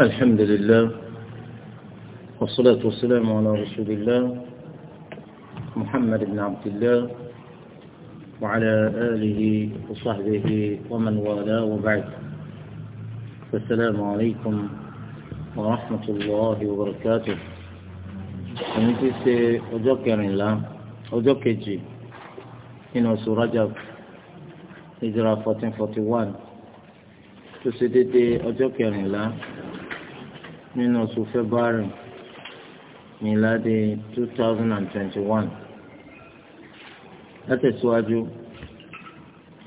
الحمد لله والصلاة والسلام على رسول الله محمد بن عبد الله وعلى آله وصحبه ومن والاه وبعد السلام عليكم ورحمة الله وبركاته ẹni tí ṣe ọjọ́ kẹrìnlá ọjọ́ kejì nínú oṣù rajab hijra fourteen forty one tó ṣe déédéé nínú oṣù february miladi two thousand and twenty-one látẹ̀síwájú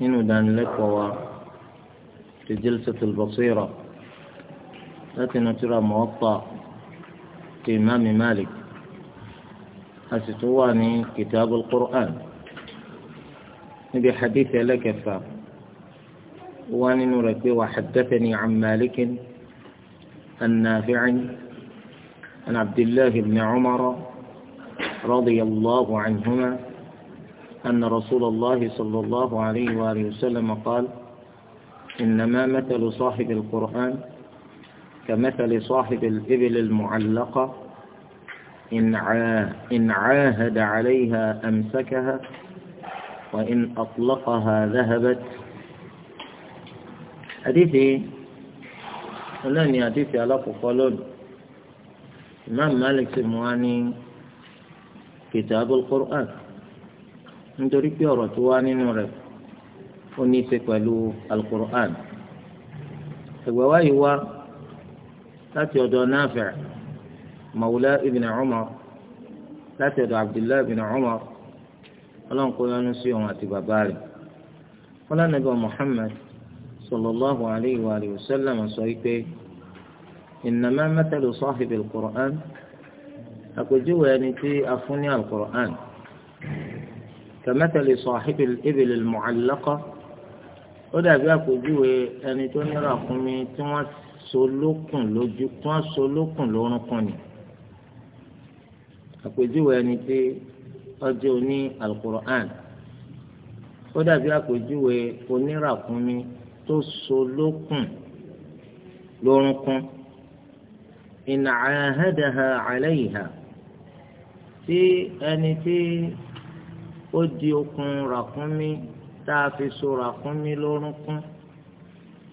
nínú ìdánilẹ́kọ̀ọ́ wa ti Jalsatul Basira láti inú tírà Muwatta ti imáàmì Malik a sì tún wà ní Kitabul Qur'an níbi hadith ẹlẹ́kẹfà wà nínú rẹ̀ pé wa haddathani an Malikin. النافع عن عبد الله بن عمر رضي الله عنهما أن رسول الله صلى الله عليه وآله وسلم قال إنما مثل صاحب القرآن كمثل صاحب الإبل المعلقة إن, إن عاهد عليها أمسكها وإن أطلقها ذهبت حديثي wọn náà ní àdìsí alákòókò lónìí Imam Malik sì mú wa ní Kitabul Qur'an nítorí pé ọ̀rọ̀ tó wá nínú rẹ̀ ó ní í ṣe pẹ̀lú al-Qur'an ẹgbẹ́ wa yìí wá láti ọ̀dọ̀ Nafi' mawla ibn Umar láti ọ̀dọ̀ Abdullah ibn Umar ọlọ́nkọ́ yọnu sí òun àti bàbá rẹ̀ wọn ibà Muhammad sallallahu alayhi wa alihi wa sallam sọ pé innama mathalu sahibi al-Qur'an àpèjúwe ẹni tí a fún ní al-Qur'an kamathali sahibi al-ibil al-mu'allaqa ó dàbí àpèjúwe ẹni tó ní ràkúnmí tí wọ́n so lókùn lójú tí wọ́n so lókùn lórúnkún ni àpèjúwe ẹni tí ọjọ́ oní al-Qur'an ó dàbí àpèjúwe oníràkúnmí tó so lókùn lórúnkún in ahadaha alayha tí ẹni tí ó di okùn ràkúnmí tá a fi so ràkúnmí lórúnkún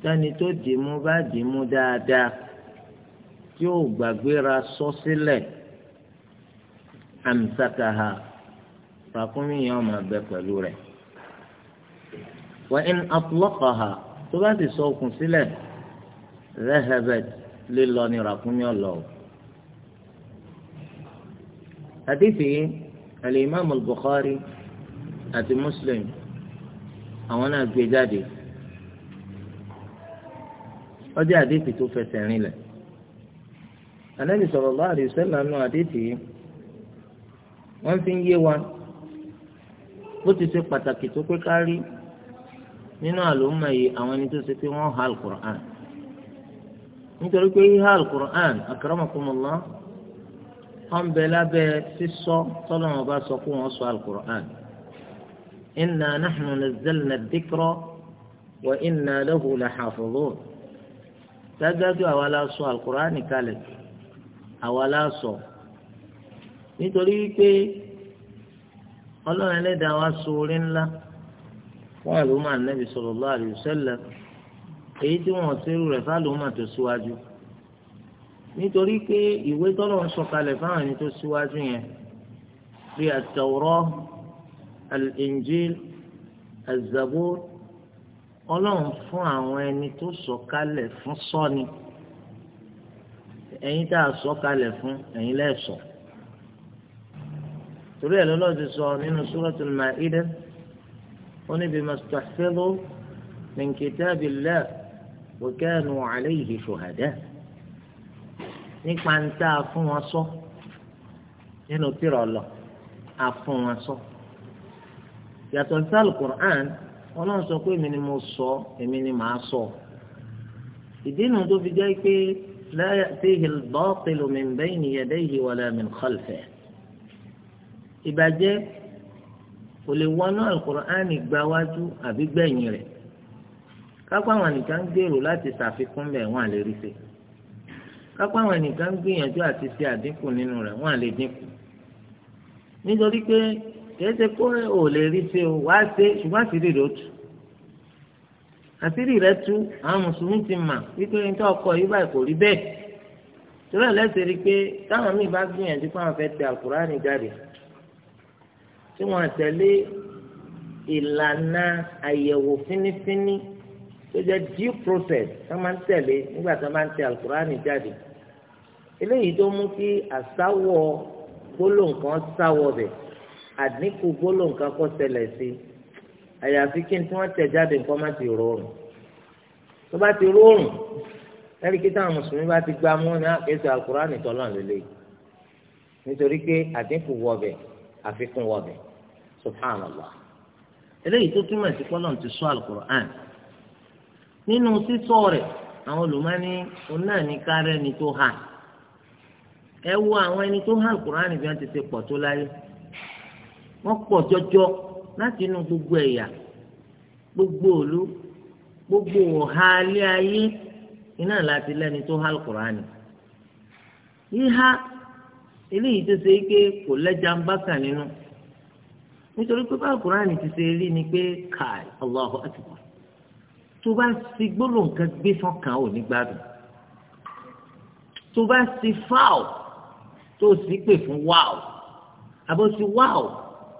tẹni tó dì mú bá dì mú dáadáa tí ó gbàgbéra sọ sílẹ̀ àmsakaha ràkúnmí yẹn ó máa pẹ̀lú rẹ̀ wa in atlaqaha tó bá sì sọ okùn sílẹ̀ rẹ́hẹ́bẹ̀t lè lọ ní ràkúnmí ọ̀lọ́ o. àdìsí alimami Bukhari àti Muslim àwọn náà gbé jáde ọjọ́ àdìsí tó fẹsẹ̀ rinlẹ̀ anabi sallallahu alaihi wasallam nù àdìsí wọ́n fi ń yé wa bó ti ṣe pàtàkì tó pé ká rí nínú àlùmọ̀ yìí àwọn ẹni tó ṣe pé wọ́n ha alukur'an nítorí pé ha alukur'an akaramakumullah wọ́n bẹ lábẹ́ sísọ tọ́lọ́mọ bá sọ pé wọ́n sọ alukur'an inna nahnu nazzalna dhikra wa inna lahu lahafizun dájúdájú àwa la sọ alukur'an kalẹ̀ àwa la sọ nítorí pé ọlọ́run ẹlẹ́dàá wa sọ orí ńlá fún àlùmọ́ ànábì sallallahu alaihi wasallam èyí tí wọ́n ṣerú rẹ̀ fáàlùmọ́ tó síwájú nítorí pé ìwé tọ́lọ̀ ń sọ̀kalẹ̀ fáwọn ẹni tó síwájú yẹn bí at-Tawrah al-Injil az-Zabur ọlọ́run fún àwọn ẹni tó sọ̀kalẹ̀ fún sọ́ni ẹ̀yin tá a sọ̀kalẹ̀ fún ẹ̀yin lẹ́sọ̀ọ́ torí ẹ̀ lọ́lọ́ ti sọ nínú Suratul Ma'idah wọn níbi mọ̀tàfẹ́lú min kitabillah wa kanu alayhi shuhada nípa ń tá a fún wọn sọ nínú tìrọ̀ lọ a fún wọn sọ yàtọ̀ ní sáà alukur'an ọlọ́run sọ pé èmi ni mo sọ èmi ni màá sọ ìdí nu tó fi jẹ́ pé la ya'tihi al-batilu min bayni yadayhi wala min khalfihi ìbàjẹ́ kò lè wọnú alukur'ani gbáwájú àbí gbẹ̀yìn rẹ̀ kápá àwọn nìkan ń gbèrò láti ṣàfikún bẹ́ẹ̀ wọ́n á lè rí ṣe kápá àwọn nìkan ń gbìyànjú àti ṣe àdínkù nínú rẹ̀ wọ́n á lè dínkù nítorí pé kìí ṣe kó o lè rí ṣe o wá ṣe ṣùgbọ́n àṣírí rẹ̀ ó tú àṣírí rẹ̀ tú àwọn mùsùlùmí ti mà wípé nítorí ọkọ yìí báyìí kò rí bẹ́ẹ̀ torí lẹ́sẹ̀ rí pé táwọn míì tí wọ́n tẹ̀lé ìlànà àyẹ̀wò fínífíní tó jẹ́ due process tó máa ń tẹ̀lé nígbà tó máa ń tẹ alukurani jáde eléyìí tó mú kí àsáwọ̀ gbólóǹkan sáwọ̀ bẹ̀ àdínkù gbólóǹkan kọ́ ṣẹlẹ̀ sí àyàfi kí n tí wọ́n tẹ̀ jáde nǹkan má ti rọrùn tó bá ti rọrùn lẹ́rìí kí táwọn mùsùlùmí bá ti gbá mọ́ ní àkẹ́sì alukurani tọ́lọ̀ lélẹ́yìí nítorí pé àdínkù wọ̀ bẹ̀ àfikún wọ̀ bẹ̀ subhanallah to tó túmọ̀ sí ti sọ alukur'an nínú sísọ rẹ̀ àwọn olùmọ́ni òun náà ni àwọn ẹni tó hà alukur'an bí wọ́n ti ṣe tó láyé wọ́n pọ̀ jọjọ láti gbogbo ẹ̀yà gbogbo òlu gbogbo ọ̀há alẹ́ ayé iná láti lẹ́ni tó hà yíha eléyìí tó ṣe é ké kò ń bá nítorí pé báwo kúránì ti ṣe rí ni pé káì Allahu akbar tó bá ti gbólóhùn kan gbé sọ́kàn ò ní gbádùn tó bá ti fáwọ̀ tó sì pè fún wáwọ̀ àbó ti wáwọ̀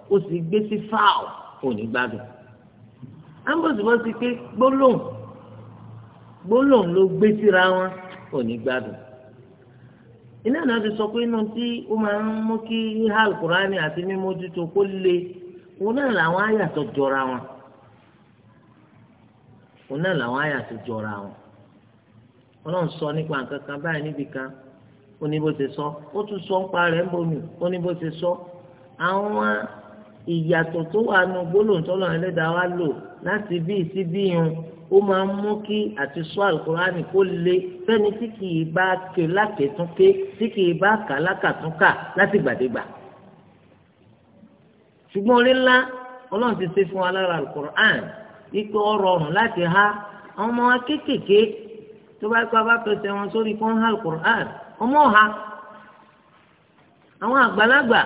ó sì gbé sí fáwọ̀ ò ní gbádùn ambosibo ti pé gbólóhùn gbólóhùn ló gbé síra wọn ò ní gbádùn iná náà ti sọ pé inú tí ó máa ń mú kí hàl àti mímójútó kó le òun náà làwọn àyà tó jọra wọn òun náà làwọn àyà tó jọra wọn ọlọ́run sọ nípa nǹkan kan báyìí níbi kan ó ní bó ṣe sọ ó tún sọ nípa rẹ̀ ń bomi ó ní bó ṣe sọ àwọn ìyàtọ̀ tó wà nù gbólóhùn tó lọ́run ẹlẹ́dàá wa lò láti bíi sí bíi hun ó máa ń mú kí àti sọ àlùkùránì kó le fẹ́ni tí kì í bá ké lákètúnké tí kì í bá kà lákàtúnkà láti gbàdégbà. ṣùgbọ́n orí ńlá ọlọ́run ti ṣe fún wa lára alukur'an wípé ó láti ha ọmọ wa kéékèèké tó bá kó wọn sórí fún ha alukur'an ọmọ ha àwọn àgbàlagbà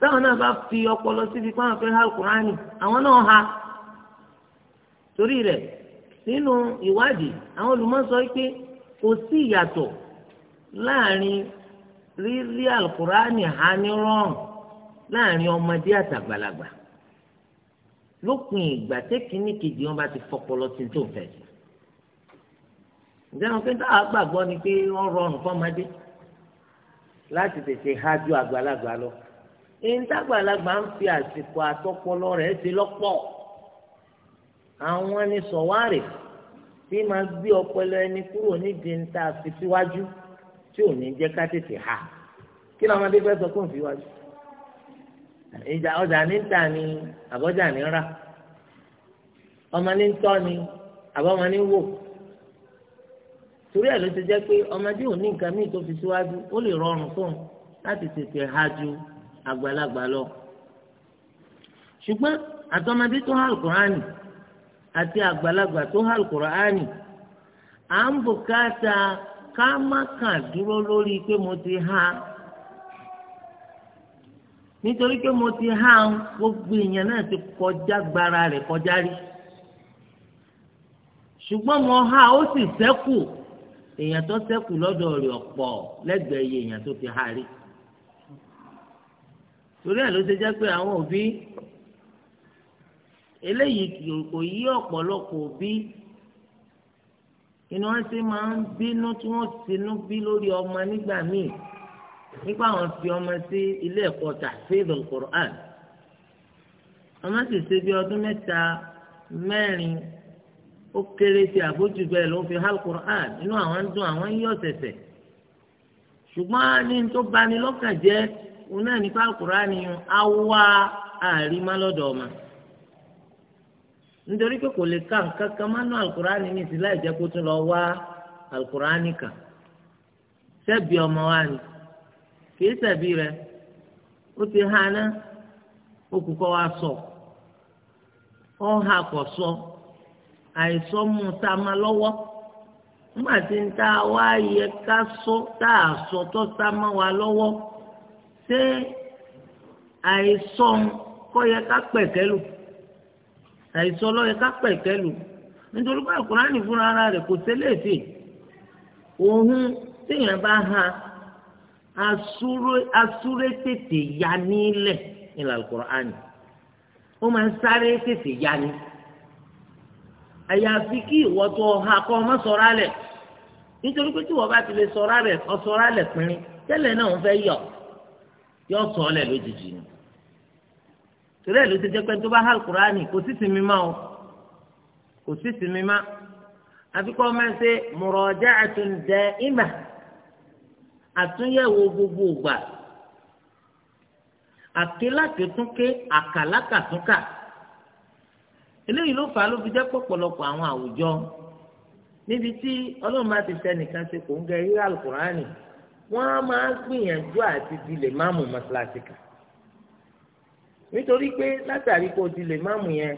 táwọn náà bá fi ọpọlọ síbi fún àwọn ha alukur'an àwọn náà ha torí rẹ̀ nínú ìwádìí àwọn olùmọ̀ pé kò sí ìyàtọ̀ láàrin rírí alukur'an ha ní rọrùn. láàrin ọmọdé àtàgbàlagbà lópin ìgbà tẹ́kíní kejì wọn bá ti fọpọlọ tí tó ń fẹ́ sí. ǹjẹ́ wọn pé táwa ah, gbàgbọ́ ni pé wọ́n rọrùn fọmọdé láti tètè hájú àgbàlagbà lọ. ìńtàgbàlagbà ń fi àsìkò àtọpọlọ rẹ̀ ṣe lọ́pọ̀. àwọn ni sọ̀wárì tí máa gbé ọpọlọ ẹni kúrò nídìí ń ta fi síwájú tí ò ní jẹ́ ká tètè há. kí lọ́mọdé fẹ́ sọ fún ìfiwájú? ìjà ọjà ní ta ni àbọ̀jà ní rà ọmọ ní tọ́ ni àbọ̀mọ ní wò torí ẹ̀ ló ti jẹ́ pé ọmọdé ò ní nǹkan míì tó fi síwájú ó lè rọrùn fún láti tètè há ju àgbàlagbà lọ ṣùgbọ́n àtọmọdé tó há alukurani àti àgbàlagbà tó há alukurani à ń bùkátà ká má kàn dúró lórí pé mo ti há nítorí pé mo ti há ń gbogbo èèyàn náà ti kọjá gbára rẹ̀ kọjá rí ṣùgbọ́n mo há ó sì ṣẹ́kù èèyàn tó ṣẹ́kù lọ́dọ̀ rẹ̀ ọ̀pọ̀ lẹ́gbẹ̀ẹ́ iye èèyàn tó ti há rí torí ẹ̀ ló ṣe jẹ́ pé àwọn òbí eléyìí kò yí ọ̀pọ̀lọpọ̀ òbí inú wọn ti máa ń bínú tí wọ́n ti nú bí lórí ọmọ nígbà míì nípa àwọn fi ọmọ sí ilé ẹ̀kọ́ tahfidul Qur'an ọmọ sì ṣe bí ọdún mẹ́ta mẹ́rin ó kéré sí àbójú bẹ́ẹ̀ ló fi hal Qur'an inú àwọn ń dùn àwọn ń yọ̀ tẹ̀tẹ̀ ṣùgbọ́n ní tó bani lọ́kàn jẹ́ òun náà nípa Qur'an yìí á wá àrímá lọ́dọ̀ ọmọ nítorí pé kò lè ka nǹkan kan mánú alukurani ní ìsìlá ìjẹ́ kó tún lọ wá alukurani kan sẹ́bi ọmọ wa ni kìí sẹ̀bi rẹ̀ ó ti hana okùn kọ́ wa sọ ọ́ ha kọ̀ sọ àìsọ́ mu ta ma lọ́wọ́ nígbà tí ń ta wá yẹ ká sọ tá a sọ tó ta ma wa lọ́wọ́ ṣé àìsọ́ kọ́ yẹ ká pẹ̀kẹ́lù àìsọ́ lọ́ yẹ ká pẹ̀kẹ́lù nítorí pé àkùránì fúnra rẹ̀ kò ṣẹlẹ̀ fè òun téèyàn bá ha asúré tètè ya nílẹ̀ nílẹ̀ alukur'ani ó máa ń sáré tètè ya ni àyàfi kí ìwọ tó ha kọ́ ọmọ sọ̀rọ̀ alẹ̀ nítorí pé tí wọ́n bá ti lè sọ̀rọ̀ alẹ̀ ọ̀sọ̀rọ̀ alẹ̀ pinrin tẹ́lẹ̀ náà ń fẹ́ yọ yọ sọ ọ́ lẹ̀ lójijì ni torí ẹ̀ ló ti jẹ́ pé tó bá ha alukur'ani kò sí sinmi máa o kò sí sinmi máa àfikún ọmọ ẹ ṣe mùrọ̀jà àtúndẹ̀ ìmà. àtúnyẹ̀wò gbogbo túnké àkélákètúnké àkàlákàtúnkà eléyìí ló fà á ló fi jẹ́ pọ̀pọ̀lọpọ̀ àwọn àwùjọ níbi tí ọlọ́run bá ti fẹ́ nìkan ṣe kò ń gẹ rírà alukurani wọ́n á máa gbìyànjú àti di lè má mú mọ́ṣáláṣí kan nítorí pé látàrí kó di lè má mú yẹn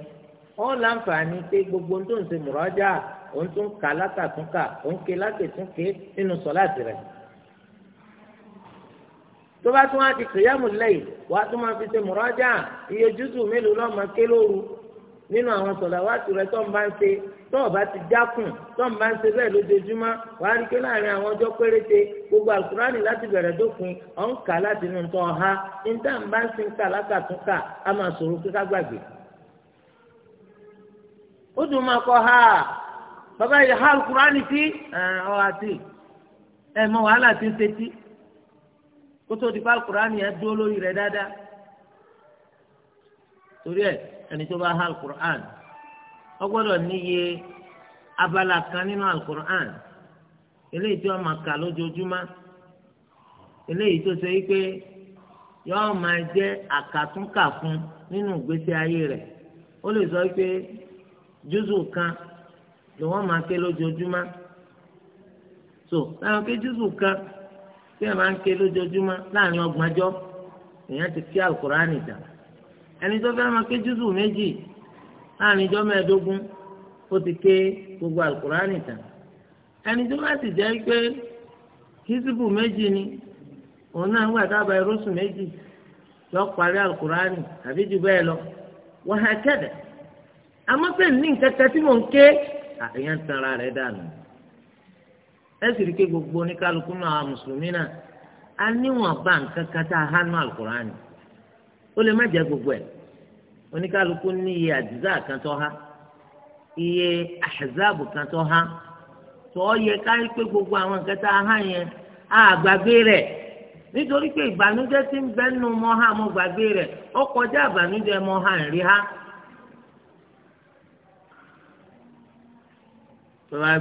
ó láǹfààní pé gbogbo ohun tó ń ṣe mùrọ́jà òun tó ń kà látàtúnkà òun ké látẹ̀túnké nínú sọ́láàtì rẹ̀ tó bá tún wá di kìyàmù lẹ́yìn wà á tún máa fi ṣe mùrájà iye jútù mélòó lọ́ọ́ máa ké lóru nínú àwọn sọ̀làwátì rẹ tó ń bá ń ṣe tó o bá ti jákùn tó ń bá ń ṣe bẹ́ẹ̀ lójoojúmọ́ wà á rí pé láàrin àwọn ọjọ́ péréte gbogbo àlùkùránì láti bẹ̀rẹ̀ dópin ọ̀ ń kà láti inú nǹkan ọ̀há níta ń bá ń sin kà lákàtúnkà á máa ṣòro kíká gbàgbé. ó dùn kótó di pa alukur'ani yẹn dúró lórí rẹ dáadáa torí ẹ ẹni tó bá ha alukur'an ọ gbọdọ níye abala kan nínú alukur'an eléyìí tí wọ́n máa kà lójoojúmọ́ eléyìí tó ṣe wípé yọọ máa jẹ́ àkàtúnkà fún nínú ìgbésí ayé rẹ̀ ó lè sọ wípé júzù kan ló wọ́n máa ké lójoojúmọ́ so láwọn ké júzù kan. tí máa ń ké lójoojúmọ́ láàrin ọgbọ̀njọ́ èèyàn ti kí dà ẹni tó fẹ́ máa ké júzù méjì láàrin ti ké gbogbo alukurani dà ẹni tó bá ti jẹ́ pé méjì ni òun náà ń gbà dábàá irúsù méjì yọ parí àbí lọ wọ́n kẹ́dẹ̀ àmọ́ pé ní nǹkan mò ń ẹ sì gbogbo oníkálukú náà àwọn mùsùlùmí náà a níwọ̀n bá nǹkan kan tá a hánú àlùkùránì ó lè má gbogbo ẹ oníkálukú ní iye àdìsá kan tó há iye àhàzáàbù kan tó há tó yẹ gbogbo àwọn nǹkan tá a há yẹn á gbàgbé rẹ̀ nítorí pé ìbànújẹ́ tí ń bẹ́nu kọjá rí tó bá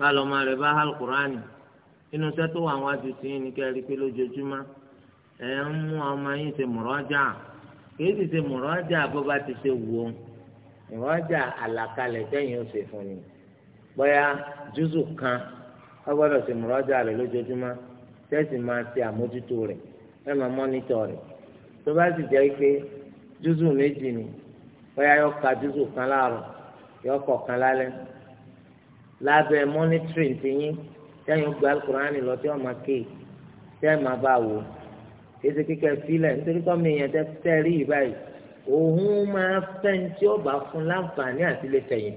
bá lọ́mọ rẹ̀ bá alukurani inú iṣẹ́ tó wà ti ní kẹ́rì pé lójoojúmọ́ ẹ̀ ń mú ọmọ yín ṣe mọ̀rọ́jà kìí sì ṣe mọ̀rọ́jà bó bá ti ṣe wù ó mọ̀rọ́jà ó ṣe fún ni kan ó gbọdọ ṣe mọ̀rọ́jà rẹ̀ lójoojúmọ́ máa ṣe àmójútó ẹ máa tó bá sì pé yọ ka kan yọ kọ kan lábẹ́ monitoring ti yín tẹ́yìn gba alukurani lọ tí wọ́n máa ké tẹ́yìn máa bá wò èsì kíkẹ́ sílẹ̀ nítorí kọ́ mi yẹn tẹ́ rí yìí báyìí òun máa fẹ́ ní tí ọba fún láǹfààní àti lè fẹ̀yìn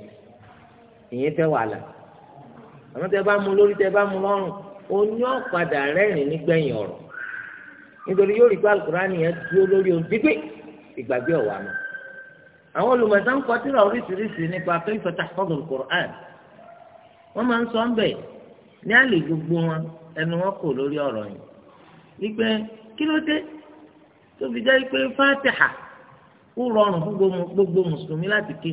ìyẹn fẹ́ wàhálà àmọ́ tẹ́ bá mu lórí tẹ́ bá mu lọ́rùn oní ọ̀padà rẹ́rìn nígbẹ̀yìn ọ̀rọ̀ nítorí yóò rí pé alukurani yẹn dúró lórí ohun dígbé ìgbàgbé ọ̀wà mi àwọn olùmọ̀tá ń kọ́ tíra oríṣiríṣi nípa pé ìfọ̀tà fọ́gùn kùrán wọ́n máa ń sọ ń bẹ̀ ní àlè gbogbo wọn ẹnu wọn kò lórí ọ̀rọ̀ yìí wípé kí ló dé tó fi jẹ́ pé fatiha ó rọrùn fún gbogbo mùsùlùmí láti ké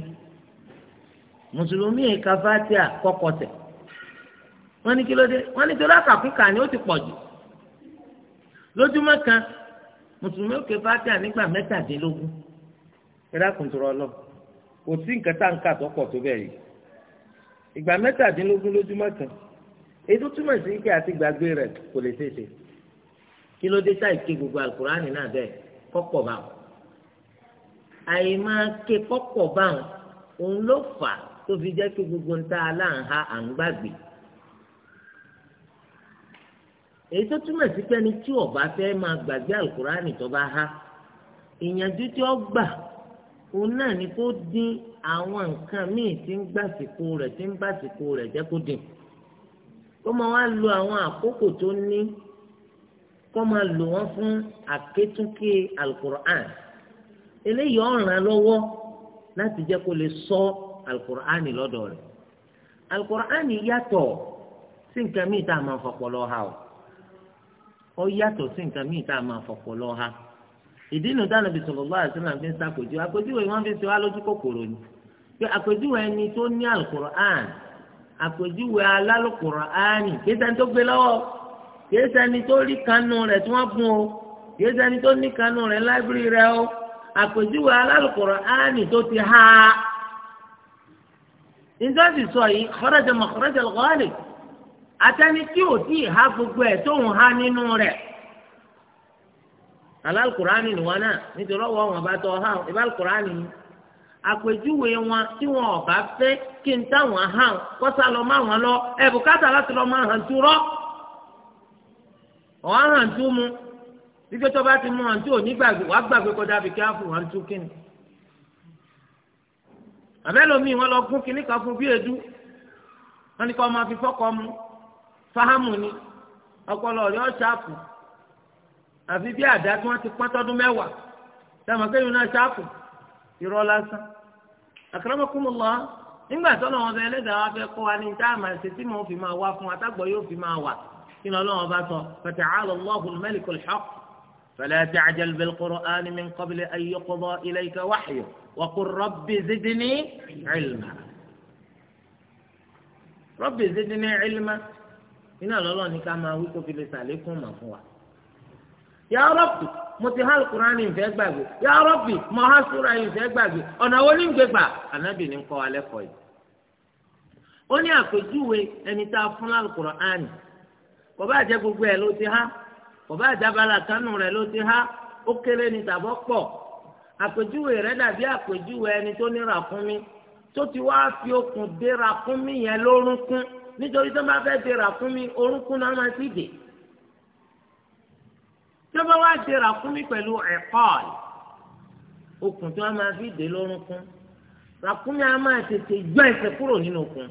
mùsùlùmí ẹ̀ka fatiha kọ́kọ́ tẹ̀ wọ́n ní kí ló dé wọ́n ni ó ti pọ̀ jù lójúmọ́ mùsùlùmí ó ké nígbà mẹ́tàdínlógún ìgbà mẹ́tàdínlógún lójúmọ́ kan èyí tó túmọ̀ sí pé àti gbàgbé rẹ̀ kò lè ṣeéṣe kí ló dé táì ké gbogbo alukurani náà bẹ́ẹ̀ kọ́pọ̀ bá wọn. àyè máa ké kọ́pọ̀ bá wọn òun ló fà tó fi jẹ́ kí gbogbo ń ta aláǹha à ń gbàgbé. èyí túmọ̀ sí pé ẹni tí ó fẹ́ máa gbàgbé alukurani tó bá há ìyànjú tí ó gbà òun náà ni kó dín àwọn nǹkan míì tí ń gbàsìkò rẹ̀ tí ń gbàsìkò rẹ̀ jẹ́ kó dín kó máa wá lo àwọn àkókò tó ní kó máa lò wọ́n fún àkétúnké alukur'an eléyìí ọ̀ràn lọ́wọ́ láti jẹ́ kó lè sọ alukur'an lọ́dọ̀ rẹ̀ alukur'an a máa fọpọlọ ha o ìdí inú dáná bí sọlọ́lá àti náà fi ń sàpèjúwe àpèjúwe wọn fi ń ṣe wá lójú kòkòrò ni pé àpèjúwe ẹni tó ní àlùkòrò àn àpèjúwe alálùkòrò ààní kìí ṣẹni tó gbé lọ́wọ́ kìí ṣẹni tó rí kanú rẹ̀ tí wọ́n bùn o kìí ṣẹni tó ní kanú rẹ̀ láìbírì rẹ̀ o àpèjúwe alálùkòrò ààní tó ti ha nítorí sọ yìí kọ́rẹ́jẹ mọ̀ kọ́rẹ́jẹ lọ́kọ́rẹ́ àtẹni tí ò tí ì ha gbogbo ẹ̀ tó ń ha nínú rẹ̀ alákùránì ni wọn náà nítorí ọwọ́ wọn bá tọ́ ha ìbá alákùránì ni àpèjúwe wọn tí wọn ò bá fẹ́ kí n táwọn hàn kọ́sá lọ má wọn lọ ẹ bùkátà láti lọ máa hàn tú rọ́ ọ̀hán hàn tú mu wípé tó bá ti mú hàn tú ò ní gbàgbé wàá gbàgbé kọjá bí káfù hàn tú kíni àbẹ́lòmíì wọn lọ gún kínní kan fún bí edu wọn ni kọ́ máa fi fọ́kọ mu fáhámù ni ọpọlọ rẹ̀ ọ̀ àfi bí àdá tí wọ́n ti pọ́n tọ́dún mẹ́wàá sáàmù akéwìn náà ṣáàpù irọ́ lásán àkàràmọ́kùnmọ́lá nígbà tó lọ́wọ́ bẹ ẹlẹ́dàá wa fẹ́ kọ́ wa ní tá a máa ṣe tí mo fi máa wá fún wa tágbọ̀ yóò fi máa wà kí ni ọlọ́wọ́ bá sọ fata'ala Allahu al-maliku al-haq fala ta'jal bil-qur'ani min qabli an yuqda ilayka wahyuhu wa qul rabbi zidni ilma rabbi zidni ilma iná lọ́lọ́ ní ká máa wí kó fi lè sàlékún mà fún wa yà rọ́bì mo ti hàn kúránì ìfẹ́ gbàgbé yà rọ́bì mo hàn súra ìfẹ́ gbàgbé ọ̀nà wo ní ń gbégbà ànábì ní kọ́ alẹ́ kọ́ yìí. ó ní àpèjúwe ẹni tá a fún lálùkùránì kò bá jẹ́ gbogbo ẹ̀ ló ti há kò bá jábàlá kánú rẹ̀ ló ti há ó kéré ní tàbọ̀ pọ̀ àpèjúwe rẹ̀ dàbí àpèjúwe ẹni tó ní ràkúnmí tó ti wá fi okùn dé ràkúnmí yẹn lórúnkún nítorí tó bá fẹ́ tó bá wá ṣe ràkúnmí pẹ̀lú ẹ̀kọ́ọ̀lì okùn tí wọ́n máa fi dè lórúnkún ràkúnmí á máa tètè yọ ẹsẹ̀ kúrò nínú okùn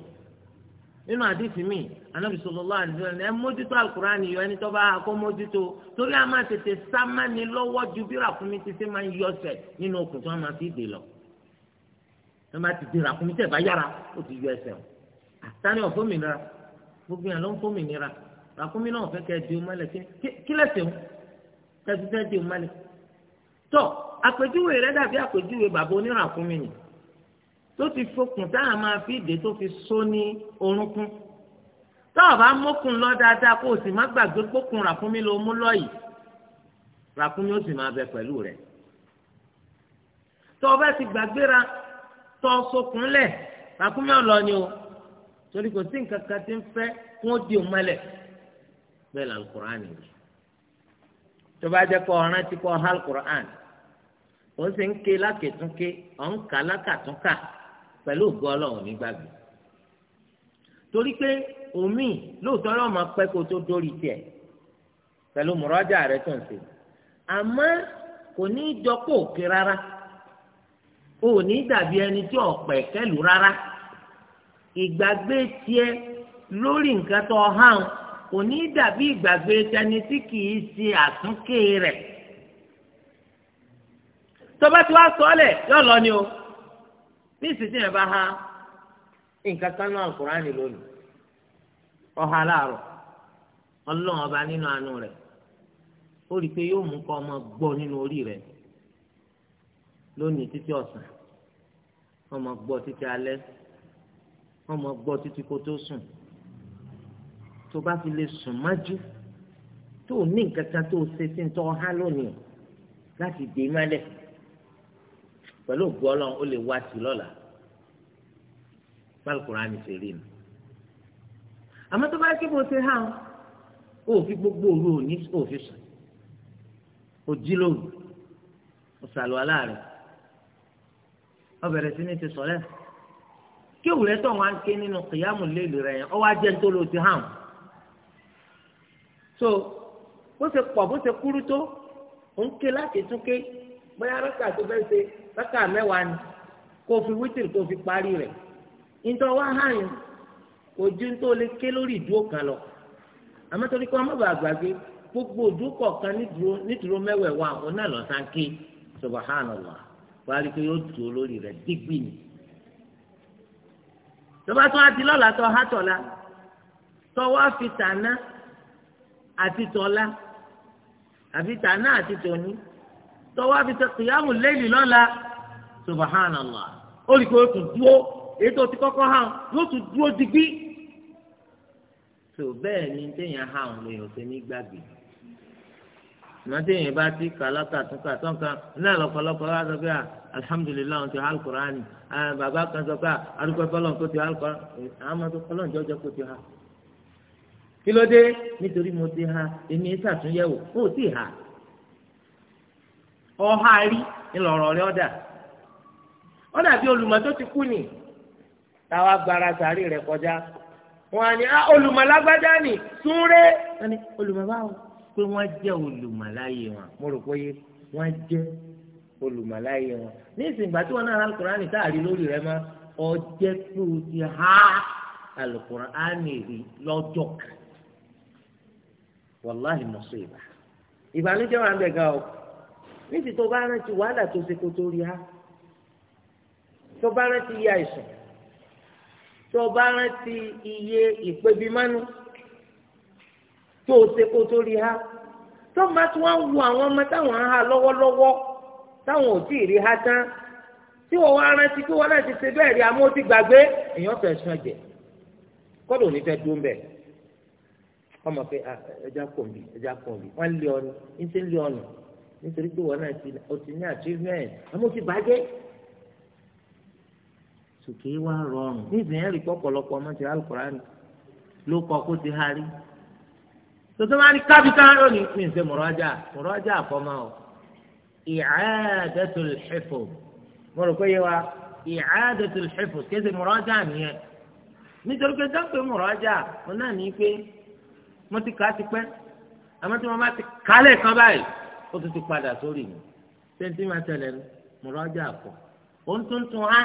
nínú àdìsí mi anábì sallallahu alaihi wasallam ẹ mójútó àlùkùránì yọ ẹni tó bá akọ mójútó torí á máa tètè sámánì lọ́wọ́ ju bí ràkúnmí ti ṣe máa ń yọ ẹsẹ̀ nínú okùn tí wọ́n máa fi dè lọ ẹ máa ti di ràkúnmí tẹ̀ bá yára ó ti yọ ẹsẹ̀ o àtàní tàbí fẹ́ di òmálẹ̀. tó àpèjúwe rẹ dàbí àpèjúwe bàbá oníràn fún mi nì tó ti fokùn tá a máa fi ìdè tó fi só ní orúnkún tó o bá mókun lọ dáadáa kó o sì má gbàgbé pókun ràkúnmí ló mú lọ yìí ràkúnmí ó sì máa bẹ pẹ̀lú rẹ̀ tó o bá ti gbàgbéra tó o sokùn lẹ̀ ràkúnmí ọ̀lọ́ ni o torí kò sí nǹkan kan tí ń fẹ́ kó di òun mọ́lẹ̀ bẹ́ẹ̀ làlùkùránì rẹ̀. tó ti kọ hal Qur'an ó sì ń ké lákètúnké ọ̀ ń kà lákàtúnkà pẹ̀lú ọlọ́run nígbàgbé torí pé omi lóòótọ́ lọ́ọ́ máa pẹ́ kó tó dórí tiẹ̀ pẹ̀lú mùrọ́jà rẹ̀ tó ń ṣe àmọ́ kò ní í jọpọ̀ òkè rárá o ò ní dàbí ẹni tí ọ̀pẹ̀ kẹlù rárá ìgbàgbé tiẹ̀ lórí nǹkan kò ní dàbí ìgbàgbé tẹni tí kì í ṣe àtúnké rẹ̀ tọ́ba tí wàá sọ ọ́ lẹ̀ yóò lọ ni o ní ìsìtì yẹn bá ha nǹkan kan náà Kùránì lónìí ọ̀hà láàárọ̀ ọlọ́run ọba nínú àánú rẹ̀ ó rí i pé yóò mú kọ́ ọmọ gbọ́ nínú orí rẹ̀ lónìí títí ọ̀sán ọmọ gbọ́ títí alẹ́ ọmọ gbọ́ títí kó tó sùn tó bá fi lè sùn májú tó ní nǹkan kan tó ṣe sí tó há lónìí láti dè mọ́lẹ̀ pẹ̀lú ògbó ọlọ́run ó lè wá sí lọ́la pálukùrán ni ṣe rí nu àmọ́ tó bá ké bó ṣe hàn ó fi gbogbo òru òní ó fi sùn ó jí lóru ó sàlùwà láàrin ó bẹ̀rẹ̀ sí ní ti sọ̀rẹ́ kí òwúrẹ́ tó wọn á ké nínú kìyàmù léèlú rẹ̀ yẹn ó wá jẹ́ ń tó lò ti hàn. so bó ṣe pọ̀ bó ṣe kúrú tó ń ké láti tún ké bóyá rákà tó fẹ́ ṣe rákà mẹ́wàá ni kó fi wítìrì tó fi parí rẹ̀ nítorí wá hàn tó lè ké kan lọ àmọ́ torí kó ọmọ gbàgbé gbogbo òdúró kọ̀ọ̀kan nídúró mẹ́wẹ̀ẹ̀wá òun náà ké pé yóò lórí rẹ̀ dígbì ni di lọ́la tó la fi tàná. àti tọ́lá àfi tàná àti tòní tọ́wọ́ àfi tẹ kìyàmù lẹ́yìn lọ́la subhanallah ó rí i pé ó tún dúró èyí tó ti kọ́kọ́ hàn yóò tún dúró digbí. tó bẹ́ẹ̀ ni téèyàn hàn lèèyàn ṣe ní gbàgbé mọ téèyàn bá ti kà látàtúnkà tọ́ǹkà náà lọ́pọ̀lọpọ̀ wá sọ pé à ah, alhamdulilayi wọn ti ha alukurani ah, bàbá kan sọ pé à fọlọ́n tó ti ha alukurani àwọn ọmọ tó fọlọ́n jọjọ kó ti ha. kí ló dé nítorí mo ti ha èmi ń ṣàtúnyẹ̀wò ó sì ha ọha rí ńlọrọ rẹ ọdà ọdà bíi olùmọ̀ tó ti kú ni táwa gbára sàárì rẹ kọjá wọn á ní ah, olùmọ̀ lágbájá ni súnré wọn ní olùmọ̀ báwo pé wọn jẹ olùmọláyé wọn mo rò pé wọn jẹ olùmọláyé wọn ní ìsìngbà tí wọn náà alukurani táàrí lórí rẹ mọ ọjẹ pé o ti ha alukurani rí lọjọ. kan wàláhì mùsíbà ìbànújẹ́ wà ń bẹ̀ gan o níbi tó bá rántí wàhálà tó ṣe kó tó rí ha tó bá rántí iye àìsàn tó bá rántí iye ìpébimánú tó ṣe kó tó rí ha tó bá tún wá wo àwọn ọmọ táwọn ń ha lọ́wọ́lọ́wọ́ táwọn ò tí ì rí ha tán tí wọ́n wá rántí kí wọ́n náà ti ṣe bẹ́ẹ̀ rí amó ti gbàgbé èèyàn fẹ́ sàn jẹ́ kọ́dọ̀ ò ní fẹ́ dún bẹ́ẹ̀ ọmọ pé ah, ẹja kọ̀m̀bì ẹja kọ̀m̀bì wọ́n lé ọ ní ṣe ń lé ọ̀nà nítorí pé wọn náà o ti ní achievement àmọ́ ti bàjẹ́ sòkè wá rọrùn níbi yẹn rí pọ̀pọ̀lọpọ̀ ọmọ ti alukurani ló kọ kó ti harí tòtò máa ní kábíkà lónìí ní ìfẹ́ mọ̀rọ́jà mọ̀rọ́jà àfọ́mà o ìcáàdẹ́tò lẹ́fọ̀ mo rò pé yẹ wa ìcáàdẹ́tò lẹ́fọ̀ kéde mọ̀rọ́jà nìyẹn nítorí pé dáńpé mọ̀rọ́jà mo náà ní pé mo ti kà á ti pẹ́ àmọ́ tí mo bá ti kálẹ̀ kan báyìí ó tún ti padà sórí mi sẹ́ńtì máa tẹ̀lé nu mo rọ́jà àpọ̀ òun tún tún á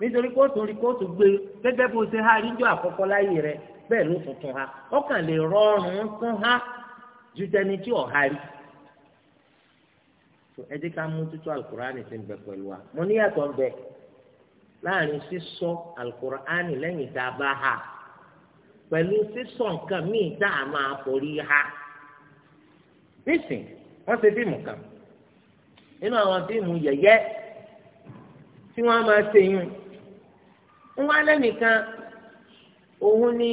nítorí kóòtù orí kóòtù gbé e, gẹ́gẹ́ bó ṣe há ríjọ́ àkọ́kọ́ láyé rẹ bẹ́ẹ̀ ló tuntun há ọkàn lè rọrùn tún há ju tẹni tí ò há rí. ẹ jẹ́ ká mú tútú alukur'ani ti ń bẹ pẹ̀lú wa mo níyàtọ̀ bẹ láàrin sísọ alukur'ani lẹ́yìn tá a bá há pẹ̀lú sísọ nǹkan míì tá a máa forí ha nísìn wọ́n ṣe fíìmù kan nínú àwọn fíìmù yẹ̀yẹ́ tí wọ́n máa ṣe yún ń wá lẹ́nìkan òun ni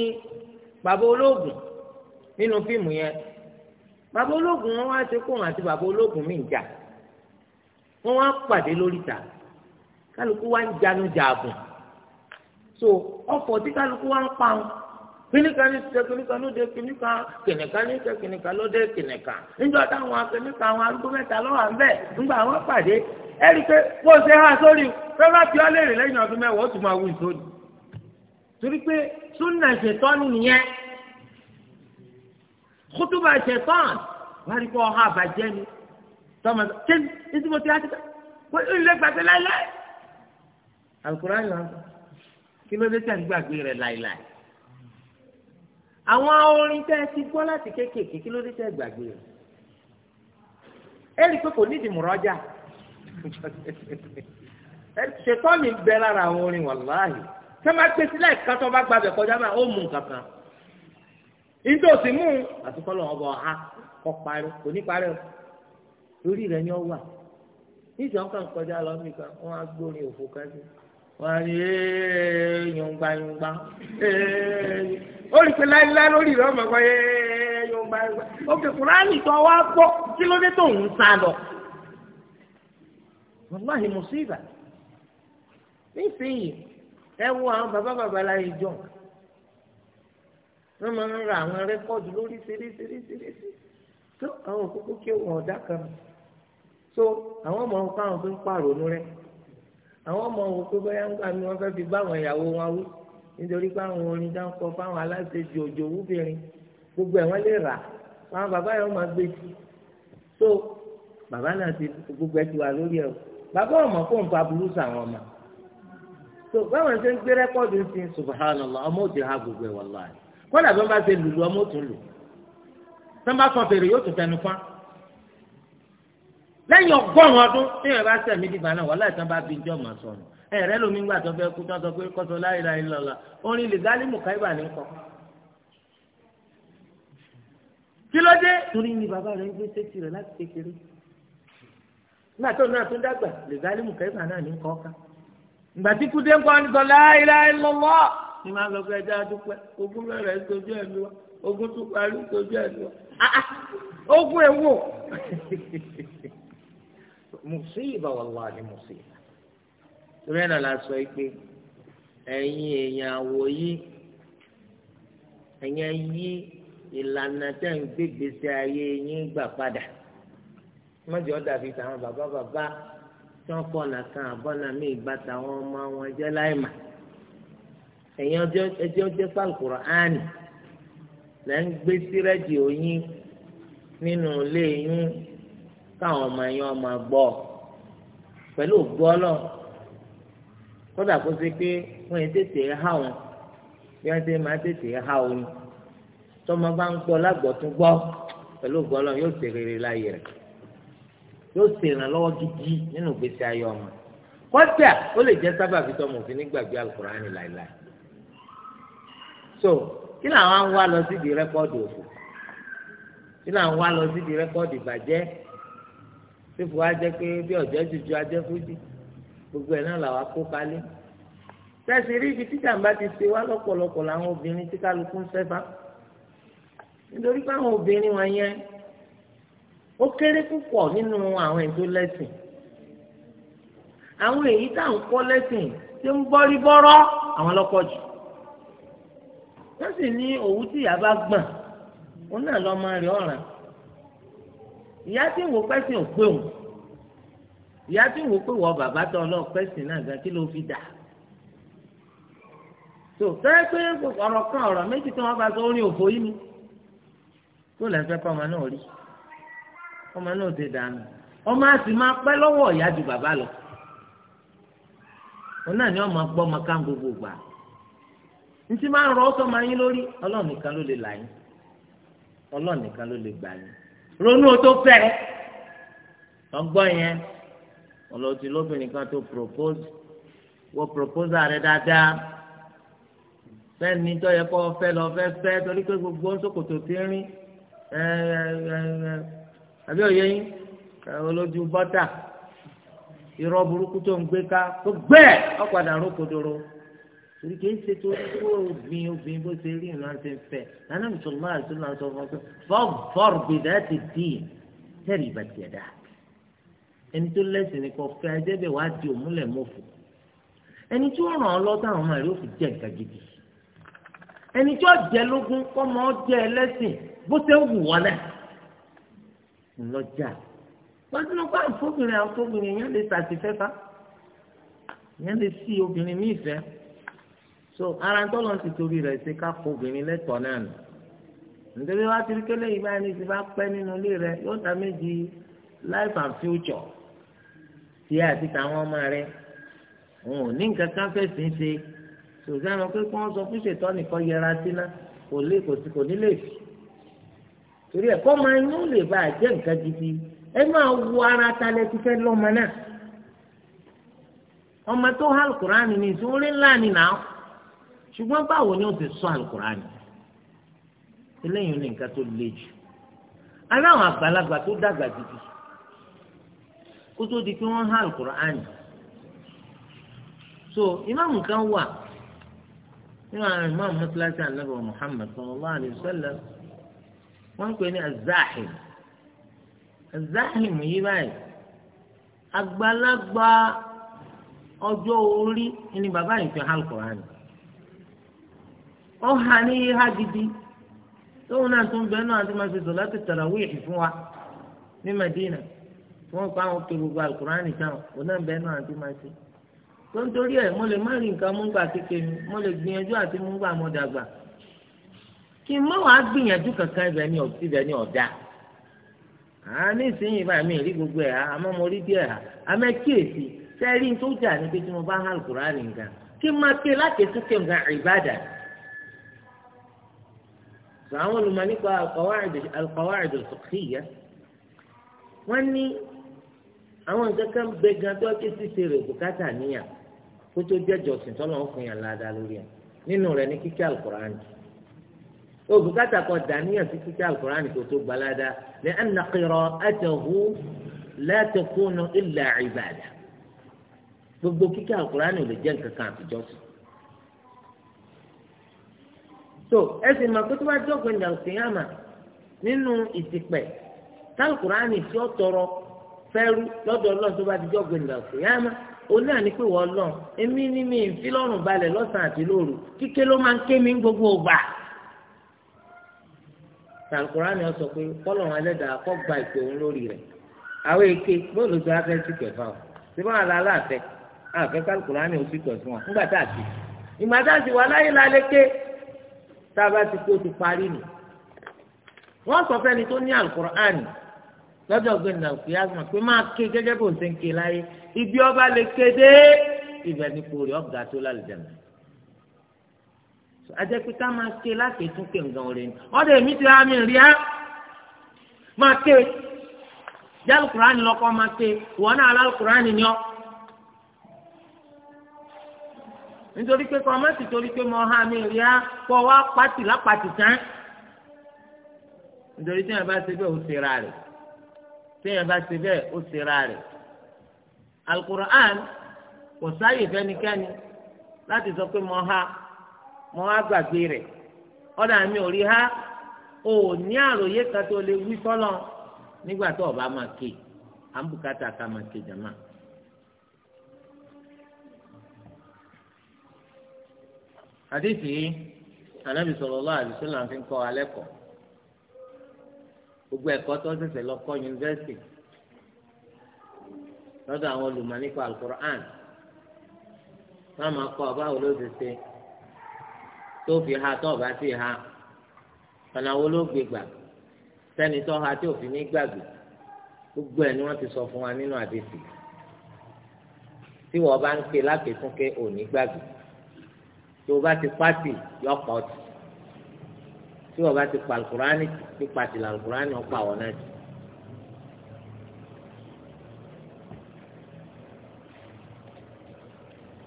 bàbá olóògùn nínú fíìmù yẹn bàbá olóògùn wọn wá ṣe kóhùn àti bàbá olóògùn míì jà wọn wá pàdé lóríta kálukú wá ń janu jàbùn so ọ̀fọ̀ tí kálukú wá ń pa wọn kìnìkan ní tẹ kìnìkan ló dé kìnìkan kìnìkan ní tẹ kìnìkan ló dé kìnìkan níjọ táwọn kìnìkan àwọn arúgbó mẹ́ta lọ́wọ́ à ń bẹ̀ nígbà àwọn pàdé ẹ̀rí pé bó ṣe há sórí fẹ́rẹ́ fi ọ́ léèrè lẹ́yìn ọdún mẹ́wàá ó tún máa wù ìsóni torí pé súnà ṣètọ́nù nìyẹn kútùbà ṣètọ́n wọ́n rí pé ọ̀há àbàjẹ́ ni tọ́mọ ṣé ní tí mo ti láti pé ilé gbàgbé láíláí àlùkò àwọn orin tẹ́ ẹ ti gbọ́ láti kéékèèké kí ló dé tẹ́ gbàgbé rẹ̀ ẹ pé kò nídìí mùrọ́jà ṣètọ́ bẹ lára àwọn orin wàláhì tẹ́ máa gbé sílẹ̀ kan tó bá kọjá máa ó mú kankan mú àti kọ́ lọ́wọ́ bọ̀ ha kọ́ parí kò ní parí o lórí wọ́n ní eh, yọ̀ǹgbà yọ̀ǹgbà eh. ó lórí rẹ̀ ọmọ kan eh, yọ̀ǹgbà yọ̀ǹgbà òkè kùránì tó wá gbọ́ kí ló dé tó ń sá lọ. wàláhì mùsíbà nísìnyí ẹ wo àwọn bàbá bàbá láyé jọ ń ra àwọn lórí so àwọn ọmọ ọkọ àwọn tó ń àwọn ọmọ wò pé bóyá ń gbà mí wọ́n fẹ́ fi bá àwọn ìyàwó wọn wí nítorí pé àwọn orin dá ń kọ fáwọn aláṣejù òjò wúbìrin gbogbo ẹ̀ wọ́n lè rà àwọn bàbá yẹn wọ́n máa gbé sí so bàbá náà ti gbogbo ẹ ti wà lórí ẹ o bàbá ọmọ kò ń fa burú sàwọn ọmọ so báwọn ṣe ń gbé rẹ́kọ́ọ̀dù sí subhanallah ọmọ òde ha gbogbo ẹ wà láàyè kọ́dà bí wọ́n bá ṣe lùlù ọmọ òtún lù tí wọ́n bá sọ fèrè yóò tún fẹnu fún wa lẹ́yìn ọgọ́rùn-ún ọdún tí yẹn bá sẹ̀mí dìgbà náà wàhálà ìtàn bá bí jọ́ mọ̀ sọnù ẹ̀rẹ́ lomi gbà tó fẹ́ kú tó sọ pé kọ́sọ láìra ìlọ́la orin lìgálí mùkáíbà ní kọ́. kí ló dé. torí ni bàbá rẹ̀ ń gbé sétí rẹ̀ láti kékeré nígbà tó náà tó dàgbà lìgálí mùkáíbà náà ní kọ́ ká. ìgbà tí kúdé ń kọ́ sọ láìra ìlọ́lọ́ ni máa sọ mùsíbà wàláhì mùsíbà torí ẹ̀ náà la sọ pé ẹ̀yin èèyàn àwòyí ẹ̀yin yí ìlànà tẹ̀ ń gbégbèsè ayé yín gbà padà mọ́jọ́ ó dàbí tàwọn bàbá bàbá tí wọ́n kọ́ ọ̀nà kan àbọ̀nà míì gba tàwọn ọmọ wọn jẹ́ láìmà ẹ̀yin ẹjẹ́ ọjọ́ sàlùkùrọ̀ áàní lẹ́ ń gbé sí rédíò yín nínú ilé yín. káwọn ọmọ yẹn ọmọ gbọ́ pẹ̀lú ògbó kódà kó ṣe pé wọ́n yẹn tètè há wọn bí wọ́n ṣe máa tètè há wọn tọ́mọ bá ń yóò ṣe rere láyé rẹ yóò ṣe ìrànlọ́wọ́ gidi nínú ìgbésí ayé ọmọ ó lè òfin nígbàgbé láìláì so kí fífi wá jẹ́ pé bí ọ̀jọ́ jùjú ajẹ́ fújì gbogbo ẹ̀ náà làwa kó kalẹ̀ tẹ̀sí rí ibi tí jàǹbá ti ṣe wá lọ́pọ̀lọpọ̀ làwọn obìnrin tí kálukú ń sẹ́fà nítorí pé àwọn obìnrin wọn yẹn ó kéré púpọ̀ nínú àwọn ètò lẹ́sìn àwọn èyí tá à ń kọ́ lẹ́sìn tí ń bọ́rí bọ́rọ́ àwọn lọ́pọ̀ jù wọ́n sì ní òwú tí ìyá bá gbọ̀n òun náà lọ́ọ́ máa rí ọ̀ràn ìyá tí ń wò pẹ́sìn ò pé òun ìyá tí ń wò pé wọ́n bàbá tó ọlọ́ọ̀ náà gan kí ló fi dà tó pé ọ̀rọ̀ ọ̀rọ̀ méjì tí sọ orin òfò yìí ni tó lẹ́fẹ́ ọmọ náà rí ọmọ náà ti dànù ọmọ àti máa pẹ́ lọ́wọ́ ìyá ju bàbá lọ òun náà ni ọmọ gbọ́ ọmọ gbogbo gbà ntí máa ń rọ ọ́ sọ́mọ yín lórí ló lè là yín ló lè gbà yín ronú o tó fẹ́ ọgbọ́n yẹn ọlọ́tí lóbìnrin kan tó propose wọ proposal rẹ dáadáa fẹ́ni tó yẹ kó fẹ́ lọ fẹ́ fẹ́ torí pé gbogbo ṣòkòtò ti rìn àbí òye yín olójú bọ́tà irọ́ burúkú tó ń gbé ká tó gbẹ́ ọ̀padà rókòdoro. torí kìí ṣe tó kó obìnrin obìnrin bó ṣe rí ìlànà ṣe ń fẹ́ nana mùsùlùmá àti ìlànà sọ fún ọ fọrọ gbèdá ti dì í tẹ̀lé ìbàdí ẹ̀dá ẹni tó lẹ́sìn ní kan fẹ́ ẹjẹ́ bẹ̀ wá di òmúlẹ̀ mọ́fò ẹni tí ó ràn ọ́ lọ́tà àwọn ọmọ rẹ̀ ó fi jẹ́ nǹkan gidi ẹni tí ó jẹ́ lógún kọ́mọ ó jẹ́ ẹlẹ́sìn bó ṣe ń wù wọ́n náà ńlọ́jà so ara ń tọ́lọ́ sì torí rẹ̀ ṣe ká fún obìnrin lẹ́tọ̀ọ́ náà nù nítorí wá ti rí kélé yìí báyìí ní ti bá pẹ́ nínú ilé rẹ̀ yóò dá méjì life and future tí a ti tàwọn ọmọ rẹ̀ òun ò ní nǹkan kan fẹ́ sí ṣe sòsánù pé kí wọ́n sọ fún ṣètọ́ nìkan yẹra síná kò lè kò sí kò ní lè fi torí ẹ̀kọ́ máa ń ló lè bá àjẹ́ nǹkan gidi ẹ máa wo ara ta lẹ ti fẹ́ lọ́mọ náà ọmọ tó hàlùkùránì ní ìṣòro ńlá ni nàá. ṣùgbọ́n báwo ni ó ti sọ alukurani eléyìí ní nǹkan tó le jù aláwọn àgbàlagbà tó dàgbà gidi kó tó di pé wọ́n há alukurani so ìmáàmù kan wà nínú àwọn ìmáàmù mọ́tíláṣí wa sallallahu alayhi wa sallam wọ́n ń pè ní azahim azahim yìí báyìí àgbàlagbà ọjọ́ orí ni bàbá yìí fi há alukurani. ọ hà ha gidi tóun náà tó ń bẹ náà ti máa ṣe wa ní Madina wọn kọ àwọn tó gbogbo alukurani táwọn òun náà bẹ náà ti máa ṣe tó ń torí ẹ mo lè má rí nǹkan múngbà mi mo lè gbìyànjú àti mo kí n má kankan ni ọdá ìsinyìí mi rí gbogbo ẹ̀ àmọ́ mo rí díẹ̀ àmọ́ sẹ́rí tó jà ní pé tí mo bá hàn kí n ké láti sàwọn olùmọ̀nípa al-qawaid al-fiqhiyya wọ́n ní àwọn nǹkan kan bẹ gan tó ké ṣíṣe rẹ̀ bùkátà níyà kó tó jẹ́jọ́ sìn tọ́lọ́ fún yàn ládàá lórí ẹ̀ nínú rẹ̀ ní kíkẹ́ al-Qur'an ó bùkátà kan dàníyà sí kíkẹ́ al-Qur'an kó tó gbalada li'anna qira'atahu la takunu illa ibada gbogbo kíkẹ́ al ò lè jẹ́ nǹkan kan àtijọ́ so ẹ ma mọ̀ pé tó bá jọ̀gbìn ìdàgbìyàmà nínú ìsìpẹ̀ tálùkùránì tí ó tọrọ fẹ́rú lọ́dọ̀ ọlọ́run tó bá ti jọ̀gbìn ìdàgbìyàmà òun náà ní pé wọ́n èmi ní mi fi lọ́rùn ati lọ́sàn àti lóru kíké ló mi gbogbo ògbà. tàlùkùránì ọ sọ pé kọ́lọ̀run ẹlẹ́dàá kọ́ gba ìpè òun lórí rẹ àwọn èké bóòlù tó fún nígbà tá a ti tá a bá ti kó ti parí nì wọ́n sọ fẹ́ni tó ní alukur'ani lọ́jọ́ ọ̀gbìn náà kì í àgbà pé máa ké gẹ́gẹ́ bó ń ṣe ń ké láyé ibi ọba lè kéde ibẹ̀ ní kórè ọ̀gá tó lálùjẹ̀mẹ̀. ajẹ́ pé ká máa ké láti tún ké nǹkan ọ̀rẹ́ ni ọ̀dọ̀ èmi ti ra mi rí máa ké jálùkùránì lọ́kọ́ máa ké ìwọ náà alálùkùránì ni ọ́ nítorí pé kọ́ ọmọ sì torí pé mo hàn mí rí á kọ́ wá pàtì lápàtì tán nítorí tí yẹn bá ṣe bẹ́ẹ̀ ó ṣera rẹ̀ tí yẹn bá ṣe bẹ́ẹ̀ ó ṣera rẹ̀ alukur'an kò sáyè fẹ́nikẹ́ni láti sọ pé mo ha mo wá gbàgbé rẹ̀ ọ̀dà mi ò rí ha ò ní àròyé kan tó lè wí fọ́lọ́ nígbà tó o máa ké àǹbùkátà ká máa ké jàmáà. àdìsí yìí ànábì sallallahu alaihi wasallam fi ń kọ́ alẹ́ gbogbo ẹ̀kọ́ tó ṣẹ̀ṣẹ̀ lọ kọ́ yunifásitì lọ́dọ̀ àwọn olùmọ̀ alukur'an fi ha tó ọba sí ha ọ̀nà wo ló gbé gbà ha tí ní gbàgbé gbogbo ẹ̀ ni wọ́n ti sọ fún wa nínú àdìsí tí wọ́n bá ń tí o bá ti pàtì yọ pa ọtí tí o bá ti pa alukurani tí pàtì la alukurani ọ pa ọ náà jù.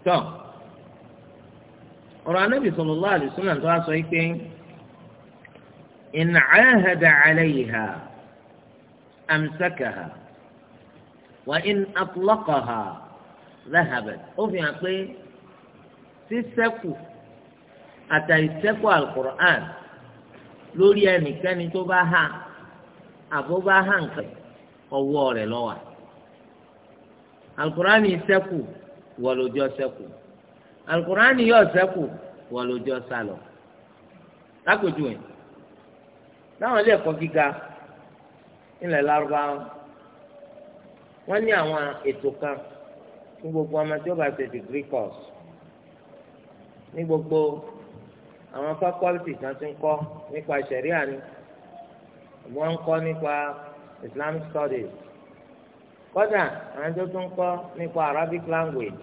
tọ́ ọ̀rọ̀ anábì sallallahu alaihi náà tó wá sọ yìí pé in ahada alayha amsakaha wa in atlaqaha dhahabat ó fi hàn pé sísẹ́kù. àtàìsẹ́kù alukur'an lórí ẹnikẹ́ni tó bá hà àbó bá nke nǹkan ọwọ́ rẹ̀ lọ́wọ́ alukur'an yìí sẹ́kù wọ́n lójọ́ sẹ́kù alukur'an yìí yọ̀ sẹ́kù wọ́n lójọ́ sálọ. lápèjú ẹ̀ láwọn ilé ẹ̀kọ́ gíga ilẹ̀ lárúbáwá wọ́n ní àwọn ètò kan ní gbogbo ọmọ tí ó bá àwọn fakọ́lítì kan ti ń kọ́ nípa ṣẹ̀ríà ni wọ́n Islamic studies kọ́dà àwọn tó tún kọ́ Arabic language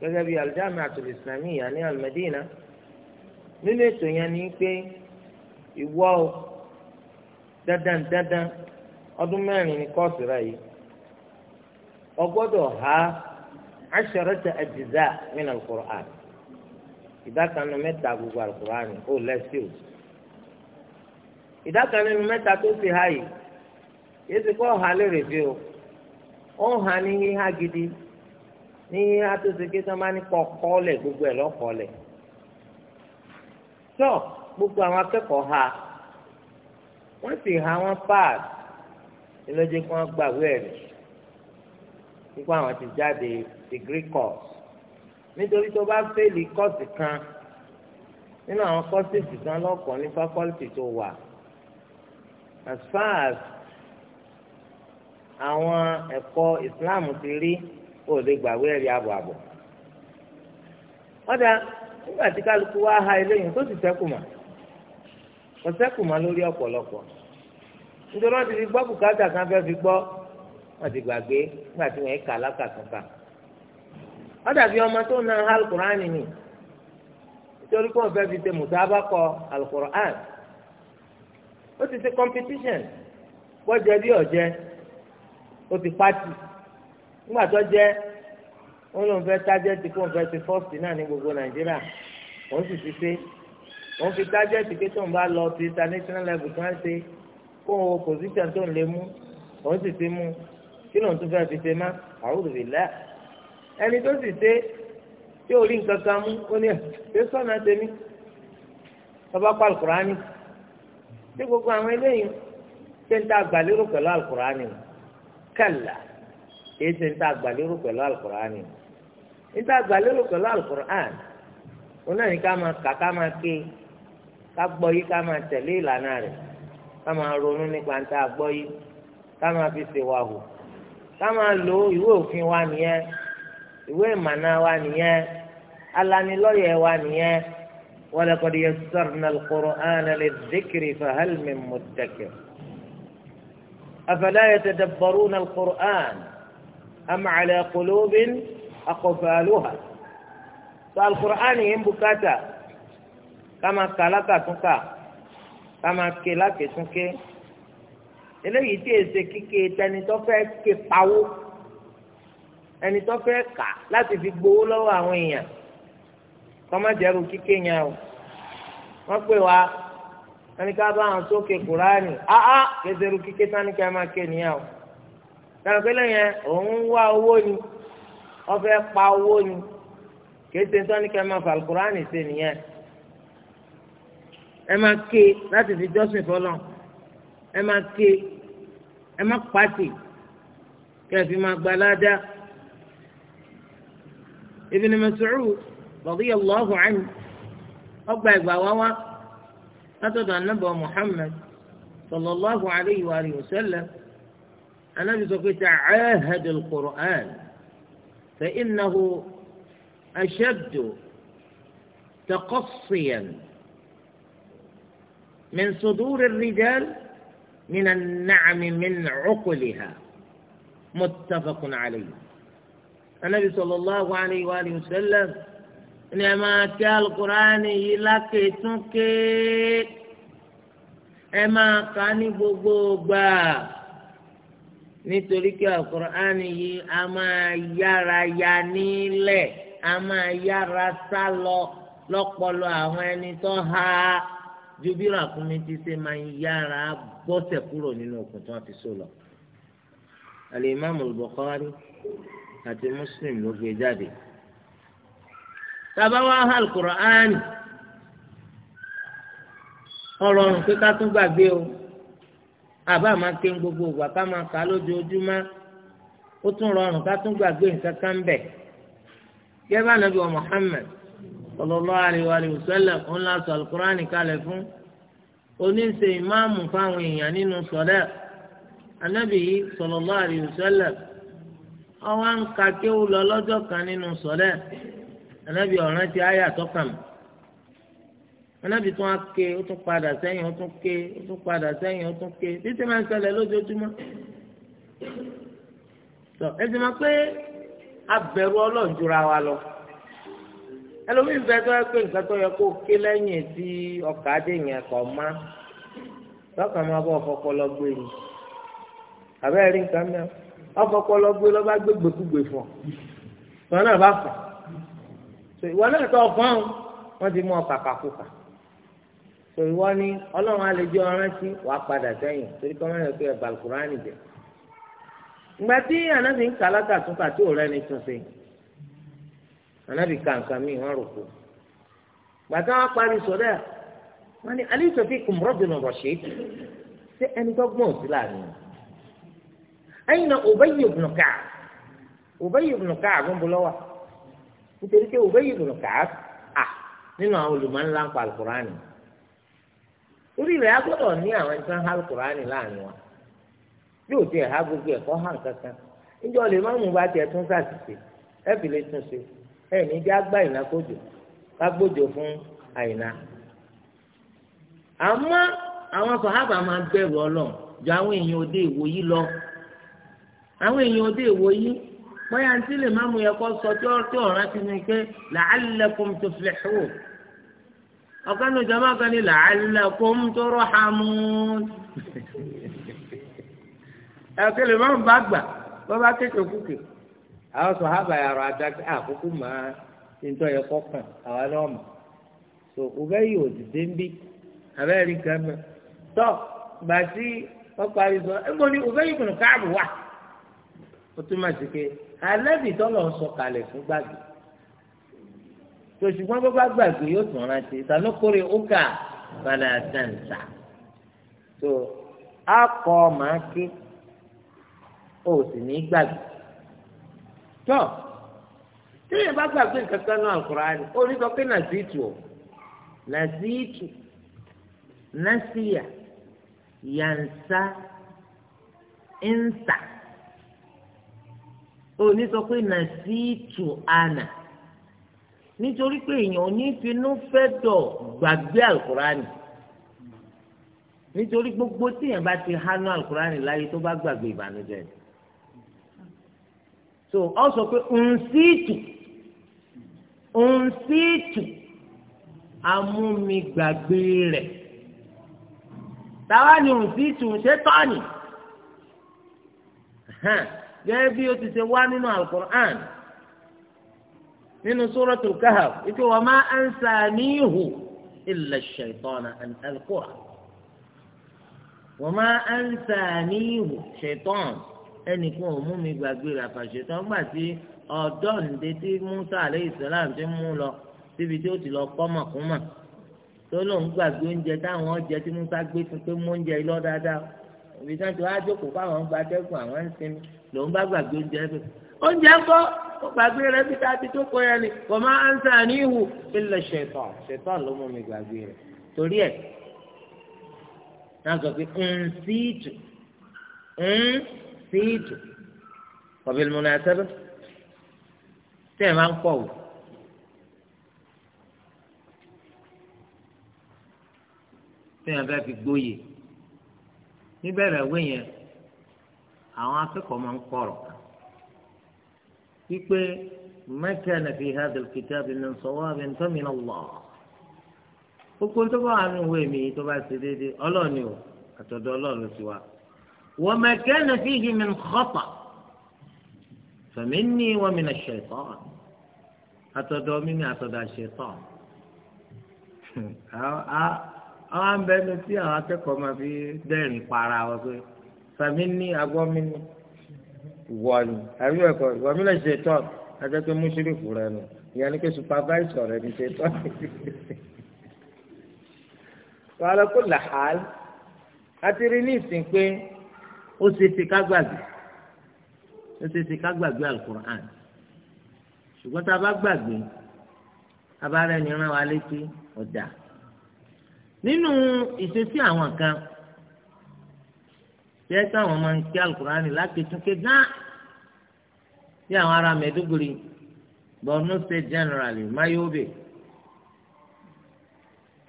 gẹ́gẹ́ bí al Islamiyya ní al-Madina nínú ètò yẹn ni pé ìwọ dandan dandan ọdún mẹ́rin ni kọ́ọ̀sì rẹ̀ yìí ha asharata ajza min ìdákanu mẹ́ta gbogbo alukurani ó lẹ́sìn o ìdákanu mẹ́ta tó ti ha yìí yéésì kó ọ̀hà lè rèébi o ó hà ní híhá gidi ní híhá tó ti ké sọ́mà ní kọ́kọ́ lẹ̀ gbogbo ẹ̀ lọ́kọ́ lẹ̀ tó gbogbo àwọn akẹ́kọ̀ọ́ ha wọ́n sì ha wọ́n pass ìlọ́jẹ́ kí wọ́n gbàwé ẹ̀rí kíkọ́ àwọn ti jáde degree course nítorí tó bá fẹ́ẹ̀lì kọ́ọ̀sì kan nínú àwọn kọ́ọ̀sì kan lọ́kọ̀ọ́ ní fakọ́lítì tó wà as far as àwọn ẹ̀kọ́ Islam ti rí ó lè gbàwé ẹ̀rí àbọ̀ àbọ̀ ọ̀dà nígbà tí kálukú wá ha eléyìí tó sì sẹ́kù mà kò sẹ́kù mà lórí ọ̀pọ̀lọpọ̀ nítorí wọ́n ti fi gbọ́ bùkátà kan fẹ́ fi gbọ́ wọ́n ti gbàgbé nígbà tí wọ́n yẹ kà lákàtúnkà ó dàbí ọmọ tó na alukur'an ni nítorí pé wọ́n fẹ́ fi ṣe mùsàbákọ alukur'an ó ti ṣe competition bọ́jẹ bí ọ̀jẹ́ ó ti pati nígbà tó jẹ́ ó lóun fẹ́ tájẹ́tì kó òun fẹ́ ti fọ́ọ̀sì náà ní gbogbo nàìjíríà òun sì ti ṣe òun fi tájẹ́tì pé tóun bá lọ ti international level kan ṣe kó òun position tóun lè mú òun sì ti mú kí lóun tún fẹ́ fi ṣe má àwùjọ ìlẹ́ẹ̀ ẹni tó sì dé tí ò rí nǹkan kan mú ó ní ẹ̀ sọ́nà tèmi bàbá pa alukurani tí gbogbo àwọn eléyìí ṣe ń ta àgbàlérò pẹ̀lú alukurani kàlà èyí ṣe ń ta àgbàlérò pẹ̀lú alukurani ń ta àgbàlérò pẹ̀lú alukurani ó náà ní ká máa kà ká máa ké ká gbọ́ yìí ká máa tẹ̀lé ìlànà rẹ̀ ká máa ronú nípa ń ta gbọ́ yìí ká máa fi ṣèwà hù ká máa lo ìwé òfin wa nìyẹn ìwé ìmọ̀nà wa nìyẹn alanilọ́yẹ̀ wa nìyẹn walaqad yassarna al-Qur'ana lidh-dhikri fahal min muddakir afala yatadabbaruna al-Qur'an am ala qulubin aqfaluha tó al-Qur'an yìí ń bukata kama kàlákàtúnkà kama kélákètúnké eléyìí tí èsè kíkè tẹnitọ́ fẹ́ ké pawó ẹni tó fẹ́ kà láti fi gbowó lọ́wọ́ àwọn èèyàn kọ́mọ́jẹ́rù kíkẹ́ yẹn o wọ́n pè wá ẹni ká bá àwọn sókè kúránì áá kẹsẹ̀rù kíkẹ́ sani ká máa kẹ́ nìyà o sọ̀rọ̀ pé lẹ́yìn òun ń wá owó ni wọ́n fẹ́ pa owó ni kẹsẹ̀ sani ká máa fà kúránì sí nìyẹn ẹ máa ké láti fi jọ́sìn fọlọ́ ẹ máa ké ẹ máa pàtì kẹ́ ẹ fi máa gbaládá. Ibn Mas'ud radiyallahu anhu ọgbà ìgbà wá wá látọ̀dọ̀ anábọ̀ Muhammad sallallahu alayhi wa alihi wa sallam anábì sọ pé ta'ahadu al-Qur'an fa innahu ashaddu taqassiyan min sudur ar-rijal min an-na'am min 'uqliha muttafaqun alayhi. anabi sallallahu alayhi wa sallam ni ẹ máa kí alukurani yìí lákètúnké ẹ máa kà á ní gbogbo gbà nítorí kí alukurani yìí a máa yára ya nílẹ̀ a máa yára sá lọ lọ́pọlọ àwọn ẹni tó ha ju bí ràkúnmí ti ṣe máa yára bọ́sẹ̀ kúrò nínú okùn tí wọ́n fi so lọ. alimami al-Bukhari àti muslim ló gbé jáde tàbá wá hàn kùránì ọrọrùn pé ká tún gbàgbé o àbá máa ké gbogbo ìgbà ká máa kà á lójoojúmọ́ ó tún rọrùn ká tún gbàgbé nǹkan kan bẹ̀ gẹ́gẹ́ ànábì wa Muhammad sallallahu alaihi wa sallam òun la sọ alukurani fún oníṣe ìmáàmù fáwọn èèyàn nínú sọ̀dẹ̀ ànábì yìí sallallahu alaihi wa ọwọ àǹkà kéwù lọ lọ́jọ́ kan nínú sọlẹ anabi ọ̀ràn ti àyà tọkàn anabi tún ake ó tún padà sẹ́yìn ó tún ké ó tún padà sẹ́yìn ó tún ké títí máa ń lójoojúmọ́ tọ ẹ ti máa pé abẹ̀rù wa lọ ẹlòmíín fẹ́ tó yẹ pé nǹkan tó yẹ kó ké lẹ́yìn tí ọkà má máa ọfọpọlọ gbé lọ́ba gbégbèkúgbè fún ọ wọn náà bá fà ìwọ náà tó ọgbọ́n wọn ti mú ọ kàkàkùkà tò ìwọ ni ọlọ́run àlejò ọrántí wà á padà sẹ́yìn torí kọ́ mẹ́rin pé ẹ̀bà alukurani jẹ ìgbà tí anabi ń kàlákà tún kà tí òrẹ́ ni tún ṣe anabi ka nǹkan mi wọn rò kó gbàtà wọn parí sọdẹ wọn ni alẹ́ sọ fún ikùn rọ́bìnrin rọ̀ ṣe é ṣe ẹni tó gbọ́n sí láàrin yìí. ẹ̀yìn náà Ubay ibn Ka'b Ubay ibn Ka'b ń bọ̀ lọ́wọ́ nítorí pé Ubay ibn Ka'b à nínú àwọn olùmọ̀ńlá ń pa alukurani orí rẹ̀ á gbọ́dọ̀ ní àwọn ẹni tó ń ha alukurani láàrin wa yóò tiẹ̀ ha gbogbo ẹ̀kọ́ hàn kankan níjọ́ lè má mú bá tiẹ̀ tún sàṣìṣe ẹ fi lè tún fún àwọn àwọn èèyàn òde èwo yìí bóyá ntí lè má mu yẹ kó sọ tí ọ̀rọ̀ ti ní pé la'allakum tuflihun ọ̀kan ní jama kan ní la'allakum turhamun ẹ̀kọ́ lè má gbà kékeré kúkè àwọn sọ ha bàyàrá adáké àkókò máa ń tọ́ yẹ kọ́kàn àwọn so òbẹ́ yìí ò ń bí abẹ́rẹ́ sọ ẹ̀ kùnú káàbù wà. ó túmọ̀ sí pé ànábì tọ́lọ̀ ń sọ̀kalẹ̀ fún gbàgbé tó ṣùgbọ́n bó bá gbàgbé yóò tún rántí sanukuri uka bala danta tó akọ màá ké ó sì ní gbàgbé tó téèyàn bá gbàgbé nǹkan kan náà Al-Qur'ani ó ní sọ pé nàzíìtù ó nàzíìtù nàṣìyà yànsá ń sà òní sọ pé nàṣìtù àná nítorí pé èèyàn ò ní finú fẹ́ dọ̀ gbàgbé àlùkùránì nítorí gbogbo tíyẹn bá ti hánú àlùkùránì láyé tó bá gbàgbé ìbànújẹ́ ni so ọ sọ pé nsìtù nsìtù amúmigbàgbé rẹ̀ táwa ni nsìtù ṣe tọ́ni gẹ́gẹ́ bí ó ti ṣe wá nínú alukur'an nínú suratul kahf ike wa ma ansanihu illa ash-shaytana an adhkura wa ma ansanihu shaytan ẹnìkan ò mú mi gbàgbé rẹ̀ àfàṣetán gbà tí ọ̀dọ́ ǹdẹ tí Musa alayhi salam ti mú lọ síbi tí ó ti lọ kọ́ tó lóun gbàgbé oúnjẹ táwọn ọ̀jẹ̀ tí Musa gbé fún pé mú oúnjẹ yìí lọ dáadáa ibi tí wọ́n ti wá jókòó fáwọn gba atẹ́gùn àwọn ń sinmi lòun bá gbàgbé oúnjẹ rẹ̀ oúnjẹ ńkọ́ ó gbàgbé rẹ̀ bí tá a ti jókòó yẹn ni kò máa ń sàn ní ìhù ilẹ̀ ṣètò ṣètò ló mú mi gbàgbé rẹ̀ torí ẹ̀ náà sọ pé ń síìtù ń síìtù ọ̀bẹ̀lì mọ̀nà àtẹ́rẹ́ tẹ́ ẹ̀ máa ń pọ̀ wò. tẹ́ ẹ̀ fẹ́ fi gbóyè níbẹ̀rẹ̀ ìwé yẹn àwọn akẹ́kọ̀ọ́ máa ń kọ̀rọ̀ wípé ma kana fi hadha al-kitab min sawabin fa min Allah gbogbo tó bá wà nínú ìwé mi tó bá ṣe déédéé Ọlọ́run ni o àtọ̀dọ̀ Ọlọ́run ló ti wá wa ma kana fihi min khata fa minni wa min ash-shaytan àtọ̀dọ̀ mímí àtọ̀dọ̀ àṣetọ̀ àwọn abẹnú tí àwọn akẹ́kọ̀ọ́ máa fi dẹ́rìn para wọn pé sàmì ní agbọ́mí ní ìwọ ni àbí ẹ̀kọ́ ìwọ mi lè ṣe tọ́ ajẹ́ pé mùsùlùmí rẹ nù ìyẹn ni pé supervisor rẹ ní ṣe tọ́ wàhálà kò làhálà àti rí ní ìsìn pé ó ṣe ti ká gbàgbé ó ṣe ti ká gbàgbé alukur'an ṣùgbọ́n tá a bá gbàgbé abárẹ́ni rán wa létí ọ̀dà nínú ìṣesí àwọn kan jẹ́ káwọn máa ń kí alukurani láti túnké gán bí àwọn ará mẹ́dúgùrì Borno State generally Mayobe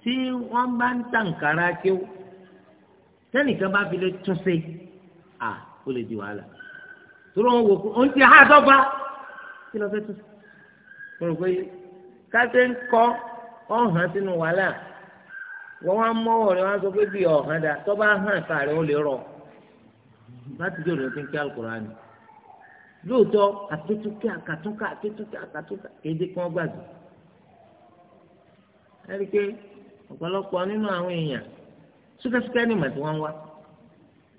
tí wọ́n bá ń tàǹkàrà kí ó tẹ́nìkan bá fi lè túnṣe à ó lè di wàhálà tóró wọn wò ó ó ń ti há dọ́gba kí ló fẹ́ túnṣe mo rò pé káṣẹ́ ń kọ́ ọ̀hún sínú wàhálà. wọ́n wá mọ́wọ́ rẹ̀ wọ́n á sọ pé bí ọ̀hán dá tó hàn ìka rẹ̀ ó lè rọ̀ láti dòdò tí kí alukurani lóòótọ́ àtúntúkẹ́ àkàtúnkà àkàtúnkà kéde kí wọ́n ọ̀pọ̀lọpọ̀ nínú àwọn èèyàn súkẹ́súkẹ́ ni màtí wọ́n wá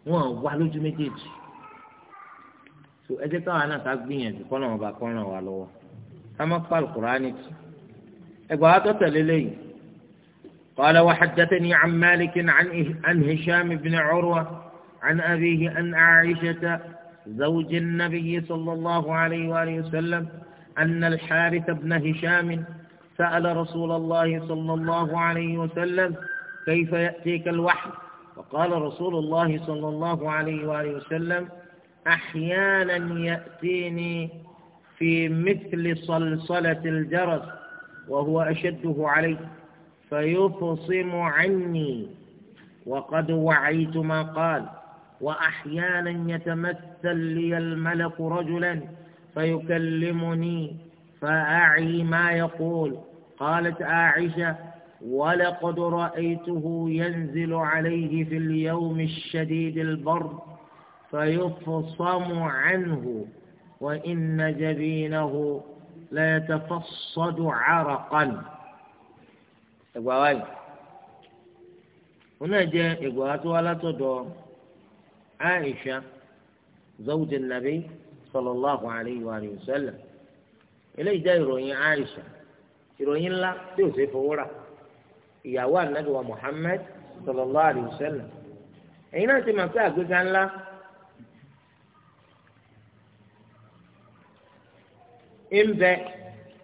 wọ́n wá lójú méjèèjì tó ẹ káwọn náà ká قال وحدثني عن مالك عن إه-، عن هشام بن عروة عن أبيه أن عائشة زوج النبي صلى الله عليه وآله وسلم أن الحارث بن هشام سأل رسول الله صلى الله عليه وسلم كيف يأتيك الوحي فقال رسول الله صلى الله عليه وآله وسلم أحيانا يأتيني في مثل صلصلة الجرس وهو أشده عليه فيفصم عني وقد وعيت ما قال وأحيانا يتمثل لي الملك رجلا فيكلمني فأعي ما يقول قالت عائشة ولقد رأيته ينزل عليه في اليوم الشديد البرد فيفصم عنه وإن جبينه ليتفصد عرقا ẹgbà wa yìí wọn náà jẹ ẹgbà wa tó wá Aisha zawudu nabi sallallahu alayhi wa sallam eléyìí jẹ ìròyìn Aisha ìròyìn ńlá tí ò ṣe fowó rà ìyàwó anabi wa sallallahu alayhi wa sallam ẹ̀yin náà ti àgbéga ńlá.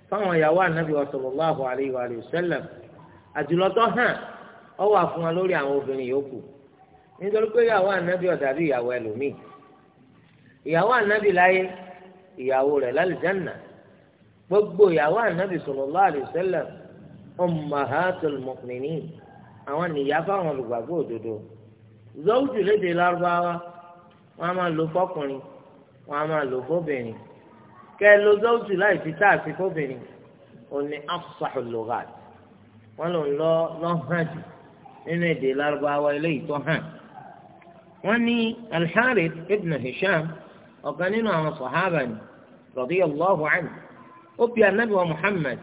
alayhi wa àjùlọtọ hàn ọ wà fún wa lórí àwọn obìnrin yòókù nítorí pé ìyàwó ànábì ọ̀dà bí ìyàwó ẹlòmíì ìyàwó ànábì láyé ìyàwó rẹ̀ lálìjánà gbogbo ìyàwó ànábì sallallahu alaihi wasallam ummahatul mu'minin àwọn nìyá fáwọn olùgbàgbọ́ òdodo zọ́wùjù lédè lárúbáwá wọn a máa lò fọkùnrin wọn a máa lò fóbìnrin kẹ ló zọ́wùjù láì fi táàsì fóbìnrin òní afsahul wọ́n lò ń lọ lọ́hàn jù nínú èdè lárúbáwá eléyìí tó hàn. wọ́n ní al-Harith ibn Hisham ọ̀kan nínú àwọn sọ̀hábà ni radiyallahu anhu ó bi anabi wa Muhammad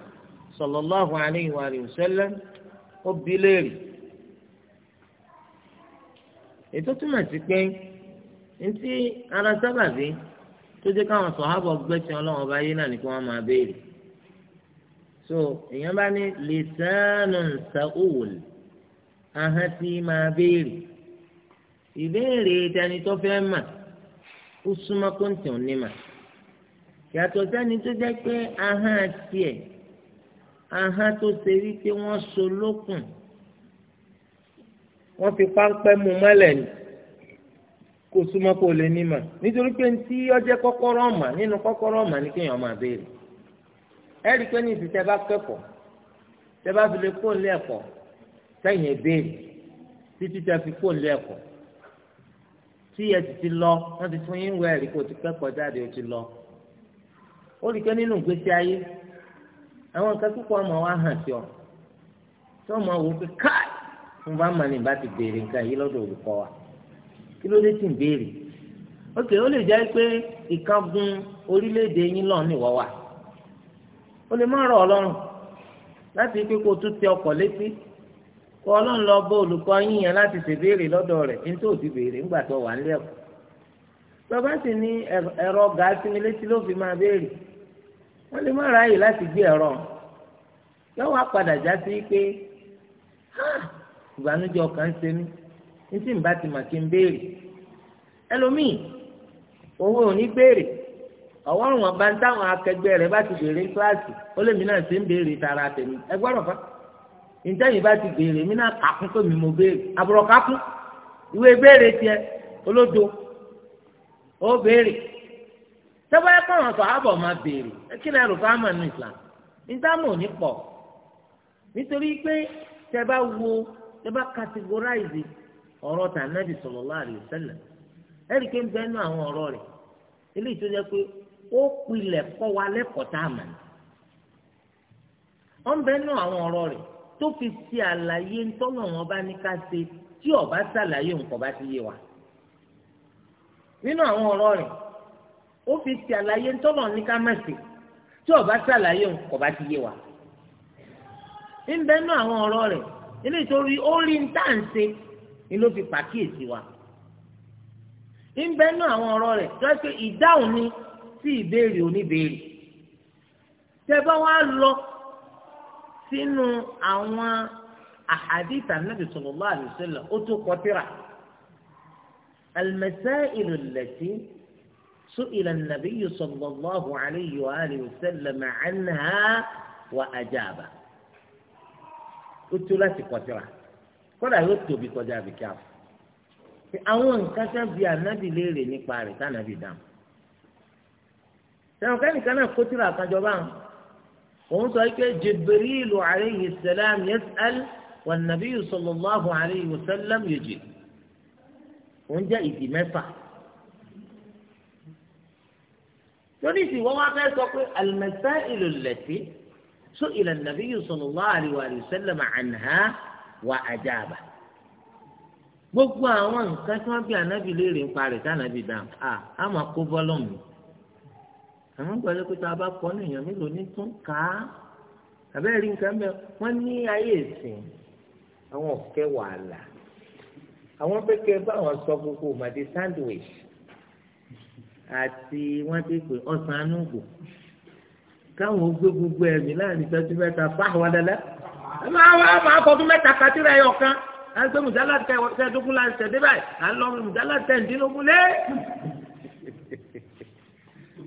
sallallahu alayhi wa sallam ó bi léèrè. ètò túmọ̀ sí pé ntí ara sábàbí tó jẹ́ káwọn sọ̀hábà gbẹ́sìn ọlọ́run ọba yé náà ni kí wọ́n máa béèrè so èèyàn bá ní lìsánù sàúl ahọ́n tí máa béèrè ìbéèrè dání tó fẹ́ mà ó súnmọ́ kóńtì òní mà yàtọ̀ sẹ́ni tó jẹ́ pé ahọ́n tiẹ̀ ahọ́n tó ṣe wípé wọ́n so lókùn wọ́n fi páńpẹ́ mu mọ́lẹ̀ ni kó súnmọ́ kó lè ní mà nítorí pé ntí ọjẹ́ kọ́kọ́rọ́ mà nínú kọ́kọ́rọ́ mà ní kéèyàn máa béèrè. ẹ̀rí pé ní ìsìtẹ́ bá kẹ́kọ̀ọ́ tẹ́ bá fi lè kó nílé ẹ̀kọ́ sẹ́yìn ìbéèrè títí tẹ́ fi ẹ̀kọ́ tí lọ wọ́n ti fún yín wọ ẹ̀rí kó o ti kẹ́kọ̀ọ́ jáde o ti lọ ó rí pé nínú ìgbésí ayé ọmọ wa hàn ọ tí ọmọ wò ó pé káì fún bá ti béèrè nǹkan wa kí ló dé tí ń béèrè ó lè jẹ́ pé ìkángun orílẹ̀-èdè yín lọ́ọ̀ nìwọ́ wà. o lè má rọ̀ láti pé kó o tún tẹ ọkọ̀ létí kó lọ bọ olùkọ yín yẹn láti ṣèbéèrè lọ́dọ̀ rẹ̀ ní tó ti béèrè ńgbà tó wà nílẹ̀ kù tọ́ba sì ní ẹ̀rọ ọ̀gá sínú létí ló fi máa já sí pé ọkàn ń ṣe mí ní tí n bá ti mà kí n béèrè ẹlòmíì béèrè ọwọ́ àwọn ọba ń táwọn akẹgbẹ́ rẹ̀ bá ti béèrè kíláàsì ó lè mí náà ṣe ń béèrè tara tèmi ẹ gbọ́dọ̀ fa ǹjẹ́ yìí bá ti béèrè mí náà kàkún pé mi mo béèrè àbúrọ̀ kàkún ìwé béèrè tiẹ̀ olódo ó béèrè tẹ́gbẹ́ ẹ̀kọ́ àwọn sọ̀hábọ̀ máa béèrè kí ni ẹrù fáwọn nù Islam ìdáàmú ò ní pọ̀ nítorí pé tẹ bá wo tẹ bá categorize ọ̀rọ̀ tànàbì sallallahu alaihi wasallam ẹ̀rí pé ń bẹ́ẹ̀ nú àwọn ọ̀rọ̀ rẹ̀ eléyìí tó pé ó pilẹ̀ kọ́ wa lẹ́kọ̀ọ́ tá a mọ̀ ní. wọ́n bẹ́ẹ̀ náà àwọn ọ̀rọ̀ rẹ̀ tó fi ṣe àlàyé ńtọ́nà wọn bá ní ká ṣe tí ọba ṣàlàyé nǹkan bá ti yé wa. nínú àwọn ọ̀rọ̀ rẹ̀ ó fi ṣe àlàyé ńtọ́nà ní ká má ṣe tí ọba ṣàlàyé nǹkan bá ti yé wa. ń bẹ́ẹ̀ náà àwọn ọ̀rọ̀ rẹ̀ nítorí ó rí ń tà ń ṣe ni ló fi pàkíyèsí wa. ń bẹ́ẹ̀ náà àwọn ọ̀rọ̀ rẹ̀ tó ṣe ìdáhùn ni sí ìbéèrè oníbéèrè tẹ bá wá lọ sínú àwọn àhàdìtà nàbì sallallahu alaihi wasallam ó tó kọtìrà al-masā'il allatī su'ila an-nabiyyu sallallahu alaihi wa alihi wasallam 'anhā wa ajāba ó tó láti kọtìrà kódà yóò tóbi kọjá àbíkí àwọn nǹkan tẹ́ bí léèrè nípa rẹ̀ tánàbì dáhùn sẹ́wọ̀n kẹ́nìkan náà kó tírà àkànjọba òun sọ pé jibrilu alayhi salam yas'al wa nabiyu sallallahu alayhi wa sallam yujib òun jẹ́ ìdí mẹ́fà. lórí ìsìnwó wa fẹ́ sọ pé al-masā'ilu allatī su'ila an-nabiyyu sallallahu alayhi wa sallam anhā wa ajāba gbogbo àwọn nǹkan tí wọ́n bí ànábì léèrè ń parí tí ànábì dáhùn à á máa kó bọ́lọ́mù àmọ́ gbọ́dọ̀ lóko tá a bá kọ́ nìyẹn mélòó ní tún ká àbẹ́rẹ́ rí nǹkan mẹ́ wọ́n ní ayé ìsìn àwọn ọ̀kẹ́ wàhálà àwọn pẹ́kẹ́ báwọn sọ gbogbo màdé sandwich àti wọ́n ti pè ọ̀sán anúgbò káwọn gbé gbogbo ẹ̀mí láàrin ìtọ́jú mẹ́ta bá wà lẹ́lẹ́ ẹ máa wá máa fọdún mẹ́ta kátìrà ẹ̀yọ̀ kan à ń gbé mùsálà tẹ̀ ẹ̀dógún láti tẹ̀ dé báyìí à ń lọ mùsálà tẹ̀ ẹ̀dínlógún lé.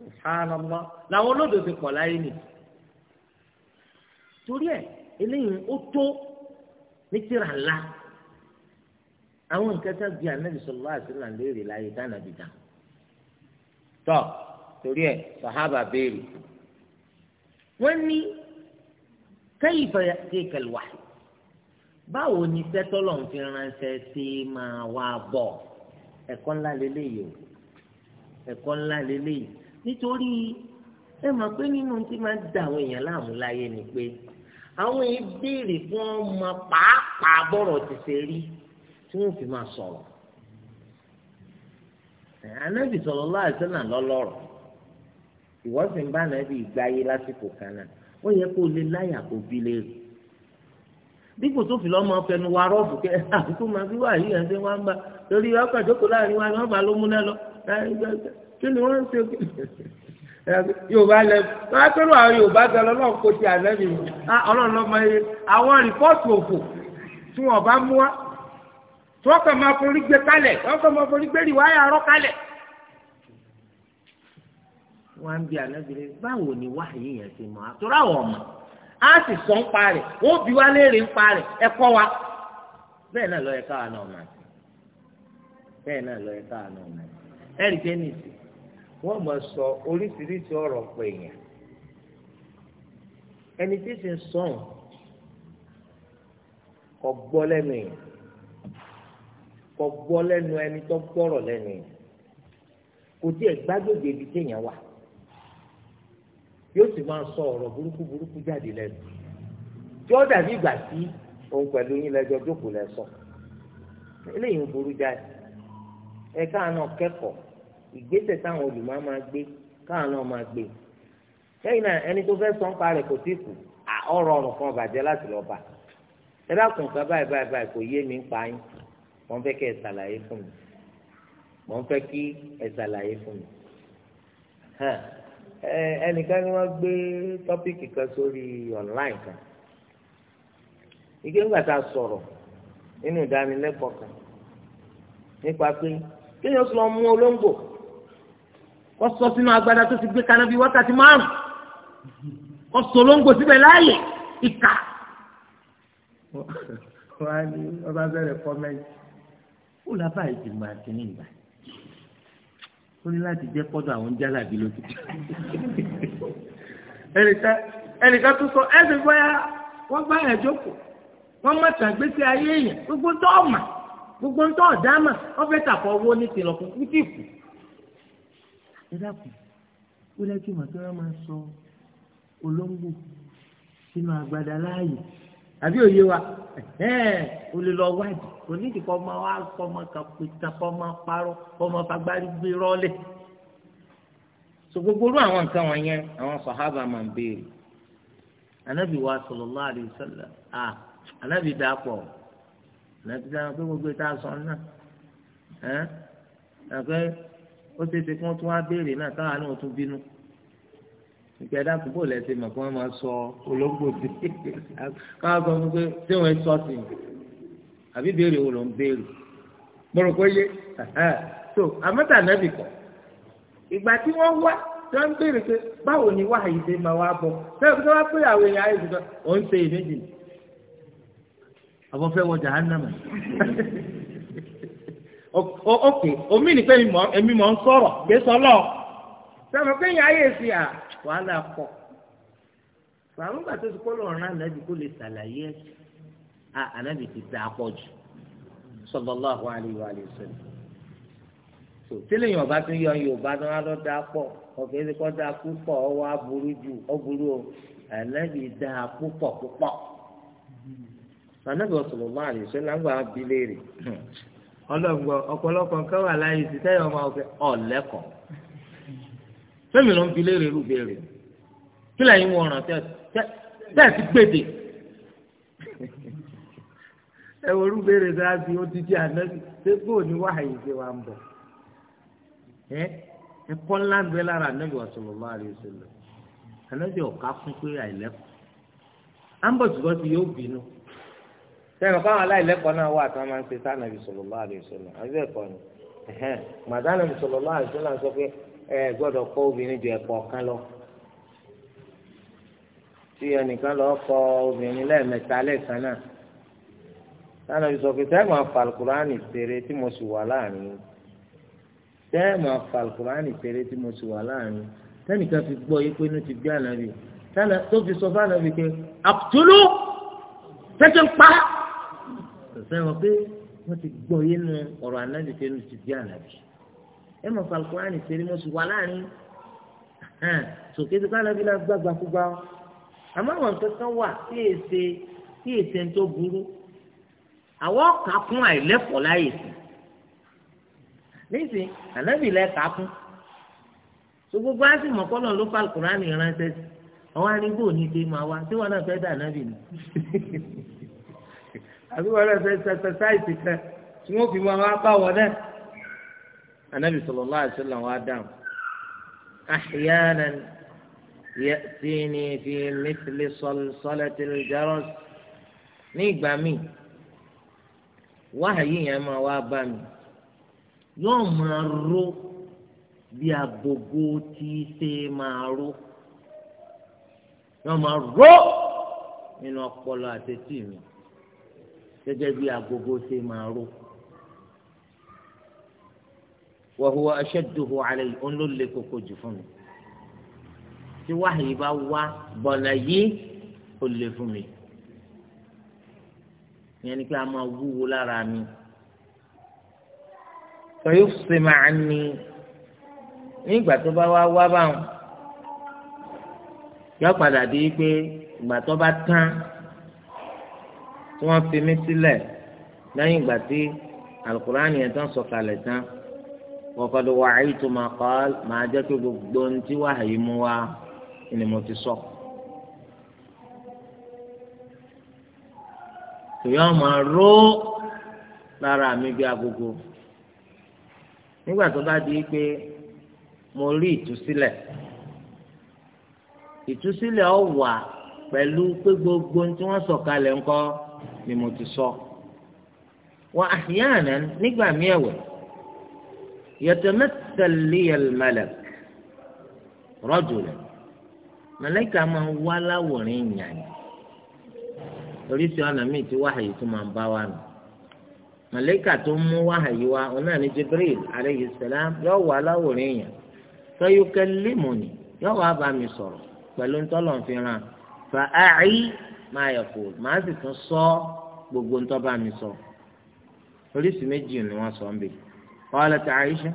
subhanallah làwọn olódò ti pọ̀ láyé nì torí ẹ̀ eléyìí ó tó ní tírà ńlá àwọn nǹkan tá a bí anabi sallallahu alaihi wasallam léèrè láyé dáná bìdá tọ torí ẹ̀ sàhábà béèrè wọn ní kayfa ya'tika al-wahy báwo ni sẹ́tọ́lọ̀ ń fi ránṣẹ́ sí máa wá bọ̀ ẹ̀kọ́ ńlá lélẹ́yìí o ẹ̀kọ́ ńlá lélẹ́yìí nítorí ẹ mọ̀ pé nínú tí máa ń da àwọn èèyàn láàmú láyé ni pé àwọn èèyàn béèrè fún ọmọ pàápàá bọ̀rọ̀ ti ṣe rí tí wọ́n fi máa sọ̀rọ̀ anábì sọ̀rọ̀ láìsẹ́ náà lọ́lọ́rọ̀ ìwọ́sìn bá anábì gbáyé lásìkò kan náà ó yẹ kó lè láyà kó bí léèrè dípò tó fi lọ́ fẹnu wa rọ́ọ̀bù kẹ́ àfikún máa fi wà yíyàn ṣe wá ń bá torí ọkọ̀ ìjókòó láàrin wa ni wọ́n bá ló múná lọ kí ni wọ́n ń ṣe yorùbá lẹ wọ́n á pẹ́rù àwọn yorùbá gan lọ́nà kò ti àlẹ́bí ọlọ́run lọ́mọ yẹ àwọn rìpọ́ọ̀tù òfò tí wọ́n bá mú wa tí wọ́n kàn máa forí gbé kalẹ̀ wọ́n kàn máa forí gbé rìwáyà rọ́ kalẹ̀ wọ́n á ń bi àlẹ́bìrẹ́ báwo ni wáyé yẹn ti mọ̀ àtúrà wọ̀ mọ̀ á sì sọ ń pa rẹ̀ wọ́n bi wá léèrè ń pa rẹ̀ ẹ kọ́ wa bẹ́ẹ̀ náà lọ́ọ́ yẹ káwa náà mọ̀ bẹ́ẹ̀ náà lọ́ọ́ yẹ káwa náà mọ̀ ẹ̀rí tẹ́nìsì wọ́n máa sọ oríṣiríṣi ọ̀rọ̀ pé èèyàn ẹni tí sì ń sọ̀n kò gbọ́ lẹ́nu èèyàn kò gbọ́ lẹ́nu ẹni tó gbọ́rọ̀ lẹ́nu èèyàn kò tí ẹ̀ gbàgbọ́dé ibi téèyàn wà yóò sì máa sọ ọ̀rọ̀ burúkú burúkú jáde lẹ́nu tí ó dàbí ìgbà tí òun pẹ̀lú yín lẹ́jọ́ jókòó lẹ́sọ̀ eléyìí ń burú jáde ẹ̀ka náà kẹ́kọ̀ọ́ ìgbésẹ̀ táwọn olùmọ̀ máa gbé káwọn náà máa gbé lẹ́yìn náà ẹni tó fẹ́ sọ ń pa rẹ̀ kò tí kù ọ̀rọ̀ ọ̀rùn kan bàjẹ́ láti lọ bà ẹ dákun ká báyìí báyìí báyìí kò yé mi ń pa yín mò ń fẹ́ kí ẹ ṣàlàyé fún mi mò ń fẹ́ kí ẹ ṣàlàyé fún mi ẹnìkan ni wọ́n gbé tọ́pìkì kan sórí ọ̀nláìn kan ike ńgbà tá a sọ̀rọ̀ nínú ìdánilẹ́kọ̀ọ́ kan nípa pé kéèyàn sọ mú olóńgbò wọ́n sọ sínú agbada tó ti gbé kaná bíi wákàtí márùn wọ́n sọ lóńgbò síbẹ̀ láàyè ìkà. wọ́n á ní ọba bẹ̀rẹ̀ kọ́mẹ́ntì ó lábàá ìdìbò àti ní ìgbà ó ní láti jẹ́ kọ́dọ̀ àwọn jálàbí lójú. ẹnìkan ẹnìkan tó sọ ẹsẹ̀ bóyá wọ́n gbá yẹn jókòó wọ́n má tàgbésí ayé yẹn gbogbo tó ọ̀mà gbogbo tó ọ̀dá mà wọ́n fẹ́ tàkọ̀ owó ní tìlọ̀kùn kútìkù ẹ dákun ó lẹ́kì mọ̀ tí wọ́n máa sọ olóńgbò sínú agbada láàyè àbí òye wa o lè lọ wájú kò nídìí kọ́ máa wá kọ́ máa kàpé tán kọ́ máa parọ́ kọ́ máa fagbárí gbé rọ́ọ̀lẹ̀ so gbogbo irú àwọn nǹkan wọ̀nyẹn àwọn sàhábà máa ń béèrè anabi wa sallallahu alaihi wasallam ah anabi dà pọ̀ anabi dà pé gbogbo ìta sọ náà ẹ̀ ẹ̀ ó ṣeé ṣe kí wọ́n tún wá béèrè náà káwọn náà tún bínú ìgbà dáàbò bò lẹsẹ mọ kí wọn máa sọ olóńgbò sí káwọn sọ fún pé ṣé wọn sọ sí i àbí béèrè wo ló ń béèrè mo rò pé yé so àmọ́tà nẹ́bì kọ́ ìgbà tí wọ́n wá tí wọ́n ń béèrè pé báwo ni wàhálà yìí ṣe máa wá bọ̀ bẹ́ẹ̀ bí wọ́n pè àwọn èèyàn ayé ìṣúná ò ṣe ìmẹ́jì àbọ̀fẹ́ wọ jahannama òkè omi nìkan èmi mọ̀ ń sọ̀rọ̀ gbé sọlọ́ sọ̀rọ̀ pé yẹn ayé fi à wàhálà pọ̀ fàrúgbà tó ti kọ́ lọ́rùn náà kó lè ṣàlàyé ẹ̀sìn à ànábì ti dà pọ̀ jù sallallahu alaihi wa alihi wasallam yìí ọba tó pọ̀ ọ̀fẹ́ ti púpọ̀ ọwọ́ aburú ju o ànábì ọlọ́gbọ́n ọ̀pọ̀lọpọ̀ nǹkan wà láyé sí tẹ́yọ̀ ọmọ ọ̀fẹ́ ọ̀lẹ́kọ̀ọ́ fẹ́mi ló ń fi léèrè rú béèrè kí lẹ́yìn wọn ràn tẹ́ẹ̀sì gbèdè ẹ wo rú béèrè sáájú ó ti jẹ́ ànábì ṣé bóò ní wàhálà ṣe wà ń bọ̀ ẹ ẹ̀kọ́ ńlá ń bẹ lára ànábì sallallahu alaihi wasallam ànábì ọ̀ká fún pé àìlẹ́kọ̀ọ́ à ń bọ̀ ṣùgbọ́n ti yóò bínú sẹ́nu káwọn aláìlẹ́kọ̀ọ́ náà wà tí wọ́n máa ń ṣe sànàbì sallallahu alaihi wasallam àbí ẹ̀kọ́ ni màdánù sallallahu alaihi wasallam sọ pé ẹ gbọ́dọ̀ kọ́ obìnrin ju ẹ̀kọ́ kan lọ tí ẹnìkan lọ kọ obìnrin lẹ́ẹ̀mẹ́ta lẹ́ẹ̀kan náà sànàbì sọ pé sẹ́ẹ̀ máa tèrè tí mo sì wà láàrin sẹ́ẹ̀ máa tèrè tí mo sì wà láàrin sẹ́nìkan fi gbọ́ sẹ́wọ̀n pé wọ́n ti gbọ́ yé nu ọ̀rọ̀ ànábì tẹ́nu ti di ànábì ẹ mọ̀ falkurani tẹ́lẹ̀ mọ̀ sí wà láàrin sòkè tó kánábì náà gbàgbà kúgbà ọ́ àmọ́ àwọn kankan wà tí èsè tí èsè ń tó burú àwọn kà kún àìlẹ́kọ̀ọ́ láyè sí nísìn ànábì lẹ́ kà kún so gbogbo á sì mọ̀ kọ́lọ̀ ló falkurani ránṣẹ́ sí àwọn arígbò ní ti máa wá tí wọn náà fẹ́ dà ànábì ni. àbí wọ́n rẹ̀ fẹ́ sẹ́sẹ́sáìsì kan tí wọ́n fi wọn wá bá wọn náà. anabi sallallahu alaihi wasallam wa dáhùn ahyanan ya'tini fi mithli salsalati al-jaras ní ìgbà míì wáhàyí yẹn máa wá bá mi yóò máa ró bí agogo tí ṣe máa ró yóò máa ró nínú ọpọlọ àti etí mi gẹ́gẹ́ bí agogo ṣe máa ró wàhùwà aṣẹ́dùhù alẹ́ yìí òun ló lè koko jù fún mi tí wáhìí bá wá bọ̀nà yìí ó lè fún mi ìyẹn ni pé a máa wúwo lára mi sọyún ṣe máa ń ní nígbà tó bá wá wá báwọn yọ padà di pé ìgbà tó bá tán tí wọ́n fi mí sílẹ̀ lẹ́yìn ìgbà tí alukur'ani yẹn tán sọ̀kalẹ̀ tán waqad wa'aytu ma qal màá jẹ́ kí gbogbo ohun tí wàá yìí mú wá ni mo ti sọ. tòyọ́ máa ró lára mi bí agogo nígbà tó bá di pé mo rí ìtúsílẹ̀ ìtúsílẹ̀ ó wà pẹ̀lú pé gbogbo ohun tí wọ́n sọ̀kalẹ̀ ńkọ́ ni mo ti sọ wa ahyanan nígbà míì ẹ̀wẹ̀ yatamathal liya al-malak rajulan màláíkà máa ń wá láwòrán ìyànnì oríṣi ọ̀nà míì tí wáhàyí tó máa ń bá wa nù màláíkà tó mú wáhàyí wa òun náà Jibril alayhi salam yóò wá láwòrán èèyàn fayukallimuni yóò wá bá mi sọ̀rọ̀ pẹ̀lú ntọ́lọ̀ fi ràn fa a'i máa yẹ kó màá sì tún sọ gbogbo ń tọ́ba mi sọ oríṣi méjì ni wọ́n sọ ń bè qalat Aisha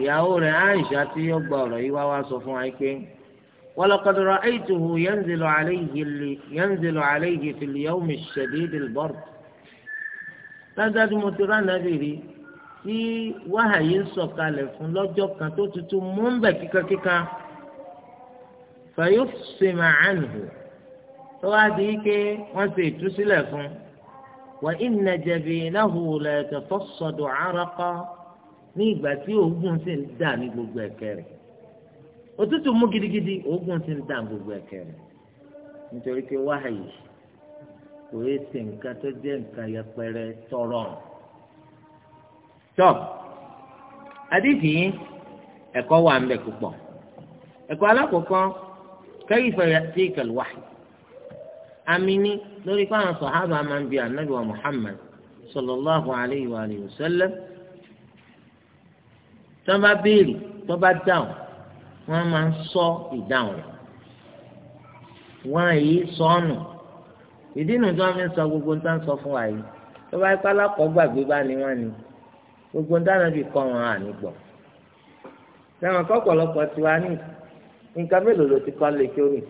ìyàwó rẹ̀ Aisha tí ó gba ọ̀rọ̀ yìí wá wá sọ fún wa pé walaqad ra'aytuhu yanzilu alayhi yanzilu alayhi fil yawmi ash-shadid al-bard dájúdájú mo ti rán nàbì rí tí wáhàyí ń sọ̀kalẹ̀ fún lọ́jọ́ kan tó tutù mú ń bẹ̀ kíkankíkan fa yufsima tó di ike wọ́n ṣe ìtúsílẹ̀ fún wà ìnà jẹ̀bi náhù lẹ́tọ̀ tó sọ̀dọ̀ àràkọ́ ní ìgbà tí oògùn sì ń dà ní gbogbo ẹ̀kẹ́ rẹ̀ òtútù mú gidigidi oògùn sì dà ní gbogbo ẹ̀kẹ́ rẹ̀ nítorí pé wáhàyè kò yé nǹkan tó jẹ́ nǹkan yẹpẹrẹ tọrọ tọ́ ẹ̀kọ́ ń púpọ̀ ẹ̀kọ́ amini lórí pé àwọn sọ̀hábà máa ń bi ànábì wa Muhammad sallallahu alayhi wa alihi wa sallam tó bá béèrè tó bá dáhùn wọ́n máa ń sọ ìdáhùn rẹ̀ wọ́n àyè sọ́ọ̀nù ìdí nu tí wọ́n fi ń sọ gbogbo ń tán sọ fún wa yìí tó bá ipá gbàgbé bá ní wọ́n ni gbogbo ń dáná bí kọ́ wọn àní gbọ̀ sẹ́wọ̀n kọ́ tiwa ní nǹkan mélòó ló ti kọ́ lé kí ó rìn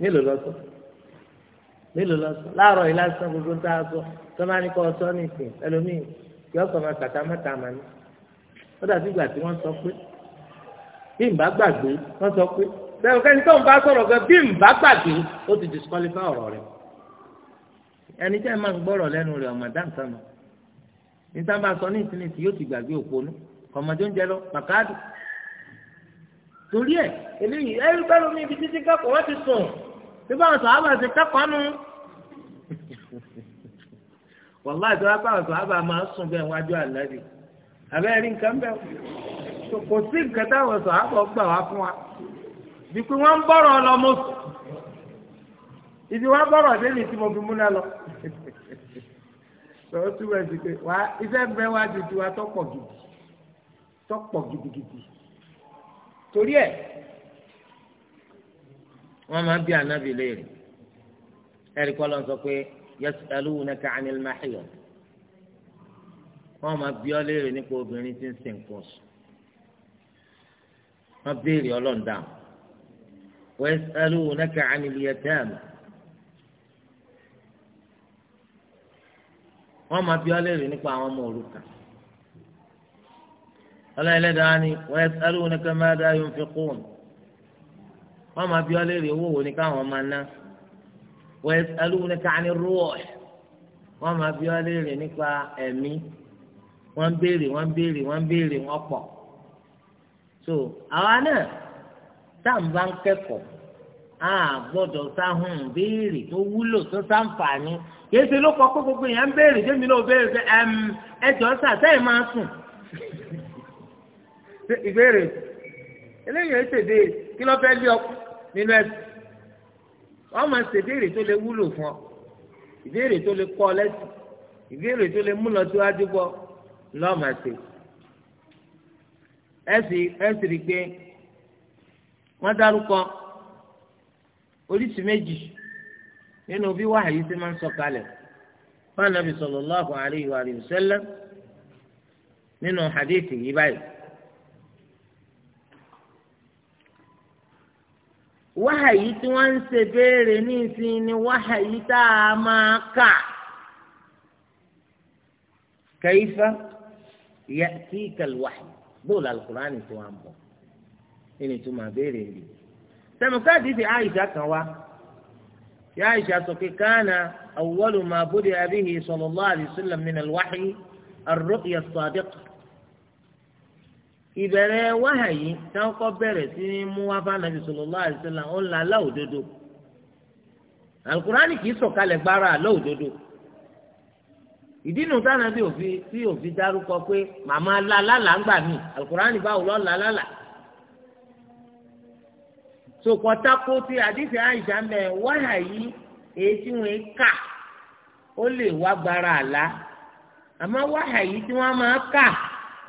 mélòó lọ́sọ̀ọ́ mélòó lọ́sọ̀ láàárọ̀ yìí lásán gbogbo tá a sọ tó máa ní kọ́ ọsọ ní ìsìn ẹlòmíì yọ sọ máa tàtà mẹ́ta mà ní. ó dàbí ìgbà tí wọ́n sọ pé bí n bá gbàgbé wọ́n sọ pé bẹ́ẹ̀ kẹ́ni tó ń bá sọ̀rọ̀ gan bí n bá gbàgbé ó ti disqualify ọ̀rọ̀ rẹ̀. ẹni tẹ́ ẹ máa ń gbọ́rọ̀ lẹ́nu rẹ̀ ọ̀mọ̀ dáǹkan mọ̀ máa sọ ní ìsinmi síbẹ̀ àwọn sọ̀hábà ti kẹ́kọ̀ọ́ nù. wàhálà tó wá pàwọn sọ̀hábà máa ń sùn bẹ́ẹ̀ wájú àlàyé abẹ́rẹ́ rí nǹkan bẹ́ẹ̀ kò sí nǹkan táwọn sọ̀hábà gbà wá fún wa bí pé wọ́n ń bọ̀rọ̀ lọ mọ́ ibi wọ́n bọ̀rọ̀ dé tí mo fi múná lọ sọ túbọ̀ sí pé wá iṣẹ́ bẹ́ẹ̀ wá ju wa tọ́pọ̀ gidi tọ́pọ̀ gidigidi torí ẹ̀ wọ́n máa bí ànábì léèrè ẹ̀rí kọ́ ló ń sọ pé yas'alunaka 'anil mahiyọ wọ́n máa bí ọ léèrè nípa obìnrin tí ń sìn kọ́ sùn wọ́n béèrè ọlọ́ọ̀dà wa yas'alunaka 'anil yatama wọ́n máa bí ọ léèrè nípa àwọn ọmọ òrukàn ọlọ́ọ̀lẹ́dàá ni wa yas'alunaka madha yunfiqun wọ́n máa bí ọlẹ́rì owó wo ni káwọn máa ná wọ́n alúwọ̀n káàní rúwọ̀ wọ́n máa bí ọlẹ́rì nípa ẹ̀mí wọ́n ń béèrè wọ́n ń béèrè wọ́n ń béèrè wọ́n pọ̀ so àwa náà tá à ń bá ń kẹ́kọ̀ọ́ a gbọ́dọ̀ sáhùn béèrè tó wúlò tó sáǹfààní kìí ṣe ló kọ pé gbogbo èèyàn ń béèrè démi náà béèrè pé ẹjọ́ sà sẹ́yìn máa sùn ìbéèrè eléyìí ètè béèrè kí ló fẹ́ lé ọkùn nínú ẹ̀sìn wọ́n máa ṣèbéèrè tó lè wúlò fún ọ ìbéèrè tó lè kọ́ lẹ́sìn ìbéèrè tó lè múlò tó wájú bọ́ lọ́ọ́ máa ṣe rí pé dárúkọ oríṣi méjì nínú bí wàhálì ṣe máa ń fún anabi nínú yìí báyìí. wáhàyí tí wọ́n ń ṣe béèrè nísìnyí ni wáhàyí tá a máa kà. kẹ́yífà yẹ kí kẹlùwàhì bóòlù alukur'ani tó wà ń bọ̀ ẹni tó máa béèrè rí. sẹ́mukádì ti àyíṣà kan wá yà àyíṣà sọ pé kánà awwalu ma budi abihi sallallahu alayhi wa sallam min alwahyi arru'ya as-sadiqah. ìbẹ̀rẹ̀ wáhà yìí táwọn kọ́ bẹ̀rẹ̀ sí ní mú wá bá nàbì sallallahu alaihi wasallam ó ń la aláwò alukurani kì í sọ̀kalẹ̀ gbára aláwò ìdí nu táwọn òfin tí òfin dárúkọ pé màmá la lálàá ń gbà mí alukurani báwo lọ́ la lálàá ti àdìsí àyíṣà mẹ wáyà yìí èyí tí wọn kà ó lè wá gbára àlá àmọ́ wọn máa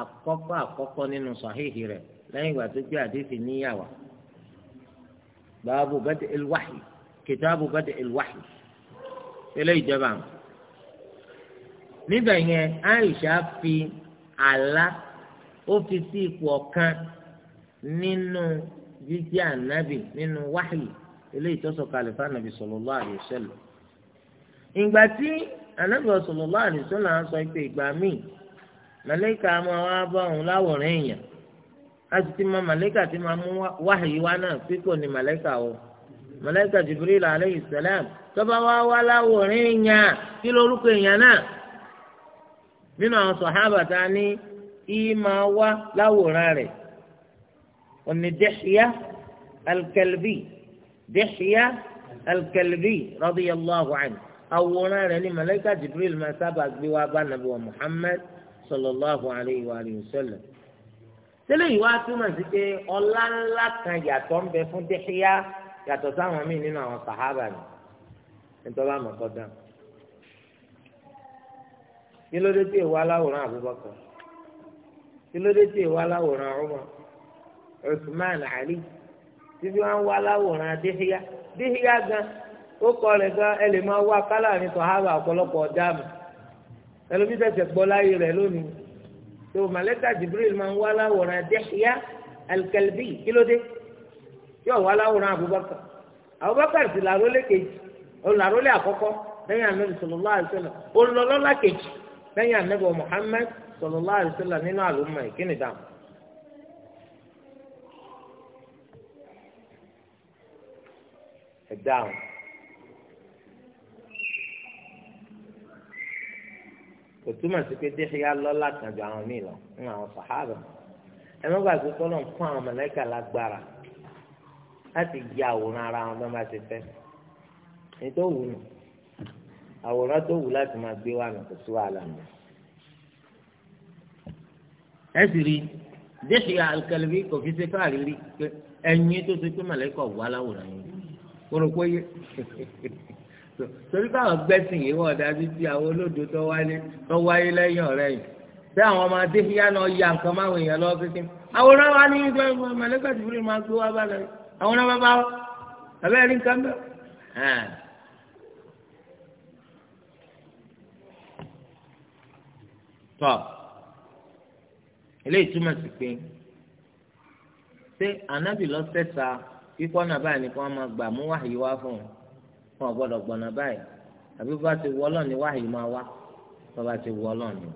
àkọ́kọ́ àkọ́kọ́ nínú sàhíhì rẹ̀ lẹ́yìn ìgbà tó gbé àdéhìí níyàwó báàbù bẹ́tẹ̀ ìlúwàhì kìtàbù bẹ́tẹ̀ ìlúwàhì ilé ìjọba àwọn. níbẹ̀ yẹn Aisha fi àlá ó fi sí ipò ọ̀kan nínú jíjẹ́ ànábì nínú wáhì ilé ìtọ́sọ̀ kàlífà nàbì sallallahu alaihi wasallam. ìgbà tí ànábì sallallahu alaihi wasallam sọ pé ìgbà míì màlẹ́kà máa wá bá òun láwòrán èèyàn a sì ti mọ màlẹ́kà tí máa mú wáhìí wá náà pípọ̀ ní màlẹ́kà o màlẹ́kà Jibril alayhi salam tọ́ba wá wá láwòrán èèyàn kí lórúkọ èèyàn náà nínú àwọn sọ̀hábà tá a ní ìyí máa wá láwòrán rẹ̀ òní Dihya al-Kalbi Dihya al-Kalbi àwòrán rẹ̀ ní màlẹ́kà Jibril máa sábà gbé wá bá nàbẹ̀wò Muhammad. sallallahu alayhi wa sallam tẹ́lẹ̀ yìí wá túmọ̀ sí pé ọlá ńlá kan yàtọ̀ ń bẹ fún yàtọ̀ sáwọn nínú àwọn sàhábà ni kọ́ dán Ali wọn wá aláwòrán Dihya Dihya gan ó kọ́ rẹ̀ gan ẹ lè máa wá kálá ní sàhábà ọ̀pọ̀lọpọ̀ ẹlòmí tẹ̀sẹ̀ gbọ́ láyé rẹ̀ lónìí tó màlẹ́kà jibril máa ń wá láwòrán Dihya al-Kalbi kílódé yóò wá láwòrán Abubakar Abubakar sì làrólé kejì làrólé àkọ́kọ́ lẹ́yìn anabi sallallahu alaihi wasallam olùlọ́lọ́lá kejì lẹ́yìn anabi Muhammad sallallahu alaihi wasallam nínú àlùmọ̀ ìkíni dáhùn. dáhùn kò túmọ̀ sí pé Dihya lọ́lá kan ju àwọn míì lọ ń àwọn sàhábà ẹ má gbàgbé tọ́lọ̀ ń fún àwọn mọ̀lẹ́kà lágbára láti ya àwòrán ara wọn bá máa ṣe fẹ́ ní tó wù nù àwòrán tó wù láti máa gbé wà nù kò sí wàhálà nù. ẹ sì rí Dihya al kò fi ṣe káàrí rí pé tó ṣe pé mọ̀lẹ́kà wà láwòrán yìí kó ló pé yé torí káwọn gbẹ́sìn yìí wọ́n dájú sí àwọn olódo tó wáyé lẹ́yìn ọ̀rẹ́ yìí bí àwọn ọmọ adéhìyá náà ya nǹkan máwọn èèyàn lọ́wọ́ kékeré àwòrán wa ní ìjọ mọ̀lẹ́kà tí fúnni máa gbé wá balẹ̀ àwòrán bàbá wa àbẹ́ rí nǹkan bẹ́ẹ̀. tọ́ eléyìí túmọ̀ sí pé ṣé ànábì lọ sẹ́sà kíkọ́ náà báyìí ni kí wọ́n máa gbà mú wáyé wá fún un wọn ò gbọ́dọ̀ gbọ̀nà báyìí àbí bá ti wọ ọlọ́ọ̀ni wáyé máa wá bá bá ti wọ ọlọ́ọ̀ni.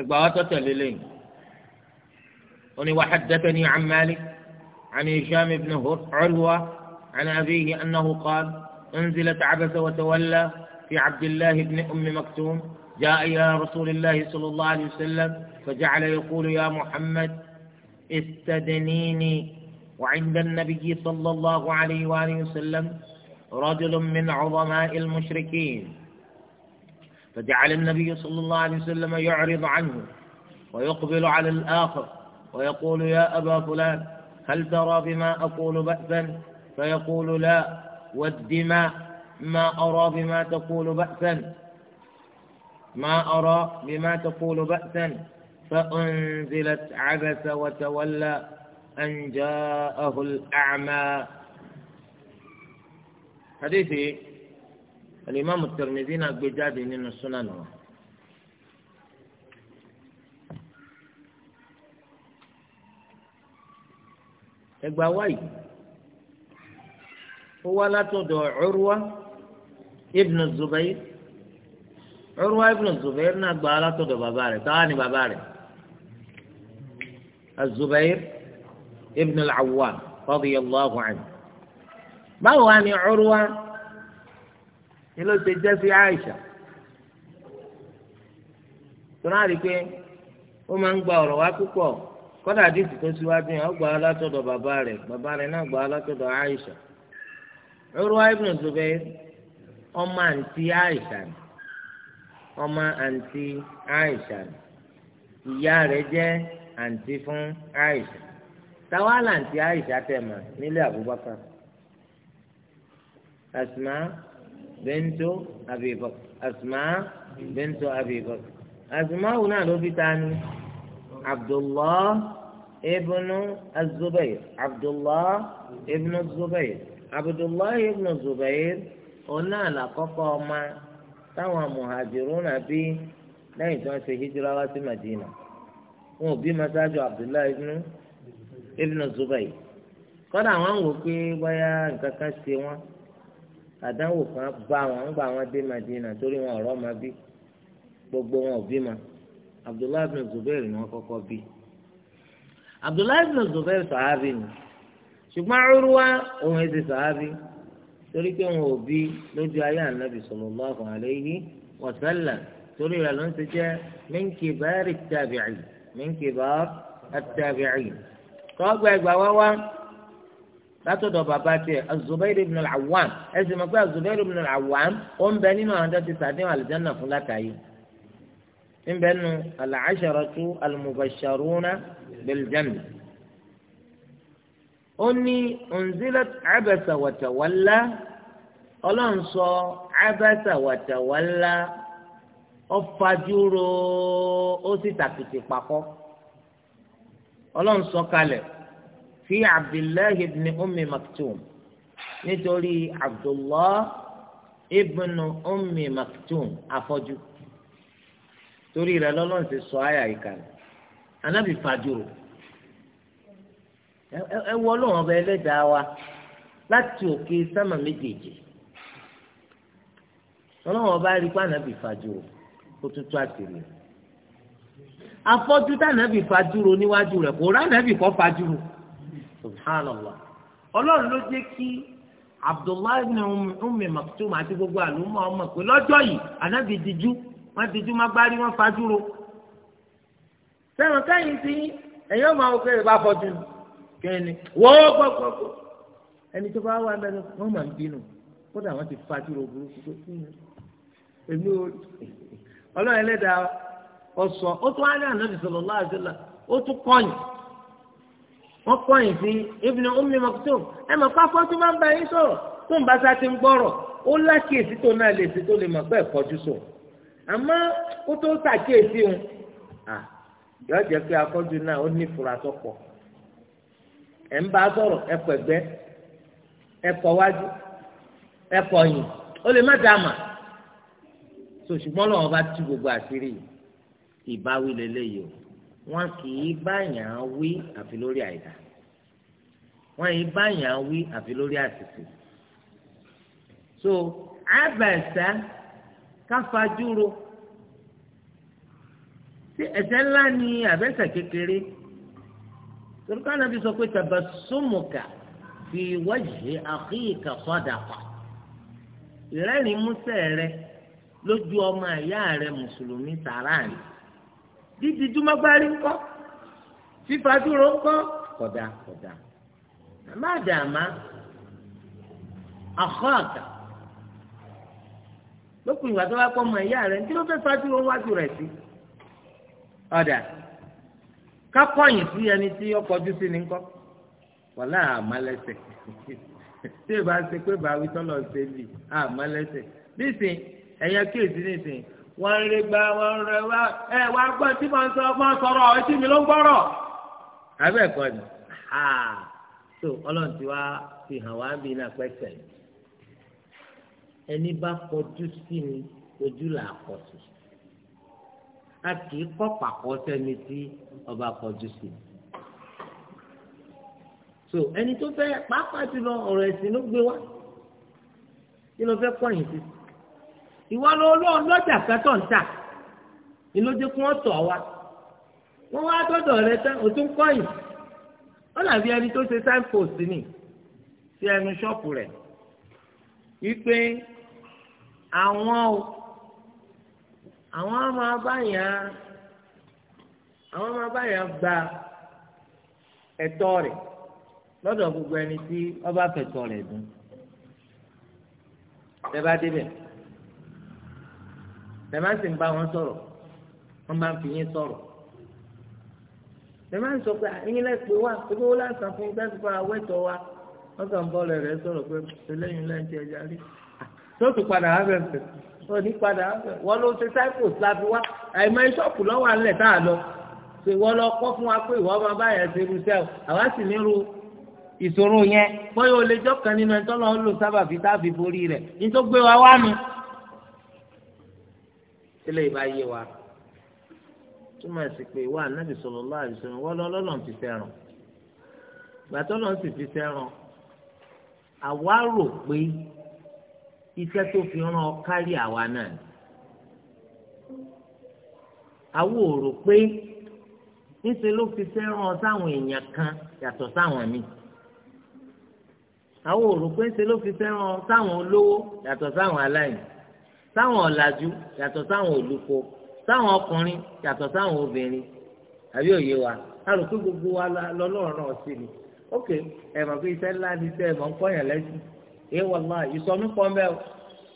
ẹgbàá wa tọ́tẹ̀ olooni egba wa wọn ni dẹ́tẹ̀ ní amáli عن هشام بن علوة عن أبيه أنه قال أنزلت عبس وتولى في عبد الله بن أم مكتوم جاء إلى رسول الله صلى الله عليه وسلم فجعل يقول يا محمد استدنيني وعند النبي صلى الله عليه وآله وسلم رجل من عظماء المشركين فجعل النبي صلى الله عليه وسلم يعرض عنه ويقبل على الآخر ويقول يا أبا فلان هل ترى بما أقول بأسا فيقول لا والدماء ما أرى بما تقول بأسا ما أرى بما تقول بأسا فأنزلت عبث وتولى أن جاءه الأعمى حديث الإمام الترمذي بجاد من السنن إقباوي هو لا تدعو عروة ابن الزبير عروة ابن الزبير نقبا لا تدعو بباري تاني بباري الزبير ibn al-Awwam radiyallahu anhu báwo ni ló ṣe jẹ́ Aisha tọ́lá rí i pé ó máa gba ọ̀rọ̀ wá púpọ̀ kọ́dà àdìsí tó síwájú yẹn ó gba alátọ̀dọ̀ bàbá rẹ̀ bàbá rẹ̀ náà gba Aisha Urwa ibn Aisha Aisha Aisha táwa làǹtí àìsà tẹ̀mà nílé Abubakar Asma bẹ́ńtò abibak Asma bẹ́ńtò abibak Asma wò náà ló fi tani Abdullah ibnu Azubair Abdullah ibnu Zubair Abdullah ibnu Zubair òun náà làkọ́kọ́ ọma táwọn muhajirun àbí lẹ́yìn tí wọ́n ṣe hijira wá sí Madina wọn ò bí masájú Abdullah ibnu. Ibn Zubayr kọ́dà àwọn ń wò pé bóyá nǹkan kan ṣe wọ́n àdánwò kan bá wọn ń gbà wọn dé Madina torí wọn ọ̀rọ̀ ma bí gbogbo wọn ò bí ma Abdullahi ibn Zubair ni wọn kọ́kọ́ bí Abdullahi ibn Zubair sàhábì ni ṣùgbọ́n Urwa òun èsì sàhábì torí pé wọn ò bí lójú ayé ànábì sallallahu alayhi wa sallam torí rẹ̀ ló ń ti jẹ́ min kibar at-tabi'in min kibar at-tabi'in wọ́n gba ẹgbà wá wá látọ̀dọ̀ bàbá tiẹ̀ Az-Zubair ibn al-Awwam ẹ sì mọ̀ pé Az-Zubair ibn al-Awwam ó ń bẹ nínú àwọn tó ti sàdéhùn àlùjáná fún látàyè ń bẹ nu al-asharatu al ó ní unzilat abasa wa ọlọ́run sọ abasa wa tawalla ó sì tàkìtì pàkọ́ ọlọ́run sọ kalẹ̀ fi abdullahi ibn ummi maktum nítorí abdullahi ibn ummi maktum afọ́jú torí rẹ̀ lọ́lọ́run ti sọ àyà yìí kalẹ̀ anábì fàdúró ẹ wọ ọlọ́run ọba ẹlẹ́dàá wa láti òkè sámà méjèèjì ọlọ́run ọba rí pé anábì fàdúró ó tún tó afọ́jú tànàbì fajúro níwájú rẹ̀ kò ránàbì kọ́ fajúro subhanallah ọlọ́run ló jẹ́ kí abdullahi ibn ummi maktum àti gbogbo àlùmọ́ ọmọ pé lọ́jọ́ yìí ànábì dijú wọ́n dijú má gbárí wọ́n fajúro sẹ́wọ̀n káyìn sí ẹ̀yọ́ máa wọ pé ẹ bá fọ́jú kẹ́ni wọ́ọ́ gbọ́gbọ́gbọ́ ẹni tó bá wà lẹ́nu wọ́n máa ń bínú kódà wọ́n ti fajúro burúkú tó kí ni èmi ò ọlọ́run ọsọ ó tún wáyé ànábì sallallahu alaihi ó tún kọyìn wọn kọyìn sí Ibn Ummi Maktum ẹ mọ pápá tó máa ń bá yín sọ̀rọ̀ tó ń bá sá ti ń gbọ́rọ̀ ó lákèésí tó náà lè sí tó lè mọ pé ẹkọjú sọ àmọ́ ó tó sàkíyèsí òun yọ jẹ pé akọjú náà ó ní ìfura tó pọ̀ ẹ ń bá sọ̀rọ̀ ẹ pẹgbẹ ẹ pọ wájú ẹ pọ yìn ó lè má dàá mà so ṣùgbọ́n lọ́wọ́ bá tú gbogbo àṣírí yìí ìbáwí lélẹ́yìí o wọn kì í báyàn wí àfi lórí àìdá wọn yìí báyàn wí àfi lórí àṣìṣe so àbẹ̀sẹ̀ káfajúro sí ẹ̀ṣẹ̀ ńlá ni àbẹ̀sẹ̀ kékeré torí ká nàbí sọ pé tabassumuka fi wajhi akhika sadaqa ìrẹ́rìn músẹ́ rẹ lójú ọmọ ìyá rẹ mùsùlùmí sàrà títí dúmọ́gbárí ńkọ́ fífadúró ńkọ́ kódà kódà àmà dàmà àkọ́ àgà lókùn ìwà tó bá pọ̀ mọ́ ìyá rẹ̀ ní kí ló fẹ́ fadúró wájú rẹ̀ sí ọ̀dà kakọyìn si ẹni tí ọkọjú sí ni ńkọ́ wàlá àmàlẹsẹ tí ìbá ṣe pé bàwí tọlọ ṣe lì àmàlẹsẹ nísìn ẹyẹ kéèsì nísìn wọ́n ń rí gba wọ́n ń rẹ wá ẹ wá gbọ́ tí mo ń sọ mo ń sọ̀rọ̀ etí mi ló ń gbọ́rọ̀. àbẹ́ ẹ̀kọ́ ni so ọlọ́run ti wá fi hàn wá bí iná pẹ́sẹ̀ ẹni bá kọjú sí mi ojú là kọ sí a kì í kọ́ pàkọ́ sẹ́ni tí ọba kọjú sí mi so ẹni tó fẹ́ pàápàá jùlọ ọ̀rọ̀ ẹ̀sìn ló gbé wá kí ló fẹ́ kọ́ yìí sí i ìwọ lọ lọ́ọ̀ lọ́jà kẹtọ̀ ń tà ìlójú kí wọ́n tọ̀ wá wọ́n wá dọ́dọ̀ rẹ tán o tún kọ́yìn wọ́n làbí ẹni tó ṣe signpost ni sí ẹnu ṣọ́ọ̀pù rẹ̀ wípé àwọn o àwọn máa báyà àwọn máa báyà gba ẹ̀tọ́ rẹ̀ lọ́dọ̀ gbogbo ẹni tí wọ́n bá fẹ̀tọ́ rẹ̀ dùn. Ẹ bá débẹ̀ lẹ́mà sì ń bá wọn sọ̀rọ̀ wọ́n máa ń fi yín sọ̀rọ̀ lẹ́mà ń sọ pé ẹ̀yin lẹ́pẹ́ wà pé owó lásán fún igbá tó fara wẹ́tọ̀ wa wọ́n kàn bọ́ ọ̀rẹ́ rẹ̀ sọ̀rọ̀ pé ẹlẹ́yin lẹ́yìn tí ẹja rí tó tún padà á bẹ̀ bẹ̀ ó ní padà á bẹ̀ wọ́n ló ṣe cycles láti wá àìmọ ṣọ́ọ̀pù lọ́wọ́ alẹ̀ tá a lọ ṣe wọ́n lọ kọ́ fún wa pé ìwọ́n máa bá yẹn ṣe irú sẹ́ọ̀ àwa sì nírú ìṣòro yẹn bóyá o lè jọ́ kan nínú ẹ̀ńtọ́ lọ́ọ́ lò sábàbí tá a fi borí rẹ̀ ní tó gbé wa wá nu tẹ́lẹ̀ ìbá yé wa túmọ̀ sí pé wà nábì sallallahu alaihi wasallam wọ́n lọ́ lọ́nà ti fẹ́ràn gbàtọ́ lọ́n sì fi fẹ́ràn àwa rò pé iṣẹ́ tó fi rán ọ kárí àwa náà àwa ò rò pé níṣẹ́ ló fi fẹ́ràn sáwọn èèyàn kan yàtọ̀ sáwọn míì àwa ò rò pé níṣẹ́ ló fi fẹ́ràn sáwọn olówó yàtọ̀ sáwọn aláìní sáwọn ọ̀làjú yàtọ̀ sáwọn olùkọ́ sáwọn ọkùnrin yàtọ̀ sáwọn obìnrin àbí òye wa alùpùpù gbogbo wa lọ́lọ́run náà sì ni ok ẹ mọ̀ pé iṣẹ́ ńlá ni iṣẹ́ mọ̀ ń kọ́yàn lẹ́sìn ẹ wà má ìsọnù pọ̀ mẹ́ o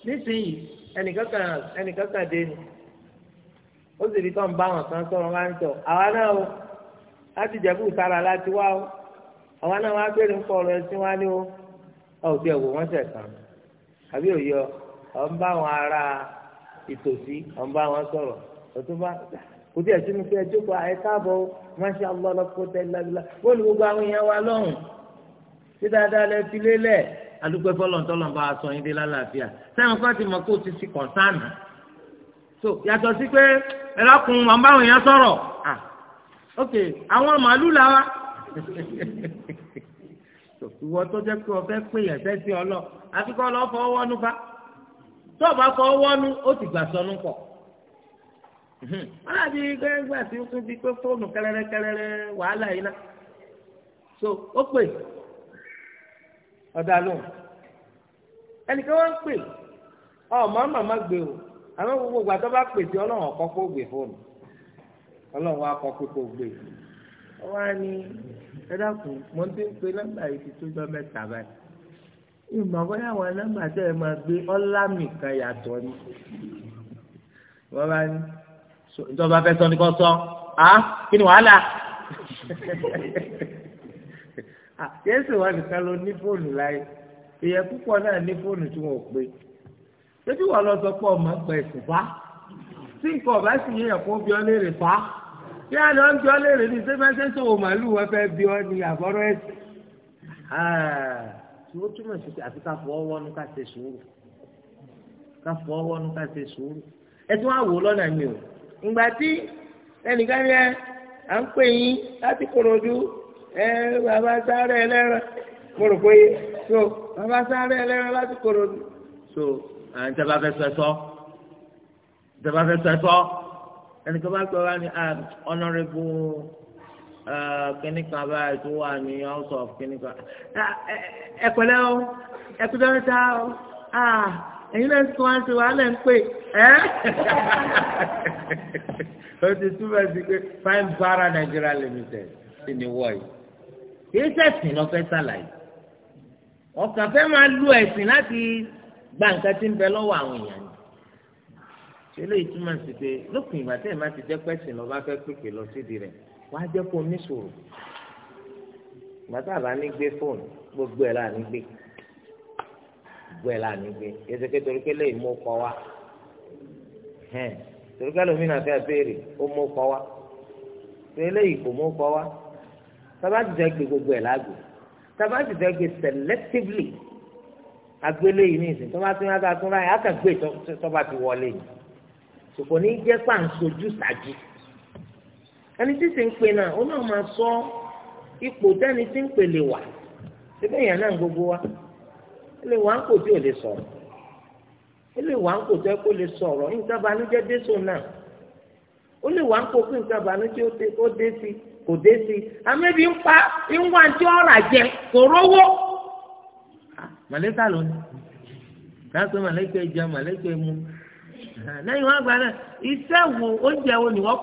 nísìnyí ẹnìkankan ẹnìkankan dé ni ó sì rí tán bá wọn kan sọ̀rọ̀ wá ń tọ̀ àwa náà o láti jẹ̀bú sára láti wá o àwa náà wá gbé ní kọ́ ọ̀rọ̀ ẹ̀sìn wá ní o ọ̀ ọ̀n bá wọn ará ìtòsí ọ̀n bá wọn sọ̀rọ̀ ọ̀tún bá kò tí ẹ̀ sínú kí ẹ jókòó ẹ káàbọ̀ máṣe àlọ́lọ́ kó tẹ́lẹ̀ lábílá bóòlù gbogbo àwọn èèyàn wa lọ́hùn tí dáadáa lẹ fi lélẹ̀ adúpẹ́ fọlọ́ntọ́lọ́ bá a sọ yín dé lálàáfíà sẹ́yìn kan ti mọ̀ kó o ti fi kọ̀ǹsánà so yàtọ̀ sí pé ẹ̀rọ kun wọn báwọn èèyàn sọ̀rọ̀ ah ok àwọn màálù làwa ìwọ tó jẹ́ pé o fẹ́ pè yẹn sẹ́sìn ọlọ́ àfikọ́ ọlọ́ fọwọ́ nufa tó o bá fọ wọ́nú ó ti gbà sọnù pọ̀ wọ́n dàbí gbẹ́gbẹ́ àti ikú bíi pé fóònù kẹrẹrẹkẹrẹrẹ wàhálà yìí náà so ó pè ọ̀dà lóhùn ẹnìkan wọ́n ń pè ọ màmá má gbé o àmọ́ gbogbo ìgbà tó bá pè sí ọlọ́run ọ̀kọ́ kó gbé fóònù ọlọ́run wa kọ́ pé kó gbé ọ wá ní ẹ dákun mo ń pe nọ́mbà yìí ti tó jọ mẹ́ta báyìí ìmọ̀ bóyá àwọn nọ́mbà tẹ́ ẹ máa gbé ọ́lámì kan yàtọ̀ ni wọ́n bá ní ìjọba fẹ́ sọ ní kọ́ sọ á kí ni wàhálà yẹ́sì wọn nìkan ló ní fóònù láyé ìyẹn púpọ̀ náà ní fóònù tí wọn ò pé ṣébí wọn lọ sọ pé ọmọ ẹgbẹ́ ẹ̀sìn fa tí nǹkan ọ̀bá sì yẹn kó bí ọ léèrè fa bí a ń bí ọ léèrè ní sẹ́fẹ́sẹ́ sọ̀wọ́ wọn fẹ́ bí ọ ní àbọ̀rọ̀ ẹ̀sìn. Ah tí ó túmọ̀ sí pé àfi ká fọ ọwọ́ nu ká ṣe sùúrù ká fọ ọwọ́ nu ká ṣe sùúrù ẹ tún wá wò ó lọ́nà mi o ìgbà tí ẹnìkan yẹ à ń pè yín láti korojú ẹ bàbá sáré ẹlẹ́ran mo rò pé so bàbá sáré ẹlẹ́ran láti korojú so à ń fẹ́ sọ ẹ sọ fẹ́ sọ ẹ ẹnìkan bá gbọ́ wá ní ah, honorable. Eh, kíníkan báyìí tó wà ní house of kíníkan ah, ẹ pẹ̀lẹ́ o ẹ kú dọ́rẹ́ta o ah, ẹ̀yin náà sọ àti wàhálà ń pè ẹ́ o ti túbọ̀ sí pé fine para Nigeria limited ti ní wọ̀nyí kì í ṣẹ̀sìn lọ fẹ́ ṣàlàyé ọkàn fẹ́ máa lu ẹ̀sìn láti gba nǹkan tí ń bẹ lọ́wọ́ àwọn èèyàn ni ṣé lè túmọ̀ sí pé lópin ìgbà tẹ̀ máa ti jẹ́ pẹ́sìn lọ́ba fẹ́ pèpè lọ sídìí rẹ̀ wàá jẹ́ kó ní sòrò gbàtà bá ní gbé fóònù gbogbo ẹ̀ láà ní gbé gbogbo ẹ̀ láà ní gbé yẹtẹkẹ torí pé lẹ́yìn mú kọ́ wa hẹ́n torí pé lómìnà fẹ́ béèrè ó mú kọ́ wa torí lẹ́yìn kò mú kọ́ wa sábà ti fẹ́ gbogbo ẹ̀ láàgbé sábà ti fẹ́ selectively agbélé yìí ní ìsìn tó bá tún yá ká tún ráyà á kà gbé e tó bá ti wọlé yìí sòkò ní jẹ́ pà ń ẹni tí sì ń pè náà ó sọ ipò dání tí ń pè lè wà gbogbo wa ó lè kò tí ò lè sọ̀rọ̀ ó kò kó lè sọ̀rọ̀ dé so náà ó lè wà ń kó si ó dé sí kò dé sí ń pa ń wá ní ọ̀rà jẹ kò rówó. màlẹ́kà ló ní màlẹ́kà ìjà màlẹ́kà ìmú lẹ́yìn wọn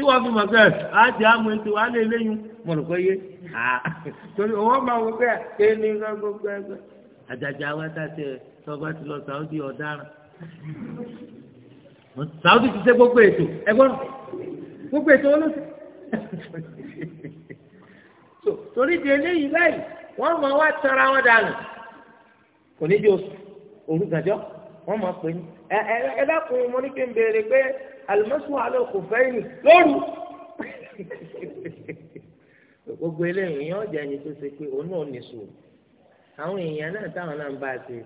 tí wọ́n fi mọ̀ pé léyìn mo pé yé torí pé kéèní àjàjà wa ti lọ Saudi ọ̀daràn Saudi ti ṣe gbogbo ètò ẹgbọ́n gbogbo ètò torí di eléyìí wọ́n wá tara wọn dànù kò ní jẹ́ oṣù òru ẹ mo ní kí n béèrè pé kò lóru gbogbo eléyìí yóò jẹ́ ẹni tó ṣe pé òun náà àwọn èèyàn náà táwọn náà ń bá a ṣe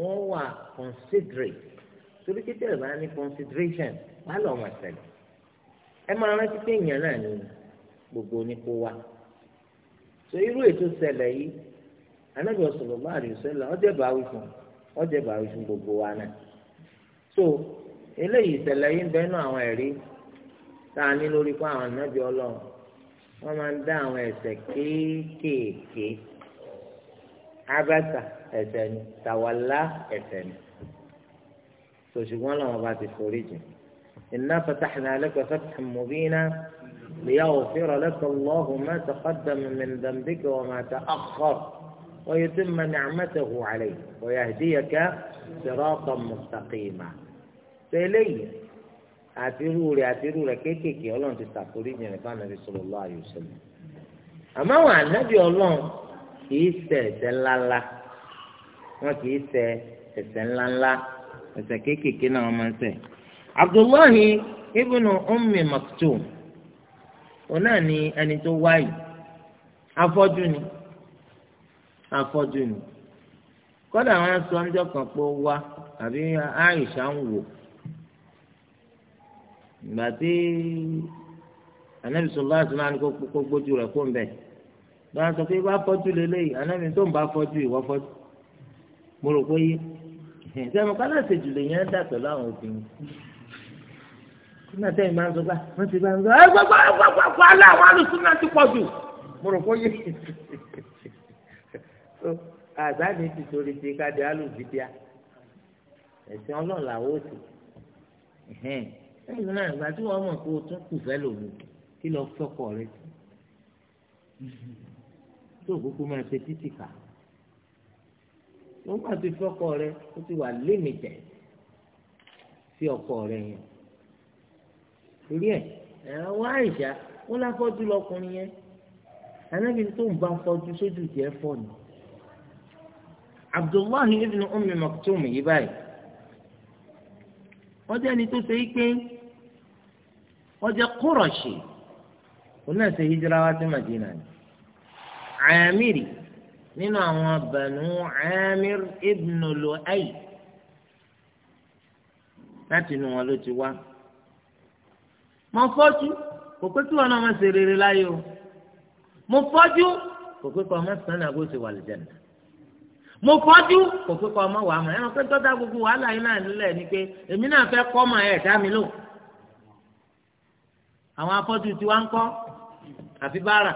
wọ́n wà considerate torí títẹ̀ rẹ̀ bá ní consideration wà lọ́ ṣẹlẹ̀ ẹ máa rántí so irú ètò ṣẹlẹ̀ yìí anábìọ́sọ̀rọ̀ bá àdìsẹ́lẹ̀ fún fún gbogbo wa so eléyìí ìṣẹ̀lẹ̀ yìí ń bẹ nínú àwọn ẹ̀rí tá a ní lórí fún àwọn ànábì ọlọ́run wọ́n máa ń dá àwọn ẹ̀ṣẹ̀ kéékèèké abẹ́ta ẹ̀ṣẹ̀ ni tàwálá ẹ̀ṣẹ̀ ni so ṣùgbọ́n làwọn bá ti forí jìn inna fatahna laka fathan mubina liyaghfir laka Allahu ma taqaddama min dhanbika wa ma ta'akhkhar wa yutimma ni'matahu alayka wa yahdiyaka siratan mustaqima. sọ ihe àtirú rẹ àtirú rẹ kéékèèké ọlọ́run ti ṣàforíjì rẹ̀ fáwọn ànábì sallallahu alaihi wasallam àmọ́ àwọn ànábì ọlọ́run kìí ṣe ẹ̀ṣẹ̀ ńláńlá wọn kìí ṣe ẹ̀ṣẹ̀ ńláńlá ẹ̀ṣẹ̀ kéékèèké náà wọ́n máa ń ṣẹ̀. abdullahi ibnu ummi maktum òun náà ni ẹni tó wáyìí afọ́jú ni ni wọn sọ kan pé ó wá àbí ìgbà tí anabi sọlá àti náà ní kó gbójú rẹ̀ kó ń bẹ lọ́wọ́ sọ pé bá fọ́jú lélẹ́yìí anabi tó ń bá fọ́jú ìwọ fọ́jú mo rò pé yé sẹ́mi kálá ṣèjú lè yẹn dà pẹ̀lú àwọn obìnrin kí náà tẹ́yìn máa ń sọ bá wọ́n ti bá ń sọ ẹ gbọ́gbọ́ gbọ́gbọ́ alẹ́ àwọn alùsùn náà ti pọ̀ jù mo rò pé yé àzáni ti torí ti ká di alùsùn bíbíà ẹ̀sìn ọlọ́ọ̀lá ó sì lẹ́yìn náà ìgbà tí wọ́n mọ̀ pé o tún kù fẹ́ lòun kí lọ fọ́kọ rẹ sí tó kúkú máa ṣe títì kà wọ́n máa ti fọ́kọ rẹ ó ti wà límìtẹ̀ sí ọkọ rẹ yẹn torí ẹ̀ àwọn àìsà wọn láfọ́jú lọkùnrin yẹn anábì tó ń bá fọ́jú sójú tiẹ̀ fọ́ ni Abdullahi ibn Ummi Maktum yìí báyìí wọ́n jẹ́ ẹni tó ṣe é pé wọ́n jẹ́ kúrọ̀ṣì òun náà ṣe hijira wá sí madina ni amiri nínú àwọn banu amir ibn lu'ay láti inú wọn ló ti wá mo fọ́jú kò pé kí wọn náà máa ṣe rere láyé o mo fọ́jú kò pé kí wọn máa sàn àgbo ṣe wà lìjẹ̀nà mo fọ́jú kò pé kí wọn máa wà á mọ̀ ẹ̀rọ pé tọ́jà gbogbo wàhálà yìí náà nílẹ̀ ni pé èmi náà fẹ́ kọ́ ọmọ ẹ̀ dá mi lò àwọn afọ́jú tí wọ́n ń kọ́ àfi bára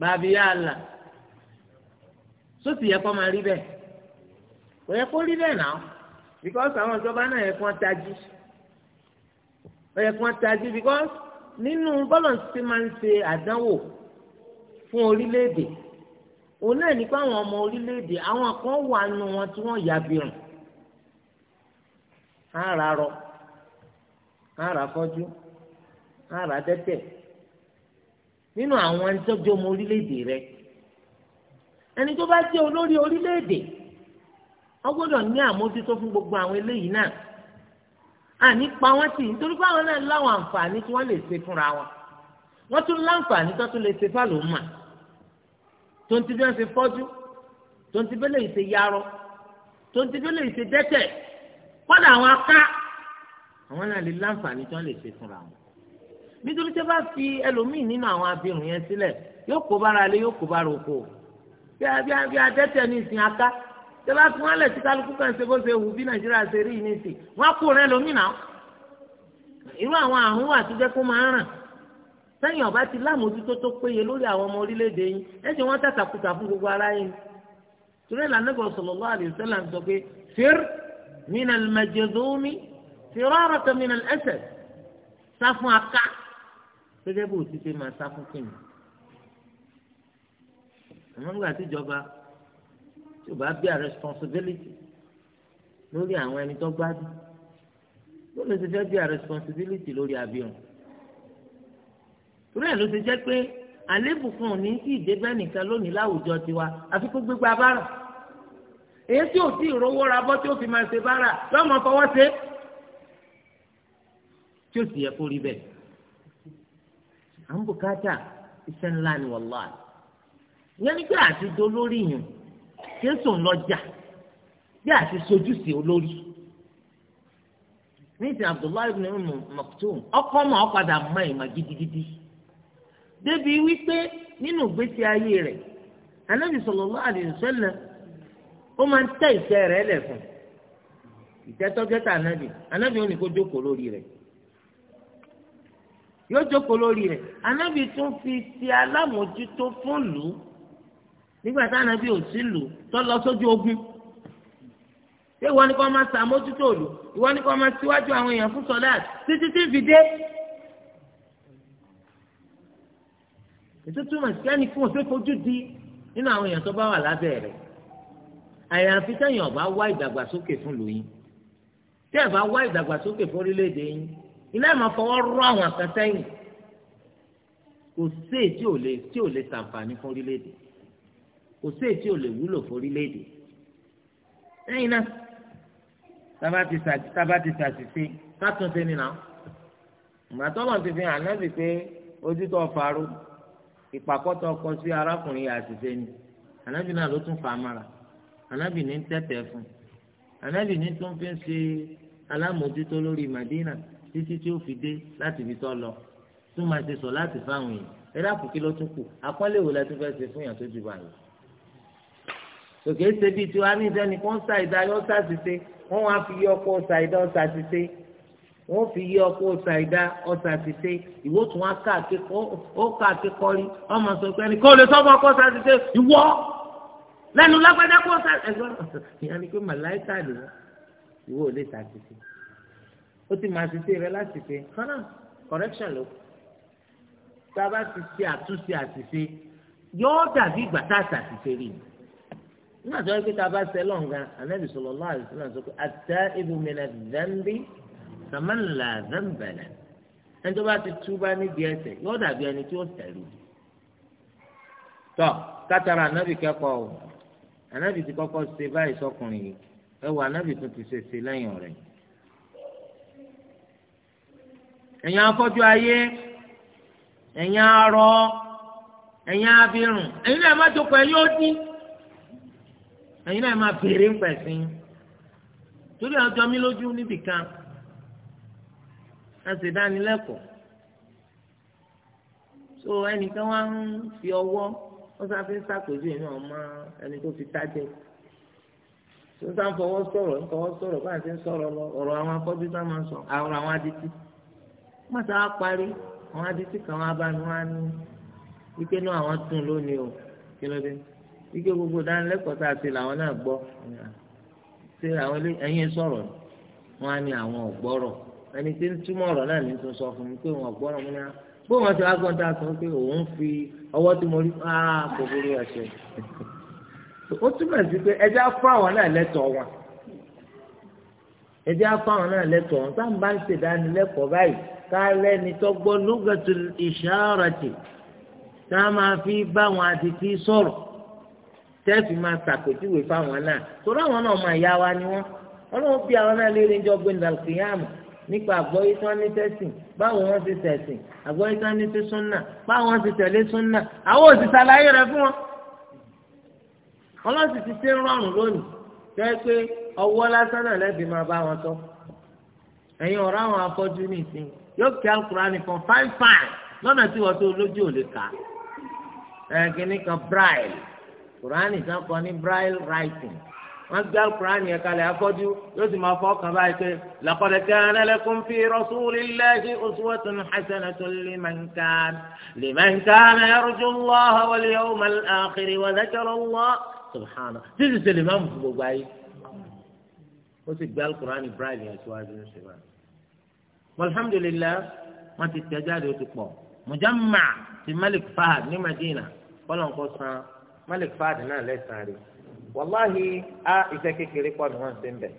bàbí yàrá sóòtì yẹ kọ́ máa rí bẹ́ẹ̀ kò yẹ kó rí bẹ́ẹ̀ náà because àwọn ìjọba náà yẹ kó tají ó yẹ kó tají because nínú bọ́lọ̀nsì máa ń ṣe àdánwò fún orílẹ̀-èdè òun náà nípa àwọn ọmọ orílẹ̀-èdè àwọn kan wà nù wọn tí wọ́n yà bìrùn á rà rọ á rà fọ́jú ara dẹ́tẹ̀ nínú àwọn ẹni tó jẹ́ ọmọ orílẹ̀-èdè rẹ ẹni tó bá jẹ́ olórí orílẹ̀-èdè wọ́n gbọ́dọ̀ ní àmójútó fún gbogbo àwọn eléyìí náà àní pa wọ́n tì nítorí pé àwọn náà láwọn àǹfààní tí wọ́n lè ṣe fúnra wọn wọ́n tún láǹfààní tó tún lè ṣe fáàlùmà tó ń ti bí wọ́n ṣe fọ́jú tó ń ti bí lèyìn ṣe yarọ tó ń ti bí lèyìn ṣe dẹ́tẹ̀ kọ́dà àwọn aká àwọn náà lè láǹfààní tó ń lè ṣe fúnra wọn nítorí tí a bá fi ẹlòmíì nínú àwọn abirùn yẹn sílẹ̀ yóò kó bára lé yóò kó bára oko bí a bí a bí a tẹ́tẹ́ ní ìsìn aká tí a bá fi wọ́n lẹ̀ sí kálukú kan ṣe bó ṣe wù bí nàìjíríà ṣe rí ní ìsìn wọ́n á kó rẹ ẹlòmíì náà irú àwọn àrùn wà tó jẹ́ kó máa ń ràn sẹ́yìn ọ̀bá ti lámòójútó tó péye lórí àwọn ọmọ orílẹ̀-èdè yín ẹ̀sìn wọn tàtàkùtà fún gbogbo ara yín torí ìlànà ìbọn sallallahu alaihi wasallam sọ pé fir min al-majdhumi firaraka min al-asad sá fún aká gẹ́gẹ́ bó ti ṣe máa sá fún kìnnì àmọ́ nígbà tí ìjọba tí ò bá bí a responsibility lórí àwọn ẹni tó gbádùn ló lè ti fẹ́ bí a responsibility lórí abíyàn torí ẹ̀ ló ti jẹ́ pé àléébù kan ò ní kí ìdébẹ́ nìkan lónìí láwùjọ tiwa àfi kó gbégbá bára èyí tí ò tí ì rówó ra bọ́ tí ó fi máa ṣe bára lọ́mọ fọwọ́ ṣe tí ó sì yẹ kó rí bẹ́ẹ̀. à ń bùkátà iṣẹ́ ńlá ni wàláì ìyẹn ní pé àti dolórí yìí jésù ń lọ́jà bí àti olórí abdullahi ibn umu maktoum ọkọ ọmọ ọpadà mọ ìmọ̀ gidigidi débi wípé nínú ìgbésí ayé anabi sallallahu alaihi ó máa ń tẹ ise rẹ̀ lẹ fún anabi anabi ó ní kó jókòó lórí yóò jókòó lórí rẹ̀ anábì tún fi ti alámòjútó fún lù ú nígbà tí anábì ò sí lù ú tó lọ sójú ogun ṣé ìwọ ni kò máa ṣàmójútó lù ìwọ ni kò máa ṣíwájú àwọn èèyàn fún sọdá títí tí fi dé. ètò túmọ̀ sí ẹni fún òṣèlú fojú di nínú àwọn èèyàn tó bá wà lábẹ́ rẹ̀ àyàfi sẹ́yìn ọ̀bá wá ìdàgbàsókè fún lù yín tí ẹ̀ bá wá ìdàgbàsókè fún orílẹ̀-èdè yín ilé ẹ̀ máa fọwọ́ rọ àwọn kan sẹ́yìn kò sí èyí tí ò lè tí ò lè ṣàǹfààní fún orílẹ̀-èdè kò sí èyí tí ò lè wúlò fún orílẹ̀-èdè lẹ́yìn náà tábà ti ṣàṣìṣe kátúnṣe nìyà ìgbàtọ́lọ̀ ti fi hàn nábì pé ojútọ̀ faru ìpàkọ́tọ̀ ọkọ sí arákùnrin àṣìṣe ni ànábì náà ló tún fà á ànábì ní tẹ̀tẹ̀ fún ànábì ní tún fi ń ṣe alámòjútó lórí Madina títí tí ó fi dé láti ibi tó lọ tó máa ṣe sọ láti fáwọn èèyàn ẹ dákun kí ló tún kù àpọ́nlé wo la tún fẹ́ ṣe fún yàn tó ju báyìí. òkè ṣe bíi tiwa ní ìdẹ́ni kó ń sa ìdá yọ ọ́sà ṣiṣẹ́ wọ́n wá fi yí ọkọ̀ ọ̀sà ìdá ọ̀sà ṣiṣẹ́ wọ́n fi yí ọkọ̀ ọ̀sà ìdá ọ̀sà ṣiṣẹ́ ìwọ tún wá ká àkékọ́rí ọmọ sọ pé ẹni kó lè sọ́mọ ọkọ̀ ọ̀sà ṣiṣẹ́ ìwọ lẹ́nu lágbájá kó ọ̀sà ẹ̀gbọ́n ìyá ni pé màláìkà lè wọ́n ìwọ ó ti máa ṣiṣẹ́ rẹ láti ṣe hànà correction ló tá a bá ti ṣe àtúnṣe àṣìṣe yóò dàbí ìgbà tá a ṣàṣìṣe rí i nígbà tó yẹ pé tá a bá ṣe lọ́nga ànábì sallallahu alaihi wasallam sọ pé at-ta'ibu mina dhanbi kaman la dhanba lahu ẹni tó bá ti túbá níbi ẹ̀ṣẹ̀ yóò dàbí ẹni tí ó tẹ̀lé tọ́ kátàrà ànábì kẹ́kọ̀ọ́ o ànábì ti kọ́kọ́ ṣe báyìí sọkùnrin yìí ẹ wọ ànábì tó ti ṣe ṣe lẹ́yìn ọ̀rẹ́ ẹ̀yin afọ́jú ayé ẹ̀yin arọ ẹ̀yin abirùn ẹ̀yin náà má jókòó ẹ̀yin ó dín ẹ̀yin náà má béèrè ń pẹ̀sìn torí ọjọ́ mi lójú níbìkan a sì dánilẹ́kọ̀ọ́ so ẹnìkan wá ń fi ọwọ́ wọ́n sá fi ń sàpèjú ìnú ọmọ ẹni tó fi tájẹ́ tó ń sá ń fọwọ́ sọ̀rọ̀ ń fọwọ́ sọ̀rọ̀ bá a ti ń sọ̀rọ̀ lọ ọ̀rọ̀ àwọn afọ́jú tá máa ń sọ ọ̀rọ̀ àwọn adití mọ́tà á parí àwọn adití kan wá bá mi wá ní wípé náà àwọn tún lónìí o kí ló dé wípé gbogbo dánilẹ́kọ̀ọ́ tá a ṣe làwọn náà gbọ́ ṣe àwọn ẹ̀yin sọ̀rọ̀ wọn á ní àwọn ọ̀gbọ́rọ̀ ẹni tí ń túmọ̀ ọ̀rọ̀ náà ní tó sọ fún mi pé wọn ọ̀gbọ́rọ̀ mi náà ah, bó wọn ti wá gbọ́n tá a sọ pé òun fi ọwọ́ tí mo rí áá ah, kò burú ẹ̀ṣẹ̀ ó túmọ̀ sí pé ẹjẹ́ á fún àwọn náà lẹ́tọ̀ọ́ wọn ẹjẹ́ á fún àwọn náà lẹ́tọ̀ọ́ wọn táwọn bá ń ṣèdánilẹ́kọ̀ọ́ báyìí kálẹ̀ nítọ́gbọ́ lúgàtú ìṣàràtì tá a máa fi báwọn adití sọ̀rọ̀ tẹ́ẹ̀fì máa ṣàpèjúwe fáwọn náà torí àwọn náà máa yá wa ni wọ́n ọlọ́run bí àwọn náà léèrè jọ gbé nàìjíríàmù nípa àgbọ́yé tí wọ́n ní tẹ̀sìn báwo wọ́n ti tẹ̀sìn àgbọ́yé tí wọ́n ní ti súnà báwo wọ́n ti tẹ̀lé súnà àwọn òsì ṣàlàyé rẹ̀ fún wọn. ọlọ́sì ti ṣe ń rọrùn lónìí jẹ́ pé ọwọ́ lásán náà lẹ́bi máa bá wọn tọ́ ẹ̀yin ọ̀rọ̀ àwọn afọ́jú nìsín yóò kí alukurani fún fáin fáin lọ́nà tí wọ́n tó lójú ò lè kà ẹ ni kan braille kurani kan kọ ní braille writing wọ́n gbé alukurani yẹn kalẹ̀ afọ́jú yóò sì máa fọ́ kàn báyìí pé laqad kana lakum fi rasulillahi uswatun hasanatun liman kana liman kana yarju allaha wal yawmal akhir wa dhakara allah subhana títí sèlémà mú gbogbo ayé ó sì gbé alukurani braille yẹn síwájú ní sèlémà. alhamdulilayi wọ́n ti tẹ̀ jáde ó ti pọ̀ mujamma ti malik fahad ní madina kọ́lọ̀ nǹkan san malik fahad náà lẹ́sàn-án rẹ̀ wàláhi a iṣẹ́ kékeré kọ́ ni wọ́n ti ń bẹ̀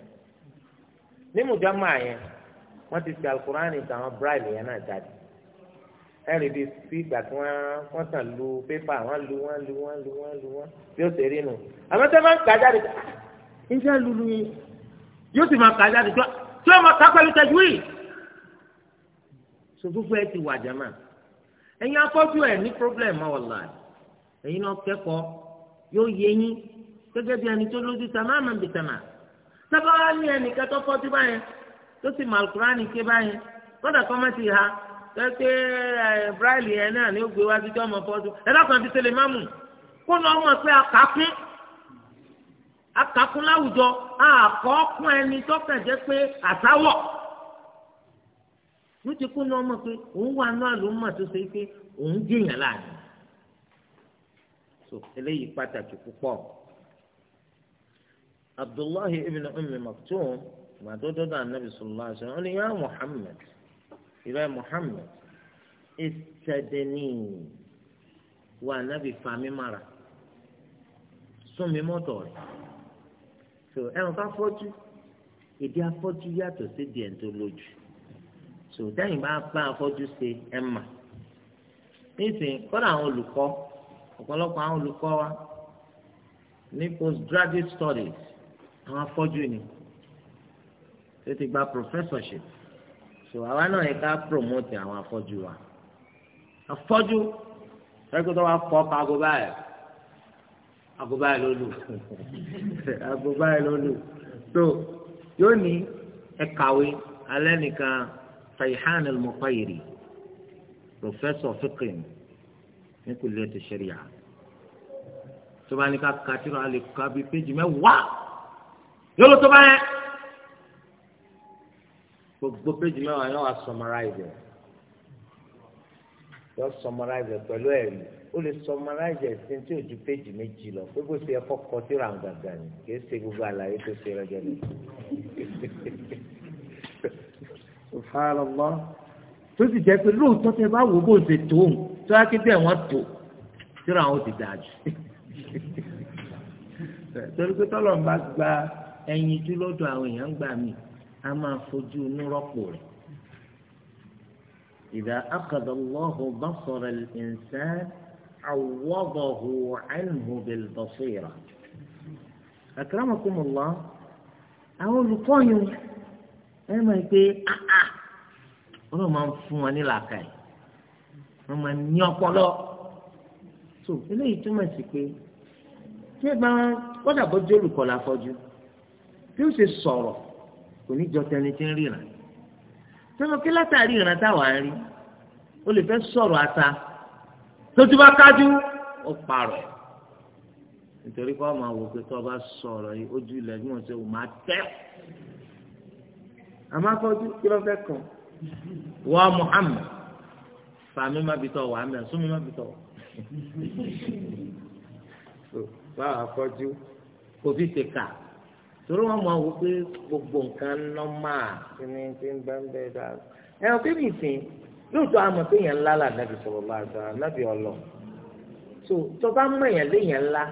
ní mujamma yẹn wọ́n ti ti alukurani tàwọn braille yẹn náà jáde ẹrì bíi sí ìgbà tí wọ́n wọ́n tàn lu pépà wọ́n lu wọ́n lu wọ́n lu wọ́n lu wọ́n bí ó ṣe rí nu àmọ́ tẹ máa ń kà jáde níṣẹ́ ah, lulu yìí yóò sì máa kà jáde tí wọ́n máa kà pẹ̀lú tẹjú yìí sòfófó ẹ ti wà jàmà ẹ̀yin afọ́jú ẹ̀ ní problem ọ̀la ẹ̀yin náà kẹ́kọ̀ọ́ yóò yé yín gẹ́gẹ́ bí ẹni tó lójú tàmá àmà bìtàmà sábà wá ní ẹnìkan tó fọ́jú báyẹn tó sì màlúkúránì ké báyẹn kódà kọ́ má ti ha pé ẹ bíráìlì ẹ náà ni ó gbé wá títí ọmọ fọ́jú ẹ dákun àti tẹlẹ máàmù kó lọ mọ̀ pé akákún akákún láwùjọ àkọ́kún ẹni tọ́kàn jẹ́ pé àtàwọ̀. ló ti kó náà mọ̀ pé òun wà náà ló mọ̀ tó ṣe so eléyìí pàtàkì abdullahi ibn ummi maktum màdódódó anabi sallallahu alaihi wasallam ó ya yá muhammed istadini wa anabi fami mara súnmi so ẹ̀rọ ká fọ́jú èdè afọ́jú yàtọ̀ sí so tẹ́yìn bá bá afọ́jú ṣe ẹ̀ mà nísìnyí kọ́dà àwọn olùkọ́ ọ̀pọ̀lọpọ̀ àwọn olùkọ́ wa ní postgraduate studies àwọn afọ́jú ni tó ti gba professorship so àwa náà yẹ ká promote àwọn afọ́jú wa afọ́jú ẹgbẹ́tọ́ wa fọ́ pa ago báyìí ago báyìí ló lù ago báyìí ló lù so yóò ní ẹ kàwé alẹ́ nìkan. Sayhan al-Mutayri professor fiqh ní kulliyat ash-Sharia tó bá ní ká kàtírọ̀ alẹ́ ká bí péjì mẹ́wàá yóò lọ tó bá yẹn gbogbo péjì mẹ́wàá yóò wá summarize ẹ̀ yóò summarize ẹ̀ pẹ̀lú ẹ̀rí ó lè summarize ẹ̀sìn tí ò ju péjì méjì lọ pé bó ṣe ẹ̀kọ́ kọtírọ̀ àǹgàgà ni kì í ṣe gbogbo àlàyé tó ṣe rẹ̀ gẹ́gẹ́ subhanallah tó sì jẹ́ pé lóòótọ́ tẹ bá wò bó ṣe tó ń tó wá kí bẹ́ẹ̀ wọ́n tó síra àwọn ti dà jù torí pé tọ́lọ̀ ń bá gba ẹyin jú lọ́dọ̀ àwọn èèyàn gbà mí a máa fojú inú rọ́pò rẹ̀ idha akhadha Allahu basara al-insan awwadahu anhu bil-basira àwọn olùkọ́ yìí ẹ máa gbé áá ọlọ́run máa ń fún wọn ní làákàyè wọ́n máa ń ní ọpọlọ tó eléyìí túmọ̀ sí pé tí ẹ bá wọ́n dàbọ̀ jẹ́ olùkọ́ la fọ́jú bí ó ṣe sọ̀rọ̀ kò ní jọ tẹni tí ń ríran tẹnu kí látàrí ìran táwa ń rí o lè fẹ́ sọ̀rọ̀ ata tójú bá kájú ó parọ̀ nítorí kọ́ máa wò pé tó bá sọ̀rọ̀ ojú ilẹ̀ bí wọ́n ṣe wò máa tẹ́ àmọ́ afọ́jú kí ló fẹ́ kàn wọ́n Muhammad fàmí má bi tọ̀ wà mẹ́ súnmi má bi tọ̀ wà. báwa kọjú kò fi ṣe kà torí wọn mọ àwọn pé gbogbo nǹkan nọ́mà kíni ti ń bẹ́ẹ̀ dáa. ẹ ọ bíbí ìsìn lóòótọ́ àmọ̀ pé èèyàn ńlá là nàbì sọ̀rọ̀ bá a nàbì ọlọ. tó tó bá mọ èèyàn léèyàn ńlá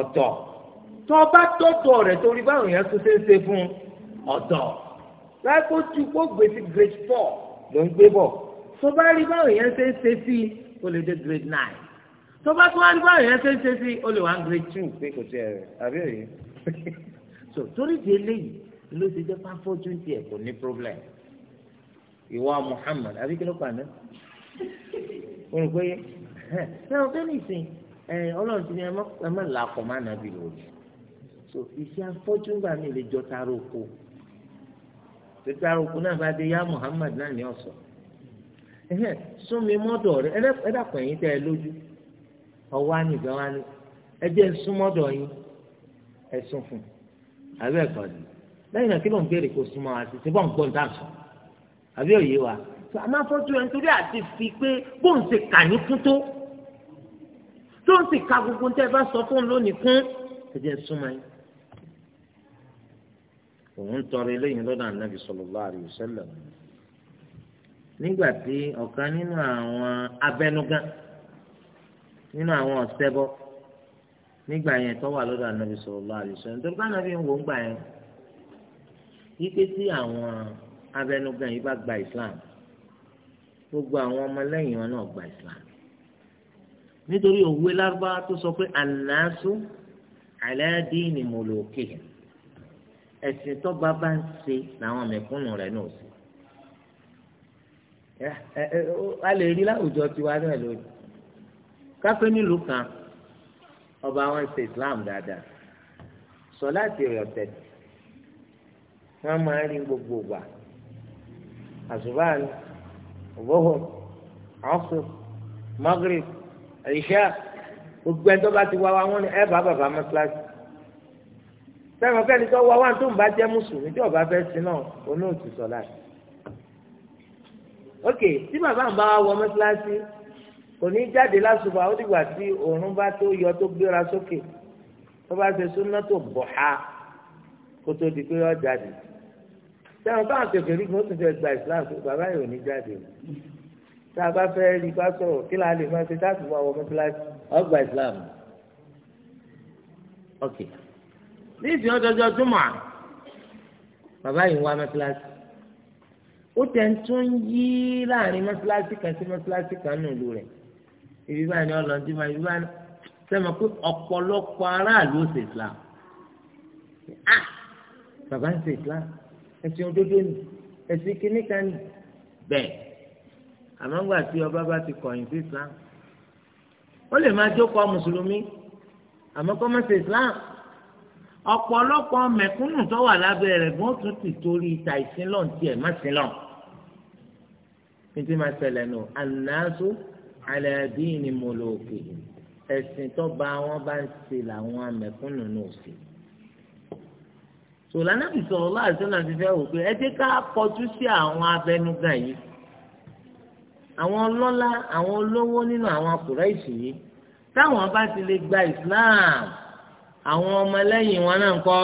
ọ̀tọ̀ tó tọ́tọ̀ rẹ̀ torí báwọn èèyàn tó ṣe é ṣe fún ọ̀tọ̀ láìpẹ́ ojú kó gbèsè grade four ló ń gbé bọ̀ tó bá rí báwọn èèyàn ṣe ń ṣe sí ó lè dé grade nine tó bá tún wá rí báwọn èèyàn ṣe ń ṣe sí ó lè wá grade two pé kò tiẹ̀ rẹ̀ àbí òye so torí di eléyìí ló ti jẹ́ pàfọ́jú tiẹ̀ kò ní problem ìwà Muhammad àbí kí ló pa àná mo rò pé ẹ ọ fẹ́ nìsín ọlọ́run ti ní ẹ má làákọ̀ má nàbì lòdì so ìṣe afọ́jú gbà mí lè jọ tara oko tètè arókù náà bá dé yá Muhammad náà ní ọ̀sọ̀ ẹ̀hẹ́n súnmi mọ́dọ̀ rẹ ẹ̀dàpọ̀ ẹ̀yìn tẹ́ ẹ lójú ọwọ́ ànìgbà wa ni ẹ jẹ́ súnmọ́dọ̀ yín ẹ sún fún àbẹ́ ẹ̀kọ́ ni lẹ́yìn náà kí ló ń béèrè kó súnmọ́ wa sí ti bọ́ ń gbọ́ ń dà sùn àbí òye wa àmàfọ́jú ẹ̀ nítorí àti fi pé bóun ṣe kà ní kún tó tó ń sì ka gbogbo ń tẹ́ bá sọ fún un lónìí kún ẹ jẹ́ súnmọ́ yín òun ń tọrọ eléyìí lọ́dọ̀ ànábì sallallahu alaihi wasallam nígbà tí ọ̀kan nínú àwọn abẹnugan nínú àwọn ọ̀sẹ́bọ nígbà yẹn tó wà lọ́dọ̀ ànábì sallallahu alaihi wasallam nítorí báwọn ànábì ń wò ń gbà yẹn yíké tí àwọn abẹnugan yìí bá gba Islam gbogbo àwọn ọmọlẹ́yìn wọn náà gba Islam nítorí òwe lárúbáwá tó sọ pé ànáásù ala dini mulukihim ẹ̀sìn tọ́ba bá ń ṣe làwọn mẹ̀kúnnù rẹ̀ náà ṣe a lè rí láwùjọ tiwa náà lónìí kápẹ́ nílùú kan ọba wọn ṣe Islam dáadáa sọ láti rẹ̀ ọ̀tẹ̀ wọn máa ń rí gbogbo ìgbà àṣùbáàlù òbóhùn ọ̀ṣù magrib ẹ̀ṣẹ́ gbogbo ẹni tó bá ti wá wa wọn ni ẹ bá bàbá mọ́ṣáláṣí sẹ́wọ̀n kẹ́ni tó wá wá tó ń bá jẹ́ mùsùlùmí tí ọba fẹ́ sin náà oní òtù sọ̀lá. ok tí bàbá ń bá wa wọ mọ́sálásí kò ní jáde lásùbà ó dìgbà tí òórùn bá tó yọ tó gbéra sókè tó bá ṣe súnná tó bọ̀ ha kó tó di pé ó jáde. sẹ́wọ̀n káwọn tẹ̀fẹ̀ rí kó tún fẹ́ gba islam pé bàbá yìí ò ní jáde o. tá a bá fẹ́ rí bá sọ̀rọ̀ kí láà lè máa ṣe táàbù wá wọ mọ́sálásí ó islam. ok ní ìsìn ọjọjọ júmọ bàbá yìí ń wá mọ́sálásí ó tẹ̀ ń tún yí láàrin mọ́sálásí kan sí mọ́sálásí kan nílùú rẹ̀ ibi báyìí ni ọlọ́dún máa ibi báyìí sẹ́mi pé ọ̀pọ̀lọpọ̀ aráàlú ó ṣe islam ah bàbá ń ṣe islam ẹ̀sìn òdodo ni ẹ̀sìn kìíní kan ni bẹ́ẹ̀ àmọ́ ńgbà tí ọba bá ti kọ̀yìn sí islam ó lè máa jókòó mùsùlùmí àmọ́ kọ́ mọ́ ṣe islam ọ̀pọ̀lọpọ̀ mẹ̀kúnnù tó wà lábẹ́ rẹ̀ wọ́n tún ti torí ta ìsinlọ̀ tiẹ̀ má sinlọ̀ títí máa ṣẹlẹ̀ nù ànáṣó alẹ́dínní mọ̀lọ́kì ẹ̀sìn tọ́ba wọn bá ń ṣe làwọn mẹ̀kúnnù náà ṣe. sòlá náà ti sọ̀rọ̀ láti sọ́nà ti fẹ́ wò pé ẹ jẹ́ ká kọjú sí àwọn abẹnugan yìí àwọn ọlọ́lá àwọn olówó nínú àwọn Kùráìṣì yìí táwọn bá ti lè gba Islam. àwọn ọmọlẹ́yìn wọn náà ń kọ́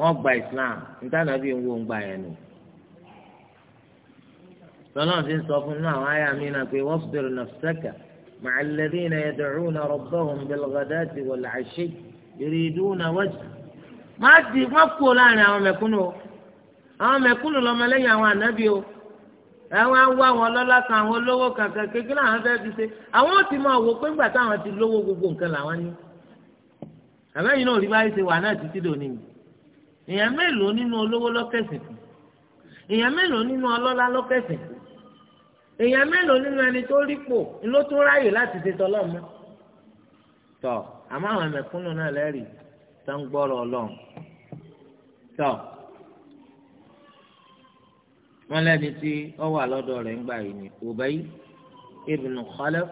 wọn gba islam nke bí wo gba yẹn nù. lọ́nà ti sọ fún náà àwọn àyà mi náà pé wasbir nafsaka ma'a alladhina yad'una má ti láàrin àwọn o àwọn mẹ̀kúnnù lọ́mọlẹ́yìn àwọn ànábì o kankan kékeré àwọn fẹ́ẹ́ fi ṣe àwọn ò àbẹ́yìn náà rí báyìí ṣe wà náà títí dòní ni èèyàn mélòó nínú olówó lọ́kẹ̀sìn kù èèyàn mélòó nínú ọlọ́lá lọ́kẹ̀sìn kù èèyàn mélòó nínú ẹni tó rípò ló tún ráàyè láti ṣe tọlọ́mọ tọ àmọ́ àwọn ẹ̀mẹ̀kúnnù náà lẹ́rìí tó ń gbọ́rọ̀ ọlọ́run tọ wọn lẹ́ni tí ó wà lọ́dọ̀ rẹ̀ ń gbà yìí ni Ubay ibn Khalaf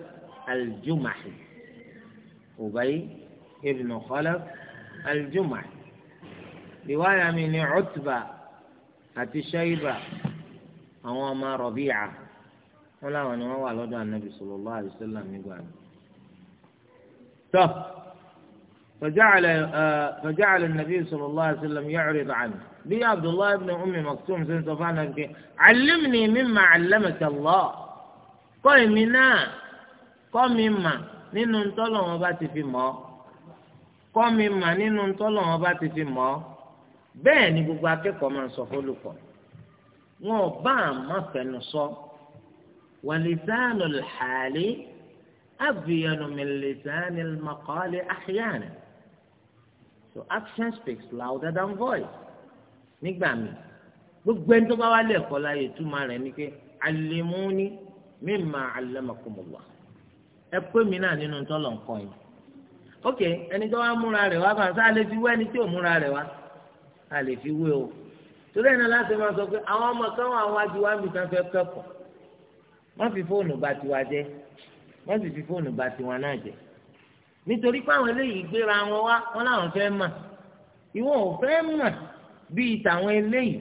al-Jumahi ابن خلف الجمعي رواية من عتبة أتي شيبة أو ما ربيعة ولا وانا هو على النبي صلى الله عليه وسلم يقول فجعل فجعل النبي صلى الله عليه وسلم يعرض عنه لي عبد الله ابن أم مكتوم سنة علمني مما علمك الله قل منا قل مما nínú ntọ́lọ̀ wọn bá ti fi mọ́ kọ́ mi mà nínú tọ́lọ̀ wọn bá ti fi mọ̀ ọ́ bẹ́ẹ̀ ni gbogbo akẹ́kọ̀ọ́ máa ń sọ fólùkọ́ wọn ò bá àmọ́ fẹnu sọ walisanul hali abyanu min lisanil maqali ahyana so action speaks louder than voice nígbà míì gbogbo ẹni tó bá wà lẹ́kọ̀ọ́ láyè túmọ̀ rẹ̀ ni pé allimuni mimma allamakumullah ẹ pé mi náà nínú tọ́lọ̀ nǹkan yìí ok ẹni tó wá múra rẹ̀ wá bá sá lè fi wé ẹni tí ò múra rẹ̀ wá a lè fi wé o torí ẹni láti máa sọ pé àwọn ọmọ kan wà wájú wá mi kan fẹ́ kẹ́kọ̀ọ́ wọ́n fi fóònù bà tiwa jẹ́ wọ́n sì fi fóònù bà tiwa náà jẹ́ nítorí pé àwọn eléyìí gbéra wọn wá wọn làwọn fẹ́ mà ìwọ ò fẹ́ mà bíi tàwọn eléyìí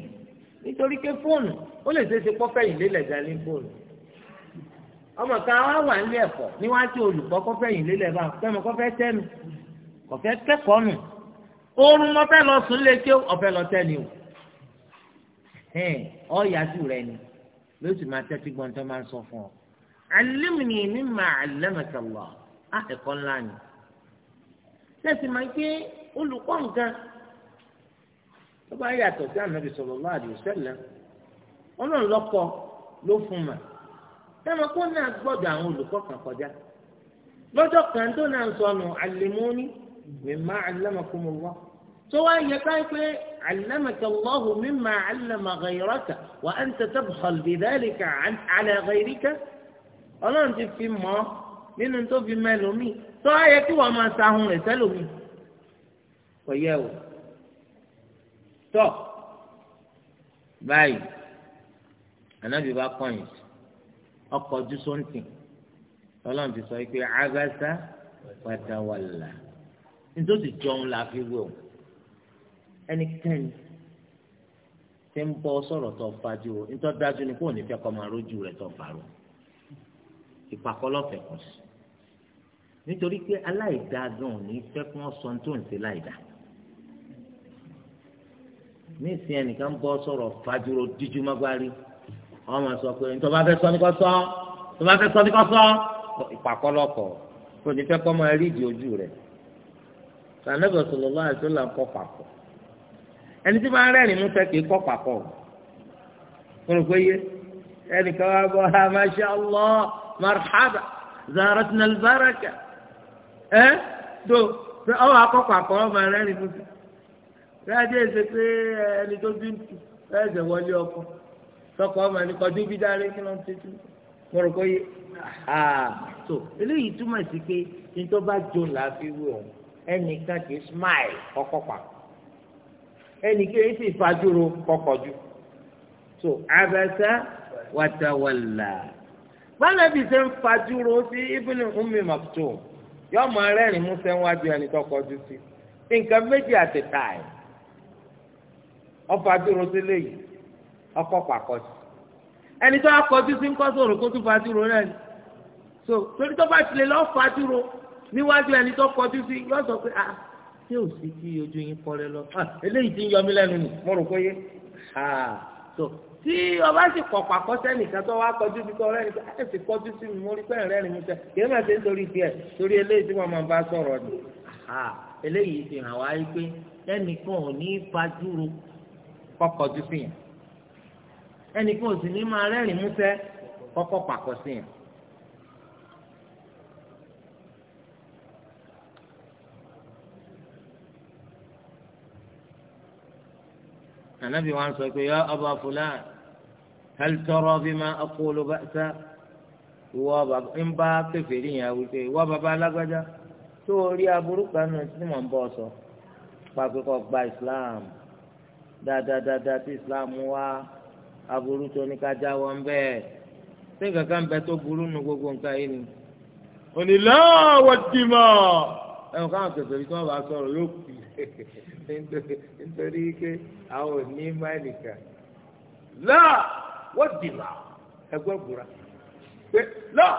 nítorí pé fóònù ó lè ṣeéṣe pọ́fẹ́yìn lélẹ̀ gan fóònù ọmọ kan wá wà nílé ẹ̀kọ́ níwájú olùkọ́ kọfẹ́ yìí lélẹ̀ bá kọfẹ́ tẹ́nu nù oorun mọ́ fẹ́ lọ sùn lé ké lọ tẹ́ni o ọ yàtú rẹ ni lóṣù máa tẹ́tí gbọ́n máa ń sọ fún ọ. ẹ̀kọ́ ńlá ni tẹ́sí máa ń olùkọ́ nǹkan tó bá yàtọ̀ sí ànábì ọlọ́run lọ́kọ ló fún ẹnu kó náà gbọ́dọ̀ àwọn olùkọ́ kan kọjá lọ́jọ́ kan tó náà sọnù allimuni mimma allamakumullah tó wá yẹ káyí pé allamaka Allahu mimma allama ghayraka wa anta tabkhal bidhalika ala ghayrika ọlọ́run ti fi mọ́ nínú tó fi mẹ́lòmí tó wá yẹ kí wọ́n máa sahun rẹ̀ sẹ́lòmí kò yẹ o tọ́ báyìí anábì kọ́yìn sí ọkọ̀ ojú sóńtì ọlọ́run ti sọ pé abasa wàtàwàlà nítorí jọun la fi wé o ẹnikẹ́ni tí ń bọ́ sọ̀rọ̀ tó fajú o nítorí dájú ni kò ní fẹ́ kọ́ máa rójú rẹ̀ tó farò ìpàkọ́lọ́fẹ̀ kù sí nítorí pé aláìdáa gan ní fẹ́ kí wọ́n sọ tó ń ṣe láìdáa ní ìsìn ẹnìkan ń bọ́ sọ̀rọ̀ fajúro díjú mágbárí wọ́n máa sọ pé ntọ́ bá fẹ́ sọ ní kọ́ sọ tó bá fẹ́ sọ ní kọ́ sọ ìpàkọ́lọ́kọ̀ kò ní fẹ́ kọ́ máa rí ìdí ojú rẹ̀ sànẹ́bẹ̀ sọ̀rọ̀ lọ́wọ́ àti sọ́là ń kọ́ pàpọ̀ ẹni tí máa ń rẹ́rìn mú fẹ́ kì í kọ́ pàpọ̀ mo rò pé yé ẹnìkan wá bọ́ ha masha allah marhaba zaratna albaraka ẹ tó ọwọ́ akọ́ pàpọ̀ ọmọ rẹ́rìn mú fẹ́ rẹ́rìn ẹsẹ̀ pé ẹni tó bí ẹsẹ̀ wọlé ọkọ̀ sọkọ ọmọ ẹni kọjú bí dáre kí ló ń tẹ́tí mo rò pé so eléyìí túmọ̀ sí pé ní tó bá jó là á fi wé òun ẹnìkan kì í smile kọ́kọ́ pa ẹnìkan kì í sì fajúro kọ́kọ́ jù so abẹ́sẹ́ wàtàwàlà gbọ́dọ̀bí ṣe ń fajúro sí ibùdó Ummi Maktum yọ ọmọ rẹ́rìn músẹ́ wájú ẹni tó kọjú sí nǹkan méjì àti táì ọ̀fajúro sí léyìí ọkọ pàkọsí ẹni tó akọjú sí ń kọ́ sọ̀rọ̀ kó tún fàdúró náà ni so torí tó bá tilẹ̀ lọ́ọ́ fàdúró níwájú ẹni tó kọjú sí yóò sọ pé ah ṣé ò sí kí ojú yín kọrẹ lọ ah, eléyìí ti ń yọmí lẹ́nu nì mo rò pé yé so tí ọba sì kọ̀ pàkọ́ sẹ́nìkan tó wá kọjú sí tó rẹ́ni tó ah, ẹ̀ sì kọjú sí mi mo rí pé ẹ̀rẹ́ rìn mi sẹ́ kì í má ṣe nítorí tiẹ̀ torí eléyìí tí wọ́n máa bá sọ̀rọ̀ ni eléyìí fi hàn wáyé pé ẹnìkan ò ní í fajúro kọ́kọ́jú sí yẹn ẹnì kan ò sì ní máa rẹ́rìn músẹ́ kọ́kọ́ pàkọ́ sí yẹn. النبي وعن يا أبا فلان هل ترى بما أقول بأسا إن باقي يا ولدي وبابا لغدا سوري أبوك أنا سنم بوسو باقي قوك با إسلام دا دا دا دا, دا إسلام واه aburú tó ní ká jáwọ́ ń bẹ́ẹ̀ ṣé nǹkan kan bẹ tó burú nu gbogbo nǹkan yìí ni. onílà wọ́n ti mọ̀ ẹ̀wọ̀n káwọn tẹ̀sán ibi tí wọ́n bá sọ̀rọ̀ yóò kú nítorí pé àwọn ò ní máìlì kan. láà wọ́n ti ẹgbẹ́ òkúra pé láà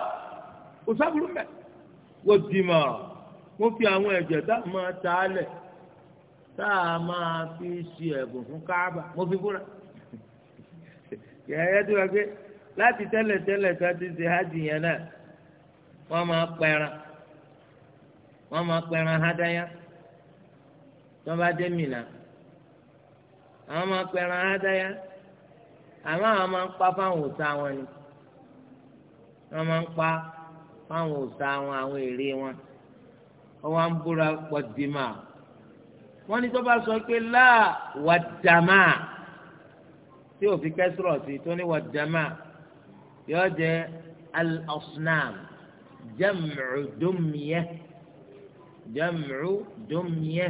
kò mẹ́ wọ́n ti mo fi àwọn ẹ̀jẹ̀ tá máa ta á lẹ̀ tá a máa fi ṣe ẹ̀bùn fún káábà mo fi búra. yẹ̀yẹ́ tó wá pé láti tẹ́lẹ̀ tẹ́lẹ̀ tó ti ṣe hajj yẹn náà wọ́n máa pẹran wọ́n máa pẹran hádáyà tó bá dé Mínà àwọn máa pẹran hádáyà àmọ́ àwọn máa ń pa fáwọn òòṣà wọn ni wọ́n máa ń pa fáwọn òòṣà wọn àwọn wọn wọ́n ń búra pọ̀ wọ́n ní tó tí ó fi kẹsùrọ̀ sí tó ní wọ́n jama yóò jẹ́ al-asnam jam'u dumya jam'u dumya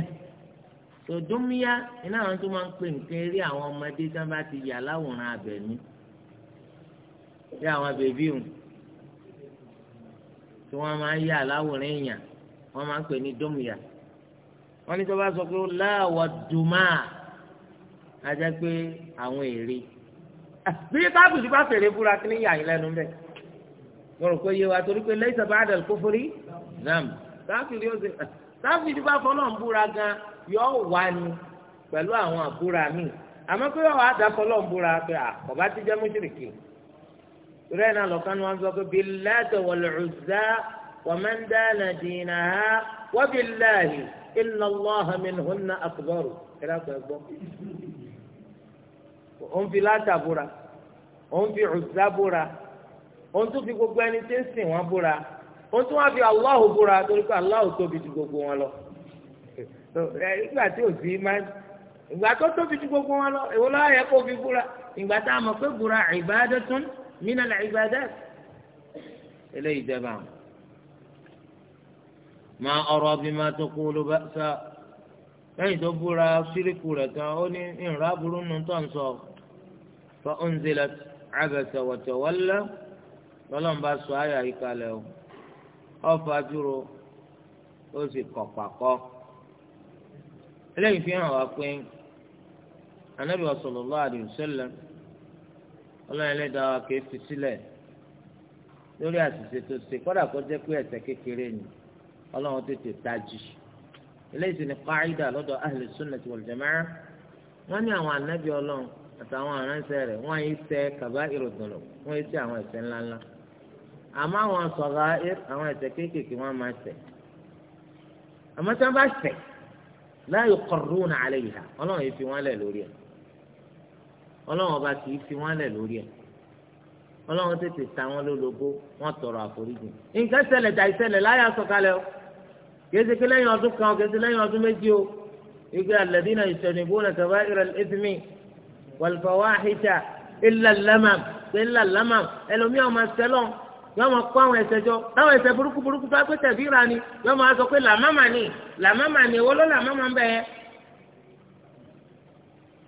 tó dumya iná àwọn tó máa ń pè nǹkan eré àwọn ọmọdé tí wọ́n bá ti yà láwòrán abẹ̀mí bí àwọn bèbí òun tí wọ́n máa ń yà láwòrán èèyàn wọ́n máa ń pè ní dumya wọ́n ní tó sọ pé láwọ̀ dùmáà ajá pé àwọn èrè bí káàbùsì bá fèrè fúra kí ni yà yín lẹ́nu bẹ́ẹ̀ mo rò pé yé wa torí pé lẹ́yìn sábà àdàl kó forí nàm káfíìrì ó ṣe káfíìrì bá fọlọ́ ń búra gan yọ wá ni pẹ̀lú àwọn àbúra míì àmọ́ pé wàá dà fọlọ́ ń búra pé àkọ́bá ti jẹ́ mọ́ṣíríkì rẹ̀ náà lọ́kàn ni sọ pé bíláàtì wal Uzza wa man dana dinaha wa billahi inna Allaha minhunna akbaru kẹ́rẹ́ àpò ẹ̀gbọ́n òun fi láta búra òun fi Uzza búra òun tún fi gbogbo ẹni tí ń sìn wọn búra òun tún wá fi Allahu búra torí pé Allahu tóbi ju gbogbo wọn lọ ìgbà tí ò sí máa ìgbà tó tóbi ju gbogbo wọn lọ èwo lọ́wọ́ yẹ kó fi búra ìgbà tá a mọ̀ pé búra ibadatun minal ibadat eléyìí jẹba àwọn. ma ọrọ bima taqulu ba'sa lẹ́yìn tó búra síríkù rẹ̀ tán ó ní ìrora burú nù tó ń sọ. فأنزلت عبس وتولى ولم بس آية قالوا أفجروا أزقوا فقا لين فيها وقوين النبي صلى الله عليه وسلم ọlọ́run ẹlẹ́dàá kìí fi sílẹ̀ lórí àṣìṣe tó ṣe kọ́dà kó jẹ́ pé ẹ̀ṣẹ̀ kékeré ni ọlọ́run tètè tají eléyìí sì ni káàídà lọ́dọ̀ ahlus jamaa àtàwọn aránṣẹ́ rẹ̀ wọ́n yìí ṣẹ̀ kàbá ìròdùnlò wọ́n yìí ṣẹ̀ àwọn ẹ̀ṣẹ̀ ńláńlá àmọ́ àwọn sọgá àwọn ẹ̀ṣẹ̀ kéékèèké wọ́n máa ṣẹ̀ àmọ́ tí wọ́n bá ṣẹ̀ láàyò kọrùnà alẹ yìí ha Ọlọ́run yìí fi wọ́n lẹ̀ lórí ẹ̀ Ọlọ́run ọba kì í fi wọ́n lẹ̀ lórí ẹ̀ Ọlọ́run tètè ta wọ́n lólobó wọ́n tọrọ àforíjì nǹkan ṣẹlẹ̀ dà ìṣẹlẹ̀ láyà sọ̀kalẹ̀ o kèsì kí lẹ́yìn ọdún kan kèsì lẹ́yìn ọdún méjì o ìgbé alẹ́dínà ìṣẹ̀nìbó wàlùfọwáhìjà ìlàlámà ìlàlámà ẹlòmíràn máa sẹlọ yọọ máa kó àwọn ẹsẹ jọ táwọn ẹsẹ burúkú burúkú tó ẹgbẹ tẹbí ra ni yọọ máa sọ pé làmámà ni làmámà ni èwo ló làmámà ń bẹ yẹ.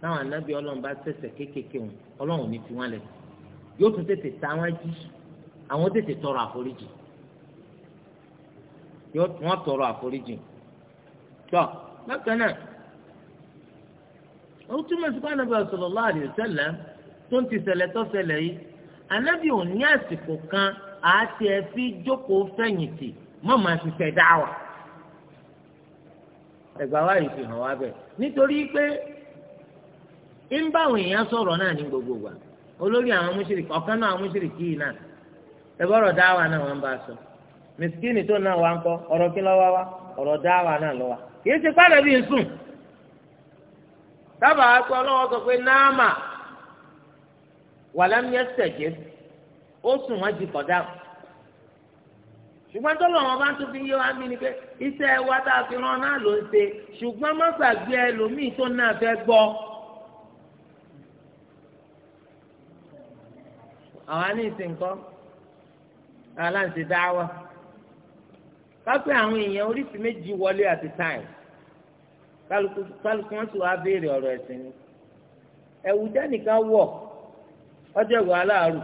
táwọn anábì Ọlọ́run bá ṣẹ̀ṣẹ̀ kéékèèké wọn Ọlọ́run ní tiwọn lẹ yóò tún tètè ta wọn jí àwọn tètè tọrọ àforíjì yóò tún wọn tọrọ àforíjì tó bákan náà. ó túmọ̀ sí pàánù bá sallallahu alaihi wasallam tó ń ti ṣẹlẹ̀ tó ṣẹlẹ̀ yìí ò ní àsìkò kan àti ẹ jókòó fẹ̀yìntì mọ́ máa dáwà ẹgbà wa yìí fi hàn wá bẹ́ẹ̀ nítorí pé ń èèyàn sọ̀rọ̀ náà ní gbogbo wa olórí àwọn ọ̀kan náà yìí náà dáwà náà wọ́n bá wa ọ̀rọ̀ dáwà náà lọ́wọ́ kì dábàá pé ọlọ́wọ́ sọ pé náàmà wàlám yẹn sẹ̀jẹ̀ ó sùn wọ́n jì kọ̀dá ṣùgbọ́n tọ́lọ̀ wọn bá ń tún fi yé wa mí ni pé iṣẹ́ wa tá a fi rán náà ló ń ṣe ṣùgbọ́n má gbàgbé ẹlòmíì tó náà fẹ́ gbọ́. àwọn anísìn kọ́ aláǹsì dáwà ká pé àwọn kálukú kálukú wọn sì wá béèrè ọ̀rọ̀ ẹ̀sìn ni ẹ̀wù tẹ́nìkan ala ọjọ́ Ewu aláàrù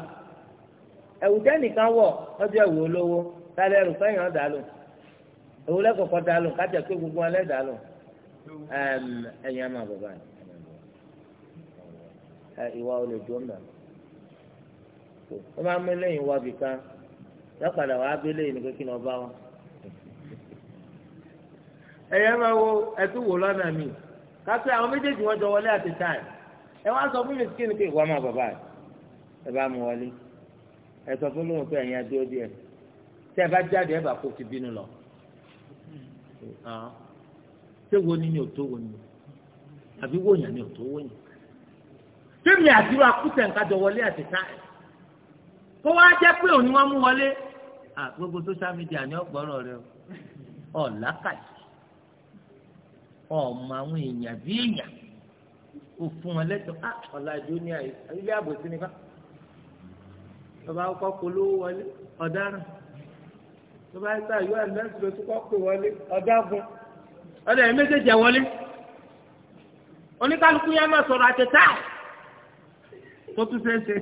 ẹ̀wù tẹ́nìkan wọ̀ ọjọ́ olówó tálẹ̀ ẹ̀rù kẹ́yìn ọ̀dà lò èwo lẹ́kọ̀ọ́kọ́ dà lò kájà pé gbogbo alẹ́ dà lò ẹ̀yìn àmà bàbá ìwà olè mú wọ abìkan kékeré ọba wọn. ẹ̀yẹ́ máa wo ẹ̀tún wò lọ́nà mi kásẹ̀ àwọn méjèèjì wọ́n jọ wọlé àti táì ẹ wá sọ fún mẹsìkì ni pé ìwà máa bàbá rẹ ẹ bá mu wọlé ẹ sọ fún lóhùn pé ẹ̀yin adúró díẹ̀ tẹ́ ẹ bá jáde ẹ bá kó ti bínú lọ. ṣé wo ni ni ò tó wo ni àbí wo yàn ni ò tó wo yàn. tèmi àdúrà kùtẹ̀ nǹkan jọ wọlé àti táì kó wá jẹ́ pé òní wọ́n mú wọlé. gbogbo social media ni ọgbọ́rọ̀ rẹ ọ̀ làkàtì ọmọ àwọn èèyàn bí èèyàn kò fún wọn lẹ́tọ̀ọ́ á ah, ọ̀làjú ní àyè ilé àbòsí nípa bàbá akọ́ polówó wọlé ọ̀daràn bàbá ẹ̀ta ìlú àlẹ́sìlẹ̀ tó kọ́ pè wọlé ọ̀dágun ọ̀dà ẹ̀ méjèèjì ẹ̀ wọlé oníkálukú yẹn máa sọ̀rọ̀ àtẹ̀tà tó tún ṣe é ṣe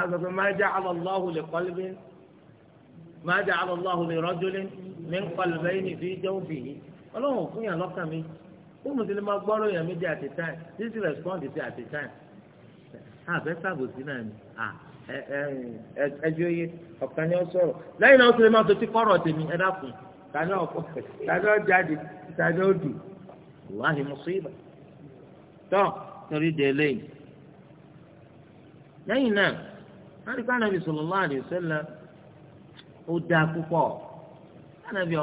azọ̀gbẹ́ máa jẹ́ alọ́láhùn lè kọ́lé máa jẹ́ alọ́láhùn lè rọ́júlé ní kọ́lé bẹ́ẹ̀ ní fi jẹ́ òfin ọlọ́run fún yàn lọ́kàn mi ó mú sílẹ̀ máa gbọ́rọ̀ àti time this is respond sí àti time àbẹ́ sàbòsí náà ni na yé ọ̀kan ni ó sọ̀rọ̀ lẹ́yìn náà ó sílẹ̀ máa tọ́tí kọ́rọ̀ tèmi ẹ dákun tàbí ọ̀pọ̀ tàbí ọ̀jáde tàbí ọ̀dù wàhí mùsíbà tọ́ torí de lẹ́yìn lẹ́yìn náà wọ́n ká nàbì sallallahu alaihi wasallam ó dáa púpọ̀ ká nàbì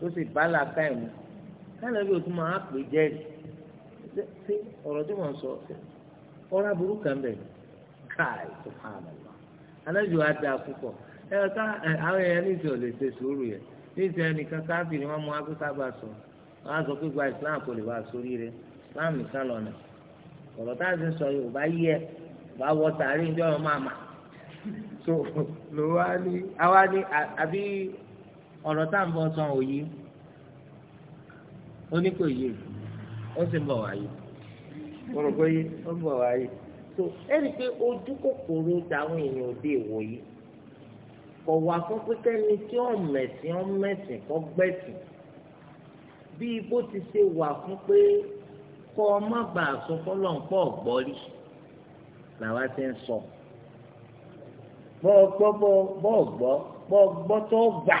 tó sì bá làákà ẹ̀ mú bí o tún máa pè ṣé ọ̀rọ̀ tí wọ́n sọ ọ̀rọ̀ kan bẹ̀ káì tó lọ́wọ́ ẹ ká àwọn èèyàn ní ṣe ní mú bá sọ á sọ pé gba Islam kò lè wá sórí rẹ Islam nìkan lọ́nà ọ̀rọ̀ tá a ti sọ so lọ́wọ́ á ní àbí ọ̀rọ̀ tá à ń bọ̀ sọ òye ó ní ó sì ń bọ̀ wáyé mo rò pé ó ń bọ̀ wáyé so ẹni pé ojú kòkòrò táwọn èèyàn òde ìwòye kọ̀ wá fún pé kẹ́ni tí ó mẹ̀sìn ó gbẹ̀sìn bí bó ti ṣe wà fún pé kọ́ ọ má bàa sọ fọ́lọ́ ń pọ̀ gbọ́rí làwa ti ń sọ bọ́ọ̀ gbọ́ bọ́ọ̀ gbọ́ bọ́ọ̀ gbọ́ tó gbà.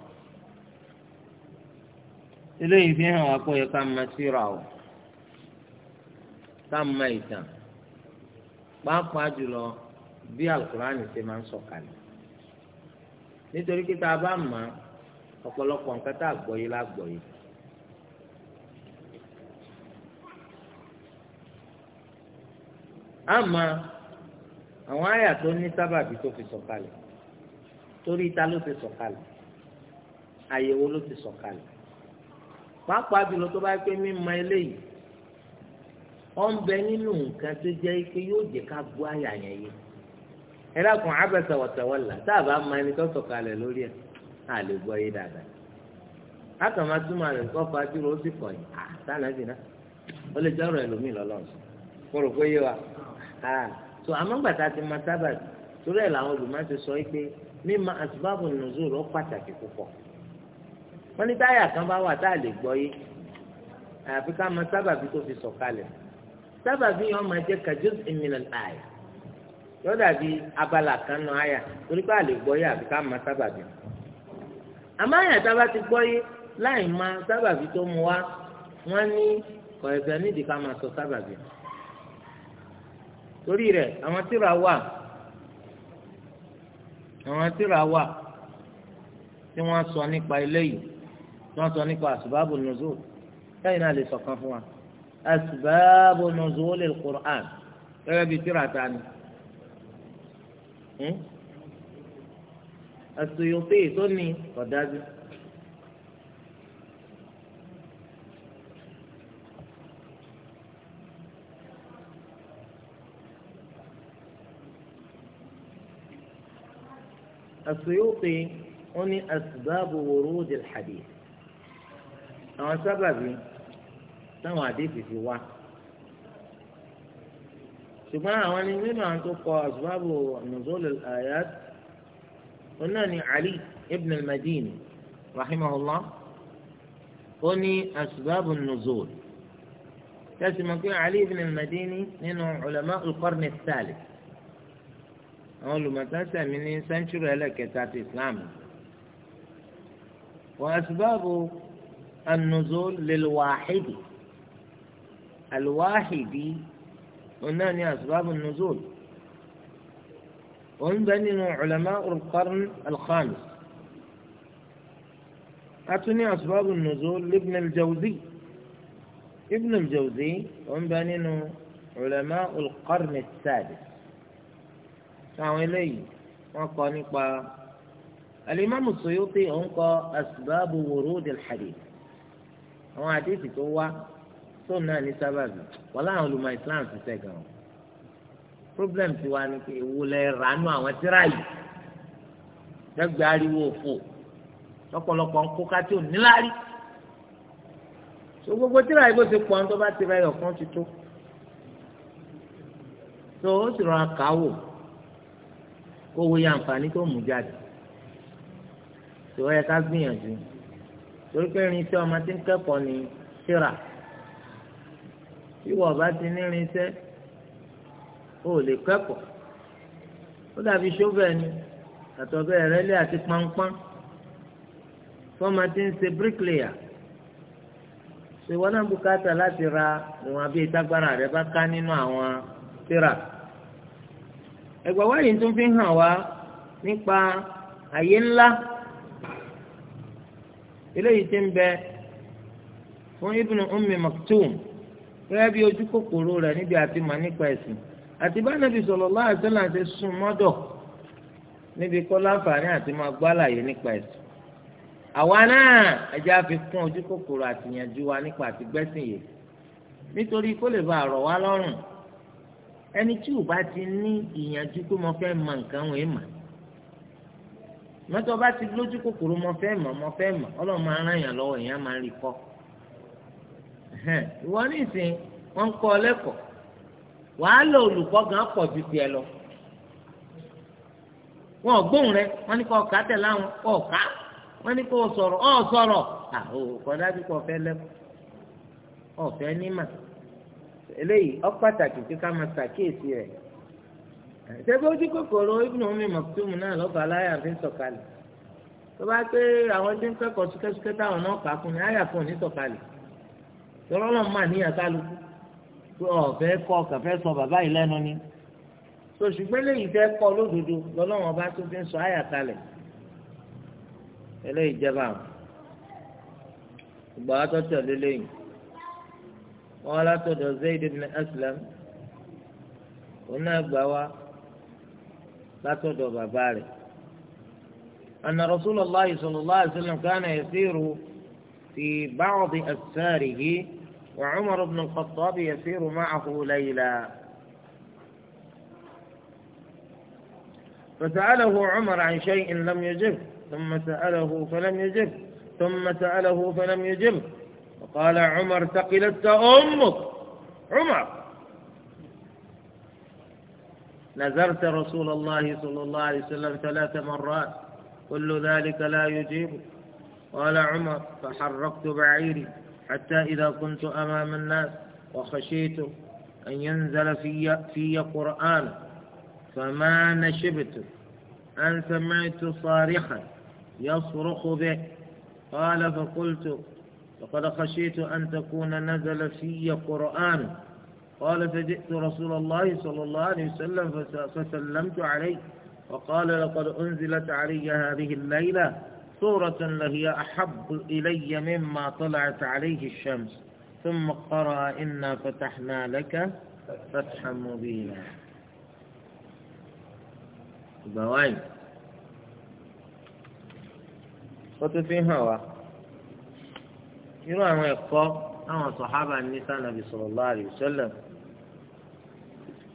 eléyìí fi hàn wá pé yẹ ká máa síra o ká máa ìtàn pàápàá jùlọ bí alukurani ṣe máa ń sọ̀kalẹ̀ nítorí pé tá a bá mọ̀ ọ̀pọ̀lọpọ̀ nǹkan tá a gbọ́ yìí la gbọ́ yìí. àmọ́ àwọn àyà tó ní sábàbí tó fi sọ̀kalẹ̀ torí ta ló ti sọ̀kalẹ̀ àyẹ̀wò ló ti sọ̀kalẹ̀ pàápàá jùlọ tó bá pé mímọ̀ eléyìí ó ń bẹ nínú nǹkan tó jẹ́ pé yóò jẹ́ ká gbọ́ àyà yẹn yé ẹ dákun abẹ́sẹ̀ wọ̀tẹ̀wọ̀là tá a bá mọ ẹni tó sọ̀kalẹ̀ lórí ẹ̀ á lè gbọ́ yé dáadáa látọ̀ máa túmọ̀ rẹ̀ kọ́ fa jùlọ ó sì kọ̀ yìí àtàlẹ́ bìnnà ó lè jẹ́ ọ̀rọ̀ ẹlòmíì lọ́lọ́sùn mo rò pé yé wa so amagbata ti ma sábà torí ẹ̀ làwọn olùmọ̀ ti sọ yìí pé mímọ̀ wọ́n ní táyà kan bá wà tá a lè gbọ́ yé àyàfi ká mọ sábàbí tó fi sọ̀kalẹ̀ sábàbí yẹn wọ́n máa jẹ́ kajus imminent eye yọ dàbí abala kan nù àyà torí pé a lè gbọ́ yé àfi ká mọ sábàbí àmọ́ àyà tá a bá ti gbọ́ yé láì mọ sábàbí tó mu wá wọ́n ní kọ̀ẹ̀fẹ̀ nídìí ká máa sọ sábàbí torí rẹ̀ àwọn tíra wà àwọn tíra wà tí wọ́n sọ nípa eléyìí. wọ́n sọ nípa asbābu nuzūl lẹ́yìn náà lè sọ̀kan fún wa asbābu nuzūl al-Qur'ān gẹ́gẹ́ bíi tíra ta ni As-Suyūṭī tó ní ọ̀dájú. السيوطي أني أسباب ورود الحديث àwọn sábàbí táwọn àdéhùn fi wá ṣùgbọ́n àwọn ni nínú àwọn tó kọ asbabu nuzul al-ayat onáà ni ali ibn al-madini rahimahullah ó ní asbabu nuzul tẹ́sí mọ̀ pé ali ibn al-madini nínú ulama al-qarni àwọn olùmọ̀tánṣẹ́ mi ní sẹ́ńtúrì ẹlẹ́kẹta ti islam wọ́n asbabu. النزول للواحد الواحد قلنا ni يعني أسباب النزول وانبني علماء القرن الخامس أتني أسباب النزول لابن الجوزي ابن الجوزي وانبني علماء القرن السادس شاولي eléyìí الإمام السيوطي أنقى أسباب ورود الحديث àwọn àdéhìí tó wá tóun náà ní sábàbí wọn láwọn olùmọ̀ islam ti tẹ̀ gan o problem ti wá ní pé ewu lẹ ránú àwọn tíra yìí dẹgbẹ ariwo òfò lọ́pọ̀lọpọ̀ nkóká tí ò níláárí so gbogbo tíra yìí bó ti pọ̀ tó bá ti ra ẹyọ kan ti tó so ó sì rọra kà á wò kó wo ya àǹfààní tó mú jáde so ẹ ká gbìyànjú torí pé irinṣẹ́ ọmọ tí ń kẹ́kọ̀ọ́ ní síra ìwọ ọba ti ní irinṣẹ́ ó lè kẹ́kọ̀ọ́ ó dàbí ṣọ́bẹ̀ ni àtọ̀bẹ̀ rẹ́lẹ̀ àti pánpán fọ́mọ tí ń ṣe bíríkìlìyà ṣèwọ́n náà bùkátà láti ra ìwọ̀n abẹ́ ìtagbára rẹ bá ká nínú àwọn síra ẹgbẹ́ wáyé tó fi hàn wá nípa àyè ńlá. eléyìí ti ń bẹ fún Ibn Ummi Maktum gẹ́gẹ́ bí ojú kòkòrò rẹ̀ níbi àti mà nípa ẹ̀sìn àti bá nàbì sallallahu alaihi wasallam mọ́dọ̀ níbi kọ́ láǹfààní àti máa gbọ́ àlàyé nípa ẹ̀sìn àwa náà ẹja fi kún ojú kòkòrò àtìyànjú wa nípa àti gbẹ́sìn yìí ti ní ìyànjú pé mo fẹ́ mọ mọ́tò bá ti lójú kòkòrò mọ fẹ́ mọ̀ mọ fẹ́ mọ̀ ọlọ́run máa ràn yàn lọ́wọ́ èèyàn máa rí kọ́ ìwọ ní wọn ń kọ́ ọ lẹ́kọ̀ọ́ wàhálà gan pọ̀ ju tiẹ̀ lọ wọn gbóhùn rẹ wọn ní kọ́ ọ̀ká wọn ní ọ ọ sọ̀rọ̀ kọ́ dájú ṣebí ojú kòkòrò Ibn Ummi Maktum náà lọ́ba aláyà fi ń sọ̀kalẹ̀ tó bá pé àwọn tí ń kẹ́kọ̀ọ́ súkẹ́súkẹ́ táwọn náà kà á kún ní àyà fún òní sọ̀kalẹ̀ tọ́lọ́ náà mà ní àkálukú pé ọ̀fẹ́ kọ́ kàfẹ́ sọ bàbá yìí lẹ́nu ni tó ṣùgbọ́n lẹ́yìn fẹ́ kọ́ lódodo lọ́lọ́wọ́n bá tó fi ń sọ àyà kalẹ̀ eléyìí jẹba ìgbà wọn náà gbà wá. látọ̀dọ̀ bàbá rẹ̀ أن رسول الله صلى الله عليه وسلم كان يسير في بعض أسفاره وعمر بن الخطاب يسير معه ليلا فسأله عمر عن شيء لم يجب ثم سأله فلم يجب ثم سأله فلم يجب فقال عمر ثقلتك أمك عمر نذرت رسول الله صلى الله عليه وسلم ثلاث مرات كل ذلك لا يجيب قال عمر فحركت بعيري حتى إذا كنت أمام الناس وخشيت أن ينزل في, في قرآن فما نشبت أن سمعت صارخا يصرخ به قال فقلت لقد خشيت أن تكون نزل في قرآن قال فجئت رسول الله صلى الله عليه وسلم فسلمت عليه وقال لقد أنزلت علي هذه الليلة سورة لهي أحب إلي مما طلعت عليه الشمس ثم قرأ إنا فتحنا لك فتحا مبينا بواي وتفين هوا يروى ما يقف أما صحابة النساء النبي صلى الله عليه وسلم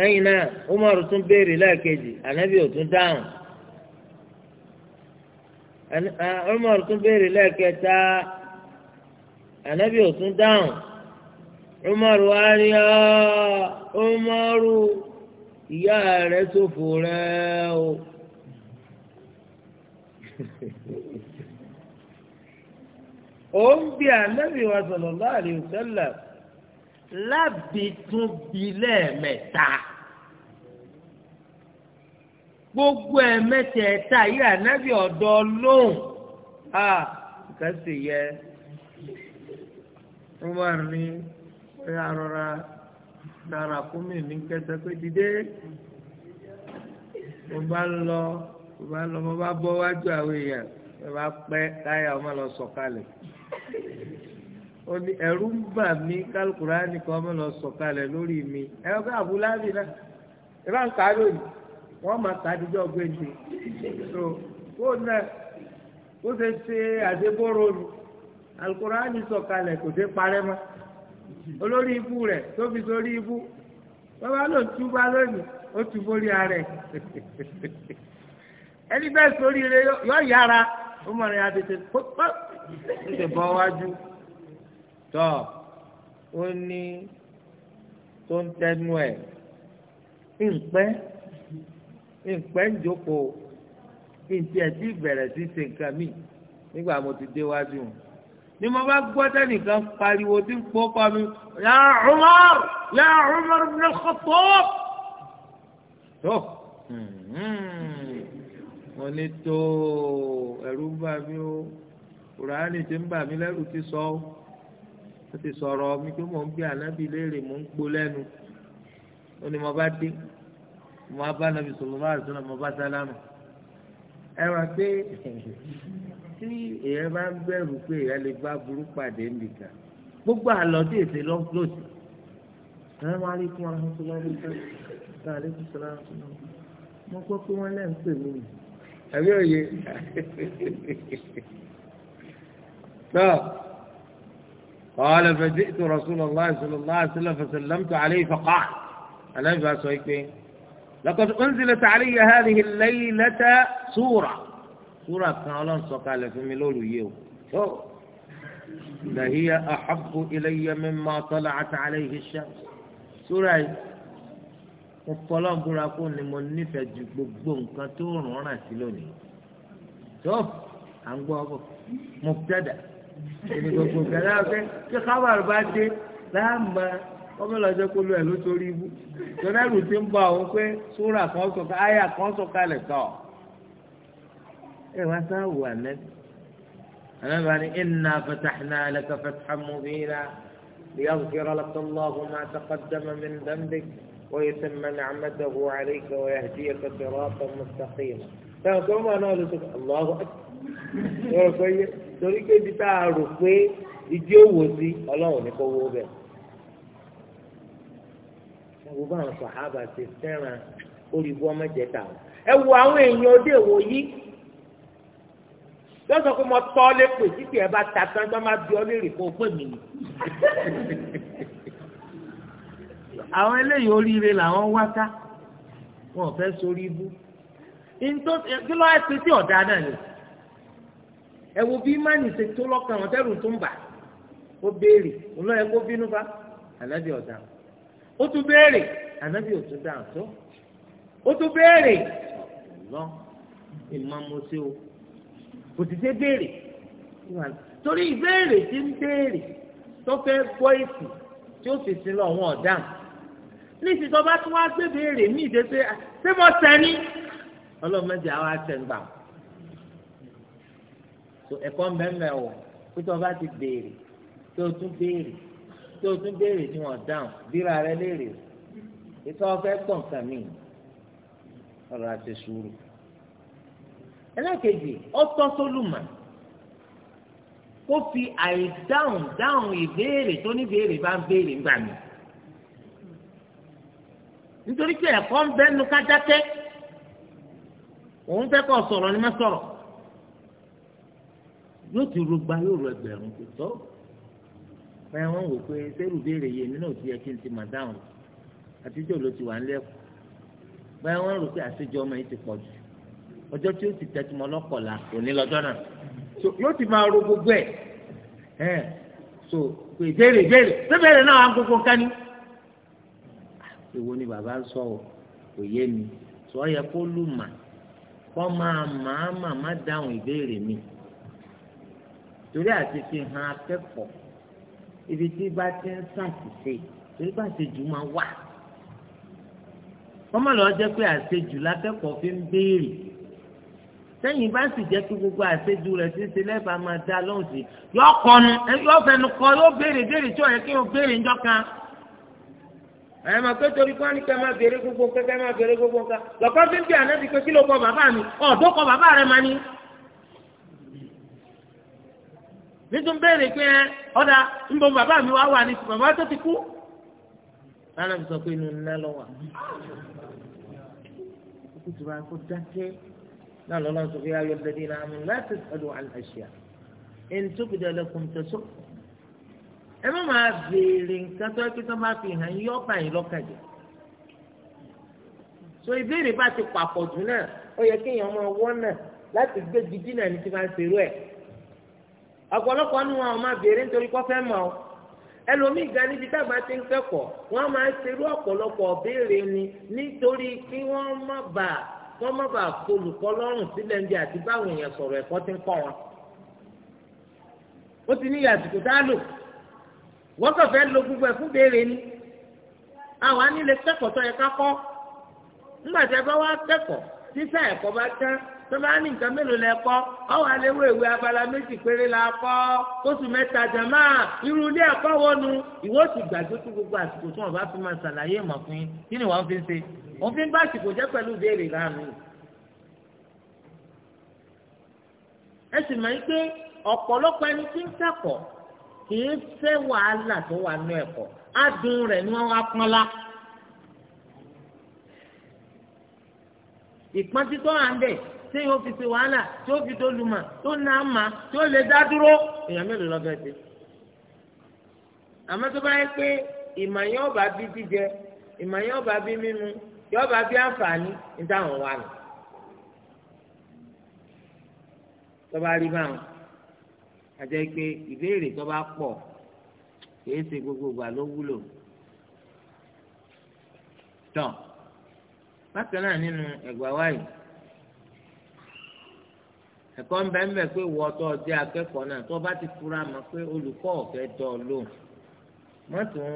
lẹ́yìn náà umaru tún béèrè lẹ́ẹ̀kejì anabi ò tún dáhùn umaru tún béèrè lẹ́ẹ̀kẹta anabi ò tún dáhùn umaru wá ní ọ ìyá rẹ ṣòfò rẹ o ó ń bí anabi wa gbogbo ẹ mẹ́tẹ̀ẹ̀ta yìí ànábì ọ̀dọ̀ lóhùn a nǹkan sì yẹ wọn wà ní arọra dára fún mi ní kẹsẹ pé dídé mo bá ń lọ mo bá ń lọ mo bá bọ́ wájú àwọn èèyàn mo bá pẹ́ táyà ọmọ lọ sọ̀kalẹ̀ ó ní ẹ̀rù ń bà mí kálukúrá nìkan ọmọ lọ sọ̀kalẹ̀ lórí mi ẹ̀rọ ká àbúlá mi náà ìbá ń kà á lónìí wọ́n máa ta àdìjọ́ gbèǹde so kó náà kó ṣe ṣe àṣebóró nu alukurani sọ̀kalẹ̀ kò dé parẹ́ mọ́ olórí ibú rẹ̀ tó fi sórí ibú wọ́n bá lò túbá lónìí ó tún borí ara ẹ̀ ẹni bẹ́ẹ̀ sórí rẹ̀ yọ yára ó mọ̀ rìn àtètè pọ́pọ́ ó sì bọ́ wájú tọ́ ó ní tó ń tẹnu ẹ̀ ń pẹ́ ìpẹ́ ń jókòó ìtì ẹ̀tí ìbẹ̀rẹ̀ sí ṣe nǹkan mí nígbà mo ti déwájú wọn. ni mo bá gbọ́ tẹ́nìkan pariwo tí ń pọ́ pa mi ya Umar ya Umar ibn Khattab. tó hmm, hmm. mo ní tó ẹ̀rú ń bà mí o kùránì ti ń bà mí lẹ́rù ti sọ ọ́ ó ti sọ̀rọ̀ mi pé mò ń gbé ànábì léèrè mò ń gbó lẹ́nu ó ní mo bá dé mo bá nàbì sọ̀rọ̀ bá àdùsọ́nà mo bá sálámù ẹ wá pé tí èèyàn bá ń bẹ̀rù pé èèyàn lè bá burú pàdé nìkan gbogbo àlọ́ tí èsè lọ lòsì sàlámù alaykum warahmatullahi wabarakatuh sàlámù alaykum sàlámù mo gbọ́ pé wọ́n lẹ́ ń pè mí nì àbí òye قال فجئت رسول الله صلى الله عليه وسلم فسلمت عليه فقال أنا بأسويك لقد أنزلت علي هذه الليلة laylata súrà súrà kan ọlọ́run sọ̀kalẹ̀ fún mi lóru yìí إلي مما طلعت عليه الشمس. mimma tala'at alayhi ash-shams súrà yìí mo fọlọ́ búra kó ni mo nífẹ̀ẹ́ ju gbogbo nǹkan tó rùn ràn sí lónìí tó à ń gbọ́ ọ́ mubtada èmi gbogbo gbẹdẹ́ ọ̀fẹ́ kí kábàárù bá dé láàmú kọ́mọ́lọ́jọ́ kó lu ẹ̀ ló torí ibú tọ́lẹ́rù ti ń bọ̀ àwọn pé sóra kan sọ ká àyà kan sọ kalẹ̀ tọ̀ ẹ wá sá wù ànẹ́bí ànẹ́bí wa ni inna fatahna laka fathan mubina liyaghfira laka Allahu ma taqaddama min dhanbik wa yutimma ni'matahu 'alayka wa yahdiyaka siratan mustaqima táwọn kọ́ máa náà ló sọ Allahu akbar torí pé ibi tá a rò pé ìdí òwò sí ọlọ́run ní kò wó bẹ́ẹ̀. wo bá àwọn sàhábà ṣe fẹ́ràn orí ibú ọmọ ìjẹta o ẹ wo àwọn èèyàn òde èwo yìí yóò sọ pé mo tọ́ lé pè títí ẹ bá ta tán tó má bí ọ léèrè kó o pè mí ni. àwọn eléyìí oríire làwọn wá ká wọn ò fẹ́ sórí ibú kí ló wá ṣe tí ọ̀dà náà ni ẹ wo bí má nìṣe tó lọ́kàn ọ̀tẹ́rù tó ń bà ó béèrè òun lọ́ọ́ yẹ kó bínú bá ànábì ọ̀daràn ó tún béèrè ànábì ò tún dá àtọ́ ó tún béèrè lọ ìmọ̀mọ́sí o kò ti dé béèrè torí ìbéèrè tí ń béèrè tó fẹ́ gbọ́ èsì tí ó sì sin lọ wọn ọ̀dà ní ti tọ́ bá tún wá gbé béèrè mí ìdè pé ṣé mo sẹ́ni ọlọ́mọdé àwọn àtẹnugbà ẹ̀kọ́ mbẹ́mbẹ́ o pé tọ́ bá ti béèrè tó tún béèrè tó o tún béèrè tí wọ́n dáhùn bíra rẹ léèrè ètò ọ̀fẹ́ gbọ̀n kan mi ọ̀rọ̀ àti sùúrù. ẹlẹ́kejì ọtọ́ sólùmọ̀ kó fi àìdáhùn dáhùn ìbéèrè tó ní béèrè bá ń béèrè ńgbà mi nítorí pé ẹ̀kọ́ ń bẹ́nu ká dákẹ́ òun fẹ́ kọ́ sọ̀rọ̀ ni má sọ̀rọ̀ yóò ti rúgba yóò rú ẹgbẹ̀rún tó tọ́ báyà wọ́n wò pé sẹ́rù béèrè yìí èmi náà ti yẹ kí n ti mà dáhùn àtijọ́ ló ti wà ń lẹ́kọ̀ọ́ báyà wọ́n rò pé àṣejọ ọmọ yìí ti pọ̀ jù ọjọ́ tí ó ti tẹ́tí mọ́ lọ́kọ̀ọ́lá kò ní lọ́jọ́ náà yóò ti máa ro gbogbo ẹ̀ ẹ̀ so pé béèrè béèrè bébèrè náà wà ń gbogbo nǹkan ni. èwo ni bàbá ń sọ kò yé mi sọ yẹ kó lù mà kọ́ máa màá màmá dáhùn ìbéèrè mi torí àti fi hàn akẹ́kọ̀ọ́ ibi tí bá ti ń ṣàṣìṣe torí bá ṣe jù máa wà wọ́n mọ̀ lọ́ọ́ jẹ́ pé àṣejù lákẹ́kọ̀ọ́ fi ń béèrè sẹ́yìn bá sì jẹ́ kí gbogbo àṣejù rẹ̀ ti ṣe lẹ́bàá máa dá lóhùn sí yọ kọnu yọ fẹnu kọ yóò béèrè béèrè tí ò yẹ kí yóò béèrè ńjọ́ kan ẹ máa pé torí kí wọn ní ká máa béèrè gbogbo nǹkan ká máa béèrè gbogbo nǹkan lọ́kọ́ fi ń bí ànábì pé kí ló kọ bàbá nítorí béèrè pé ẹ ọ̀dà ńbọ bàbá mi wá wà ní bàbá tó ti kú lánàá mi sọ pé inú ńlá lọ wà kó tó bá kó dáké náà lọ́lọ́ sọ pé ayọ̀ lẹ́dí náà mi láti sọ̀dọ̀ àṣìá ẹni tó fi lẹ́kùn tó sọ. ẹ má máa béèrè nǹkan tó kí tó máa fi hàn yí ọ̀bà yìí lọ́kàn so ìbéèrè bá ti pàpọ̀ jù náà ó yẹ kéèyàn máa wọ́n náà láti gbé gidi náà ní ti máa ń ṣerú ẹ̀ ọ̀pọ̀lọpọ̀ ni wọn máa béèrè nítorí kọ́ fẹ́ mọ̀ ọ́ ẹlòmíì ga níbi tágbà ti ń kẹ́kọ̀ọ́ wọ́n máa ń ṣerú ọ̀pọ̀lọpọ̀ béèrè ni nítorí kí wọ́n má bà wọ́n má bà olùkọ́ lọ́rùn sílẹ̀ ń bí àti báwọn èèyàn sọ̀rọ̀ ẹ̀kọ́ ti ń kọ́ wọn. ó ti ní àsìkò tá a lò wọ́n kàn fẹ́ lo gbogbo ẹ̀ fún béèrè ni àwa nílé kẹ́kọ̀ọ́ tó yẹ ká kọ́ nígbà tí a bá wá kẹ́kọ̀ọ́ sísá ẹ̀kọ́ tó bá ní nǹkan mélòó lẹ kọ́ ọwọ́ àléwò ìwé abala méjì péré la kọ́ oṣù mẹ́ta jàmá irú ilé ẹ̀kọ́ wo nu ìwọ ti gbàgbé tó gbogbo àsìkò tí wọn bá fi máa ṣàlàyé ìmọ̀ fún yín kí ni wọ́n fi ń ṣe wọ́n fi ń bá àsìkò jẹ́ pẹ̀lú ìbéèrè láàánú. ẹ sì mọ̀ pé ọ̀pọ̀lọpọ̀ ẹni tí ń kẹ́kọ̀ọ́ kì í fẹ́ wàhálà tó wà nú ẹ̀kọ́ adùn rẹ̀ ni wọ́n wá pọ́nlá. ìpọ́n títọ́ à ń bẹ̀ tí yóò fi ṣe wàhálà tí yóò fi dolùmọ̀ tó nà mà tí yóò lè dá dúró èèyàn mélòó lọ́gà ṣe. àmọ́ tó bá yẹ pé ìmọ̀ yẹn ọba bí jíjẹ ìmọ̀ yẹn ọba bí mímu yẹn ọba bí àǹfààní ní táwọn wà nù. tó rí báwọn àjẹ́ pé ìbéèrè tọ́ba pọ̀ kìí ṣe gbogbo ìgbà ló wúlò. tán bákan náà nínú ẹ̀gbà wáyé. ẹ̀kọ́ ń bẹ ń bẹ pé wọ ọtọ ọdẹ akẹ́kọ̀ọ́ náà tó bá ti fura mọ̀ pé olùkọ́ ọfẹ dọ ọ lóhùn má tún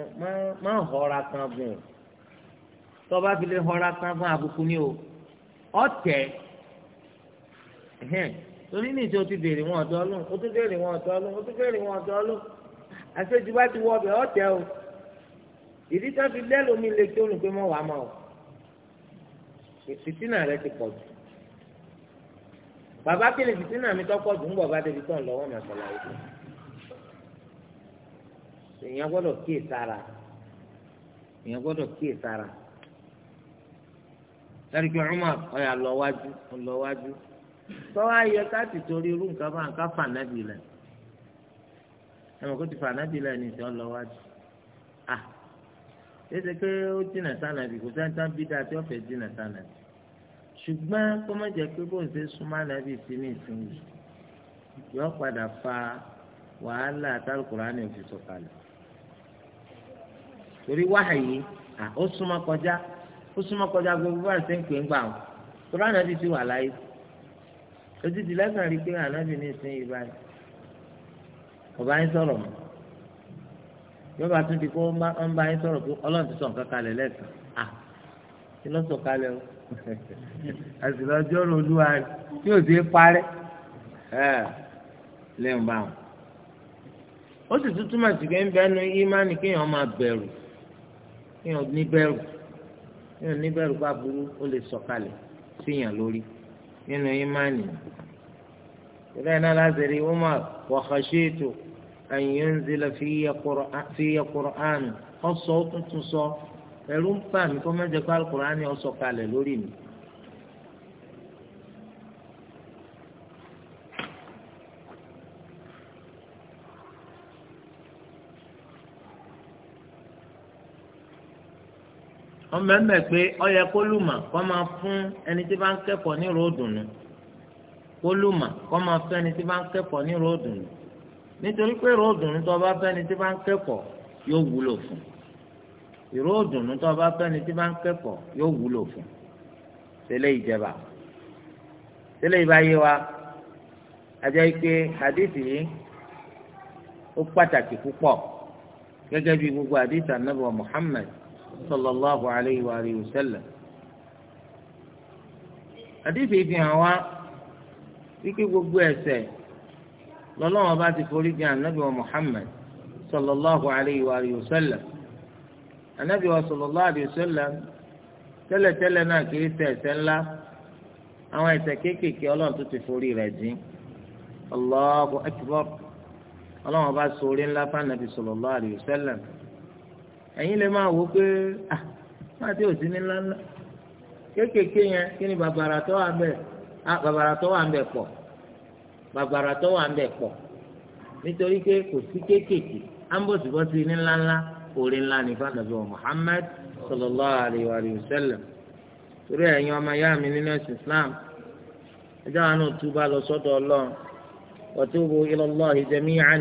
má họra kan gùn o tó bá fi lè họra kan fún àbùkù ni o ọ̀tẹ̀ torí ní ìjọ ti béèrè wọn ọ̀dọ̀ ọlọ́run ó tún béèrè wọn ọ̀dọ̀ ọlọ́run ó tún béèrè wọn ọ̀dọ̀ ọlọ́run àṣejù bá ti wọ ọbẹ ọ̀tẹ̀ o ìdí tó fi lẹ́lòmí lè kí olùgbé mọ́ wàá mọ́ o ìfìtínà rẹ ti pọ̀ jù bàbá kele fìtínà mi tọ́pọ̀ dùn ún bàbá débi tán lọ́wọ́ mà sọ̀lá yìí èèyàn gbọ́dọ̀ kíyè sára èèyàn gbọ́dọ̀ kíyè sára lórí pé Umar ọ̀yà lọ wájú lọ wájú tọ́wọ́ ayẹ káàtì torí irú nǹkan bá nǹkan fà nábì lẹ̀ ẹ̀mọ̀ kó ti fà nábì lẹ̀ ní ìṣọ́ lọ wájú à ah, ṣé ṣe pé ó jìnà sànàbì kò sẹ́ńtà bí dáa tí ó fẹ́ jìnà sànàbì. ṣùgbọ́n kó má jẹ́ pé bóun ṣe súnmọ́ ànábì sí ní ìsinyìí yọ padà fa wàhálà tálùkùránì ò fi sọ̀kalẹ̀ torí wáhàyí ó súnmọ́ kọjá ó súnmọ́ kọjá gbogbo bá ṣe ń pè ń gbà wọn torí ànábì ti wà láyé ojú ti lẹ́sàn-án rí pé ànábì ní ìsinyìí báyìí ọba sọ̀rọ̀ mọ́ tún di kó ń bá sọ̀rọ̀ pé ọlọ́run ti o. àṣìlọ ọjọ́rò olúwa tí ò sí parẹ́ lẹ́yìn bá wọn. ó sì tún túmọ̀ sí pé ń bẹ́nu ìmánì kéèyàn máa bẹ̀rù kéèyàn ní bẹ̀rù kéèyàn ní bẹ̀rù bá burú ó lè sọ̀kalẹ̀ síyàn lórí nínú ìmánì. ìrẹ́ náà láti rí Umar wa khashitu an yunzila fiyya Qur'an ọ̀sọ̀ ó tuntun sọ. So ẹ̀rù ń bà mí kó má jẹ́ pé alukur'an ni ó sọ̀kalẹ̀ lórí mi. wọ́n mẹ́mẹ́ pé ọyẹ kólùmà kọ́ máa fún ẹni tí bá ń kẹ́kọ̀ọ́ ní ròdùnú kólùmà kọ́ máa fún ẹni tí bá ń kẹ́kọ̀ọ́ ní ròdùnú nítorí pé ròdùnú tó bá fún ẹni tí bá ń kẹ́kọ̀ọ́ yóò wúlò fún un. ìró òdùnnú tó o bá fẹ́ ni tí bá ń kẹ́kọ̀ọ́ yóò wúlò fún tẹ́lẹ̀ ìjẹba tẹ́lẹ̀ ìbáyé wa ajẹ́ pé hadith yìí ó pàtàkì púpọ̀ gẹ́gẹ́ bí gbogbo hadith anabi Muhammad sallallahu alayhi wa sallam hadith yìí fi hàn wá gbogbo lọ́lọ́wọ́n bá ti forí anabi wa sallallahu alayhi wa wa sallam. anabi wa sallallahu alayhi wa sallam tẹ́lẹ̀tẹ́lẹ̀ náà kì í ṣẹ̀ ńlá àwọn ẹ̀ṣẹ̀ kéékèèké ọlọ́run tó ti forí rẹ̀ jìn Allahu akbar ọba sori ńlá fún anabi sallallahu alayhi wa sallam lè máa ah má ti ni bàbàrà wà ń ah bàbàrà wà ń bẹ̀ pọ̀ wà ń nítorí orí ńlá ní fànàbí wa Muhammad sallallahu alayhi wa sallam torí ẹ̀yin ọmọ ìyá mi nínú ẹ̀sìn Islam ẹjọ́ àwọn náà túbà lọ sọ́dọ̀ ọlọ́run wa tubu ila Allahi jami'an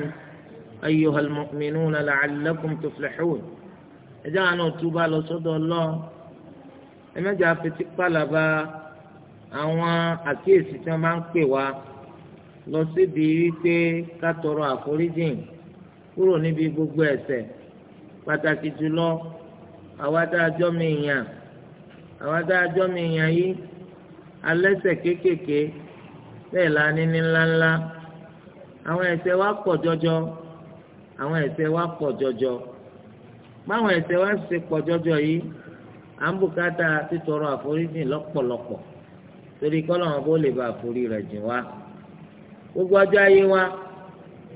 ayyuhal mu'minuna la'allakum tuflihun ẹjọ́ àwọn náà túbà lọ sọ́dọ̀ ọlọ́run ẹ mẹ́jọ afetí pàlàbà àwọn àkíyèsí tí wọ́n máa ń pè wá lọ síbi wípé ká àforíjìn kúrò níbi gbogbo ẹ̀ṣẹ̀ pàtàkì jùlọ àwa tá a jọ́ mi yàn àwa tá a jọ́ mi yàn yìí alẹ́ṣẹ̀ kéékèèké bẹ́ẹ̀ la níní ńláńlá àwọn ẹ̀ṣẹ̀ wa pọ̀ jọjọ àwọn ẹ̀ṣẹ̀ wa pọ̀ jọjọ báwọn ẹ̀ṣẹ̀ wa ṣe pọ̀ jọjọ yìí à ń bùkátà títọrọ àforíjì lọ́pọ̀lọpọ̀ torí kọ́lọ̀ bó lè bá àforí rẹ̀ jìn wá gbogbo ọjọ́ ayé wa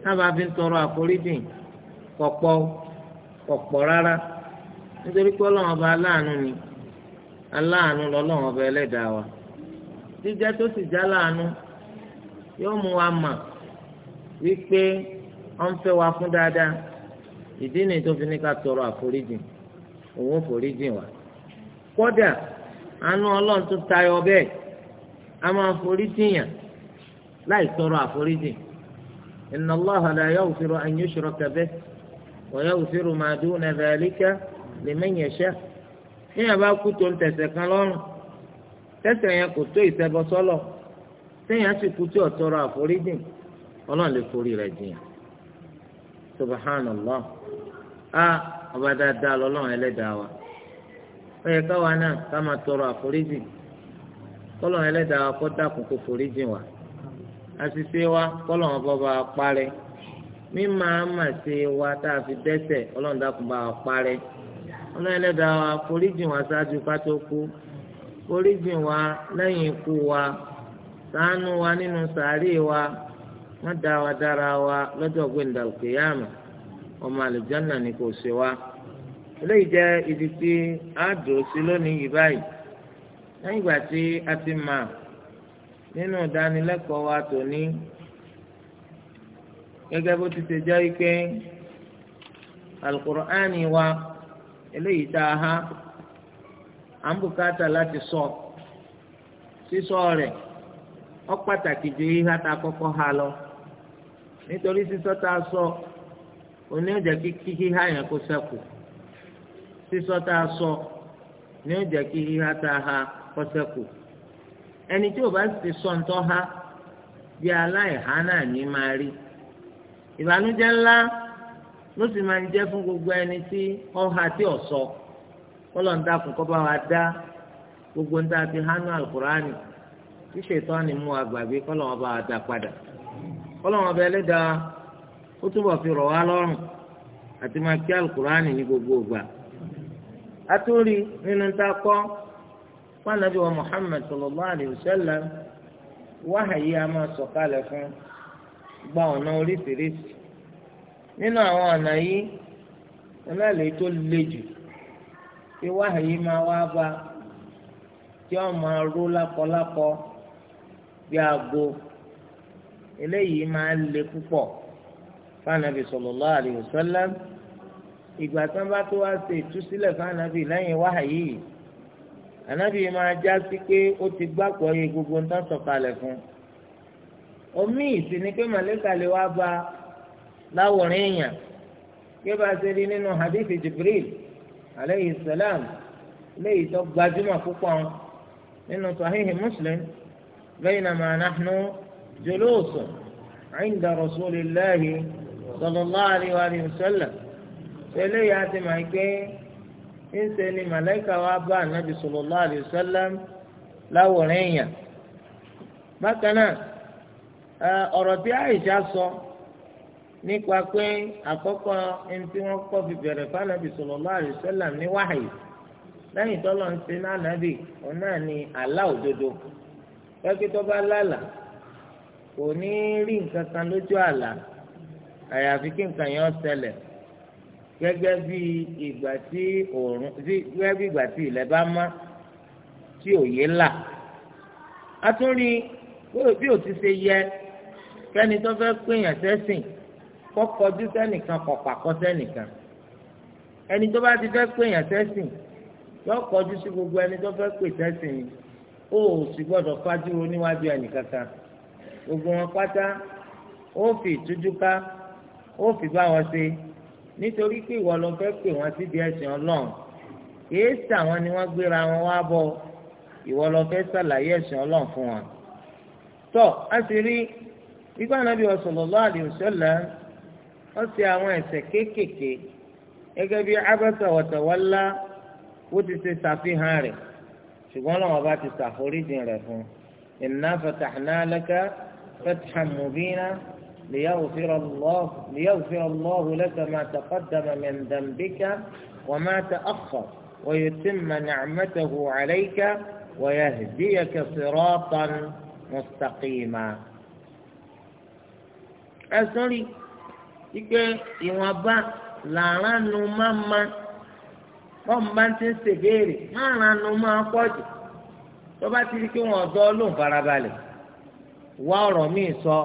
táwọn afi ń tọrọ àforíjì kọ̀pọ̀ ọ̀pọ̀ rárá nítorí pé ọlọ́run ọba aláàánú ni aláàánú lọ́lọ́run ọba ẹlẹ́dàá wa jíjẹ́ tó sì já láàánú yóò mú wa mà wípé wọ́n fẹ́ wa fún dáadáa ìdí nìyí tó fi ní ká tọrọ àforíjìn òun foríjìn wa kódà àánú ọlọ́run tó tayọ bẹ́ẹ̀ a máa foríjìn yàn láì tọrọ àforíjìn inna Allaha la yaghfiru an yushraka bihi. ويغفر ما دون ذلك لمن يشاء téèyàn bá kú tó ń tẹ̀sẹ̀ kan lọ́rùn tẹ̀sẹ̀ yẹn kò tó ìṣẹbọ sọ́lọ̀ téèyàn sì kú tí ọ̀tọ́rọ̀ àforíjìn ọlọ́run lè forí rẹ̀ jiyàn subhanallah a ọba dáadáa lọ́lọ́run ẹlẹ́dàá wa wa wa wa parẹ́. mímọ̀ àmàṣe wa tá a fi dẹ́ṣẹ̀ ọlọ́run dákun bá wa parẹ́ ọlọ́run wa foríjìn wa ṣáájú ká tó kú foríjìn wa lẹ́yìn ikú wa ṣàánú wa nínú wa wọ́n dá wa dára wa lọ́jọ́ gbẹ̀ndà òkèèyàmù ọmọ àlùjọ́nà ni kò ṣe wa eléyìí jẹ́ ibi tí a sí lónìí yìí báyìí ìgbà tí a ti mà nínú ìdánilẹ́kọ̀ọ́ wa tòní. gẹgẹ bó ti ṣe jẹ́ wípé alukur'ani wa eléyìí tá a há à ń sọ sísọ rẹ ọ pàtàkì ju yíyá tá ha lọ nítorí sísọ tá a sọ oní ọjà kíkí híhá yẹn kó ṣẹ́kù sísọ tá a sọ ní ọjà kí híhá tá ha kó ṣẹ́kù ẹni tí o ti sọ ń tọ́ há bí máa ìbànújẹ́ ńlá ló sì máa ń fún gbogbo ẹni tí ọha tí ò sọ kọlọ́n dákun kọ́ bá wa dá gbogbo ńdá fi hánú alukurani tí ṣètọ́ni mú agbàgbé kọlọ́n ọba wa dá padà ọba ẹlẹ́dàá ó túbọ̀ fi rọ̀ wá lọ́rùn àti máa kí alukurani ní gbogbo ìgbà atúrí nínú ta kọ́ fún anabi wa Muhammad sallallahu alayhi wa sallam wáhàyí a máa sọ̀kalẹ̀ fún gba ọ̀nà oríṣiríṣi nínú àwọn ọ̀nà yìí ọlọ́ọ̀lẹ́ tó le jù tí wáhàyí máa wá bá tí wọ́n máa ró lákọlákọ bí aago eléyìí máa le púpọ̀ fáànàbì sallallahu alaihi wasallam ìgbà tí wọ́n bá tó wá ṣe ìtúsílẹ̀ fáànàbì lẹ́yìn wáhàyí yìí ànábì máa já sí pé ó ti gbàgbọ́ iye gbogbo ń tán sọ̀kalẹ̀ fún un omi ìsìn ni pé màlẹ́kà lè wá bá láwòrán èèyàn kí bá ṣe rí nínú hadith jibril aleyhi salam léyìí tó gbajúmọ̀ púpọ̀ nínú sahihi muslim baynama nahnu julusun inda rasulillahi sallallahu alayhi wa sallam tẹ́lẹ̀ yà ti máa gbé ńṣe ni màlẹ́kà wá bá anabi sallallahu alayhi wa sallam láwòrán èèyàn bákan náà. ọ̀rọ̀ tí Aisha sọ nípa pé àkọ́kọ́ ẹni tí wọ́n kọ́ fi bẹ̀rẹ̀ fánábì sallallahu alaihi ní lẹ́yìn tọ́lọ́ ń ṣe nánàbì òun náà ni àlá òdodo bá lálà kò ní rí nǹkan kan lójú àlá àyàfi kí nǹkan yẹn ṣẹlẹ̀ gẹ́gẹ́ bí ìgbà tí òòrùn gẹ́gẹ́ bí tí kẹ́ni tó fẹ́ pèèyàn sẹ́sìn kọ́kọ́jú sẹ́nìkan kọ̀pà kọ́ sẹ́nìkan ẹni tó bá ti fẹ́ pèèyàn sẹ́sìn yóò kọjú sí gbogbo ẹni tó fẹ́ pè sẹ́sìn ó sì gbọ́dọ̀ fájúro níwájú ẹnìkankan gbogbo wọn pátá ó fi ìtújú ká ó fi bá wọn ṣe nítorí pé ìwọ ló fẹ́ pè wọ́n síbi ẹ̀sìn ọlọ́run kìí sàwọn ni wọ́n gbéra wọn wá bọ̀ ìwọ ló fẹ́ sàlàyé ẹ̀sìn ọlọ́run fún wọn. tọ́ a sì rí ìgbà nàbí sallallahu alayhi wa sallam wọ́n ti àwọn ẹ̀ṣẹ̀ kéékèèké gẹ́gẹ́ bí abasa wa tawalla ó ti ṣe ṣàfihàn rẹ̀ ṣùgbọ́n làwọn bá ti din rẹ̀ fún inna fatahna laka fathan mubina liyaghfira Allahu liyaghfira Allahu laka ma taqaddama min dhanbika wa ma ta'akhkhara wa yutimma ni'matahu alayka wa yahdiyaka siratan mustaqima. ẹ̀sán rí wípé ìwọ̀nba làránù máa ma bọ́ọ̀mù bá ń ti ń ṣèbéèrè máa ránù máa pọ̀ jù tó bá ti rí pé wọn ọ̀dọ́ ló ń farabalẹ̀ wá ọ̀rọ̀ míì sọ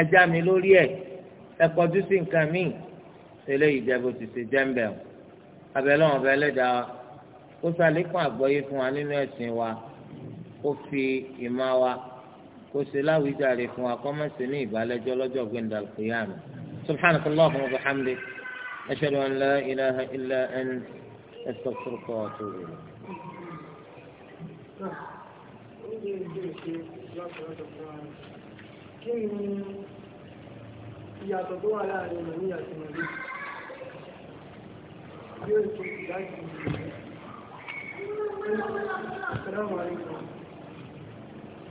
ẹja mi lórí ẹ̀ ẹ kọjú sí nǹkan míì tẹ́lẹ̀ ìjẹ́bù ti ṣe jẹ́ńbẹ̀ o abẹ́lẹ́ wọn bẹ́ẹ̀ lẹ́dàá kó ṣàlékún àgbọ́yé fún wa nínú ẹ̀sìn wa kó fi ìmọ̀ wa. kó ṣe láwùjáre fún wa kọ́ mọ̀sí ní ìbálẹ́jọ́ lọ́jọ́ gbẹ̀ndà al-qiyama subhanaka allahumma wa bihamdik ashhadu an la ilaha illa ant astaghfiruka wa atubu ilayk. kí ni ìyàtọ̀ tó wà láàrin mọ̀ ní àti mọ̀ ní yóò ṣe ìdájì Assalamu alaikum.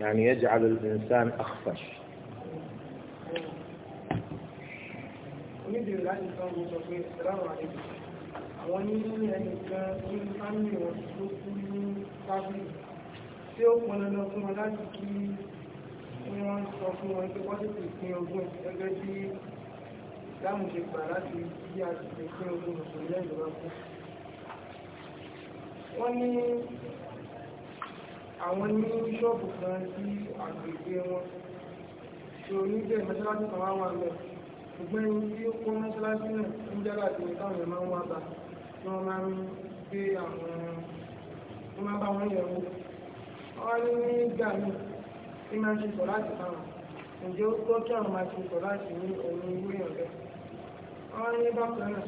يعني يجعل الإنسان أخفش àwọn ní ẹnìkan ní fámílì wọn ló kú ní fábílì tí ó pọn dandan fún wọn láti kí wọ́n sọ fún wọn pé wọ́n tètè pín ogún gẹ́gẹ́ bí dáhùn ṣe gbà láti bí a ti pín ogún mùsùlùmí lẹ́yìn lọ́wọ́ wọ́n ní àwọn ní ṣọ́ọ̀bù kan sí àgbègbè wọn tí oníbẹ̀ mọ́ṣáláṣí kan wá wà lọ ṣùgbọ́n ẹni tí ó kó mọ́ṣáláṣí náà ń jára àti táwọn ẹ̀mọ́ wà bá tí wọ́n máa ń gbé àwọn wọ́n máa bá wọn yẹ̀ wò wọ́n ní nígbà míì tí máa ń ṣe sọ láti táwọn ǹjẹ́ ó tọ́ kí àwọn máa ṣe sọ láti ní òun ìwé ọ̀rẹ́ wọ́n ní bákan náà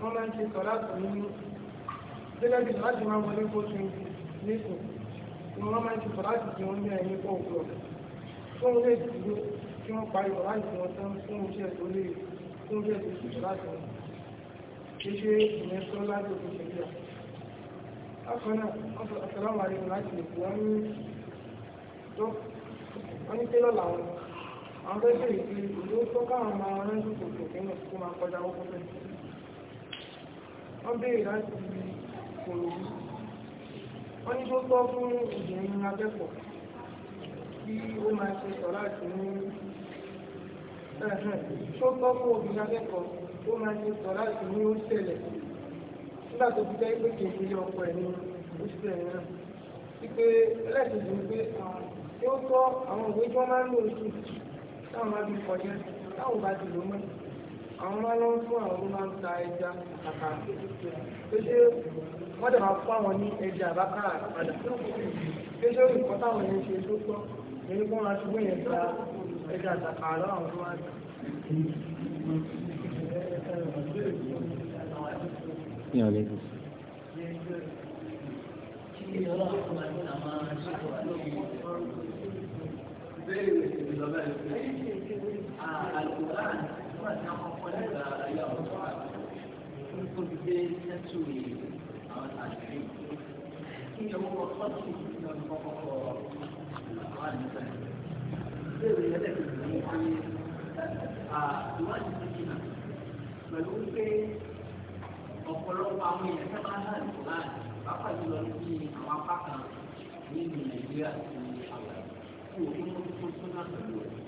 wọ́n máa ń ṣe sọ láti ní gẹ́gẹ́ bí láti máa wọlé fóṣù nìkan ni wọ́n máa ń ti fọ̀rọ̀ àti tí wọ́n ní ẹ̀yìn pọ̀ pọ̀ fún ilé ìdúró tí wọ́n parí ọ̀rá ìfọ̀rọ̀ tán fún iṣẹ́ tó lè fún iṣẹ́ tó sì láti wọn kí ṣe ìyẹn tó láti òkú ṣẹlẹ̀ bákan náà wọ́n sọ àtàlámà rẹ̀ láti lè wọ́n ní tó wọ́n ní tẹ́lọ̀ làwọn àwọn tó ṣèlè pé ìlú tó káwọn máa rán ní kòtò kí wọ́n máa kọjá ó kọ́fẹ́ wọ́n béèrè láti ìsinmi yìí wọ́n ní tó tọ́ fún ìbìnrin akẹ́kọ̀ọ́ kí ó máa ṣe sọ láti ní tó tọ́ fún obìnrin akẹ́kọ̀ọ́ ó máa ṣe sọ láti ní ó ṣẹlẹ̀ nígbà tó fi jẹ́ pé kìí ṣe ọkọ ẹ̀ ní oṣù ẹ̀ náà wípé ẹlẹ́sìn ní pé tí tọ́ àwọn òwe tí wọ́n máa ń lò sí táwọn bá ti kọjá táwọn bá ti lò mọ́ àwọn máa lọ fún àwọn tó máa ń ta ẹja kàkà tó ṣe wọ́n dẹ̀ máa fún àwọn ní ẹja àbákàrà àpàdà tó ṣe nǹkan táwọn yẹn ṣe tó tọ́ èyí kó máa ṣubú yẹn ta ẹja àtàkà lọ àwọn tó máa ta. Ní ọ̀lẹ́ pẹ̀lú pé ọ̀pọ̀lọpọ̀ àwọn èèyàn tó máa ń hàn kó láàyè pápá jùlọ níbi àwọn apá kan nínú Nàìjíríà ti àwọn ìlú òfin tó tó tó náà pẹ̀lú rẹ̀.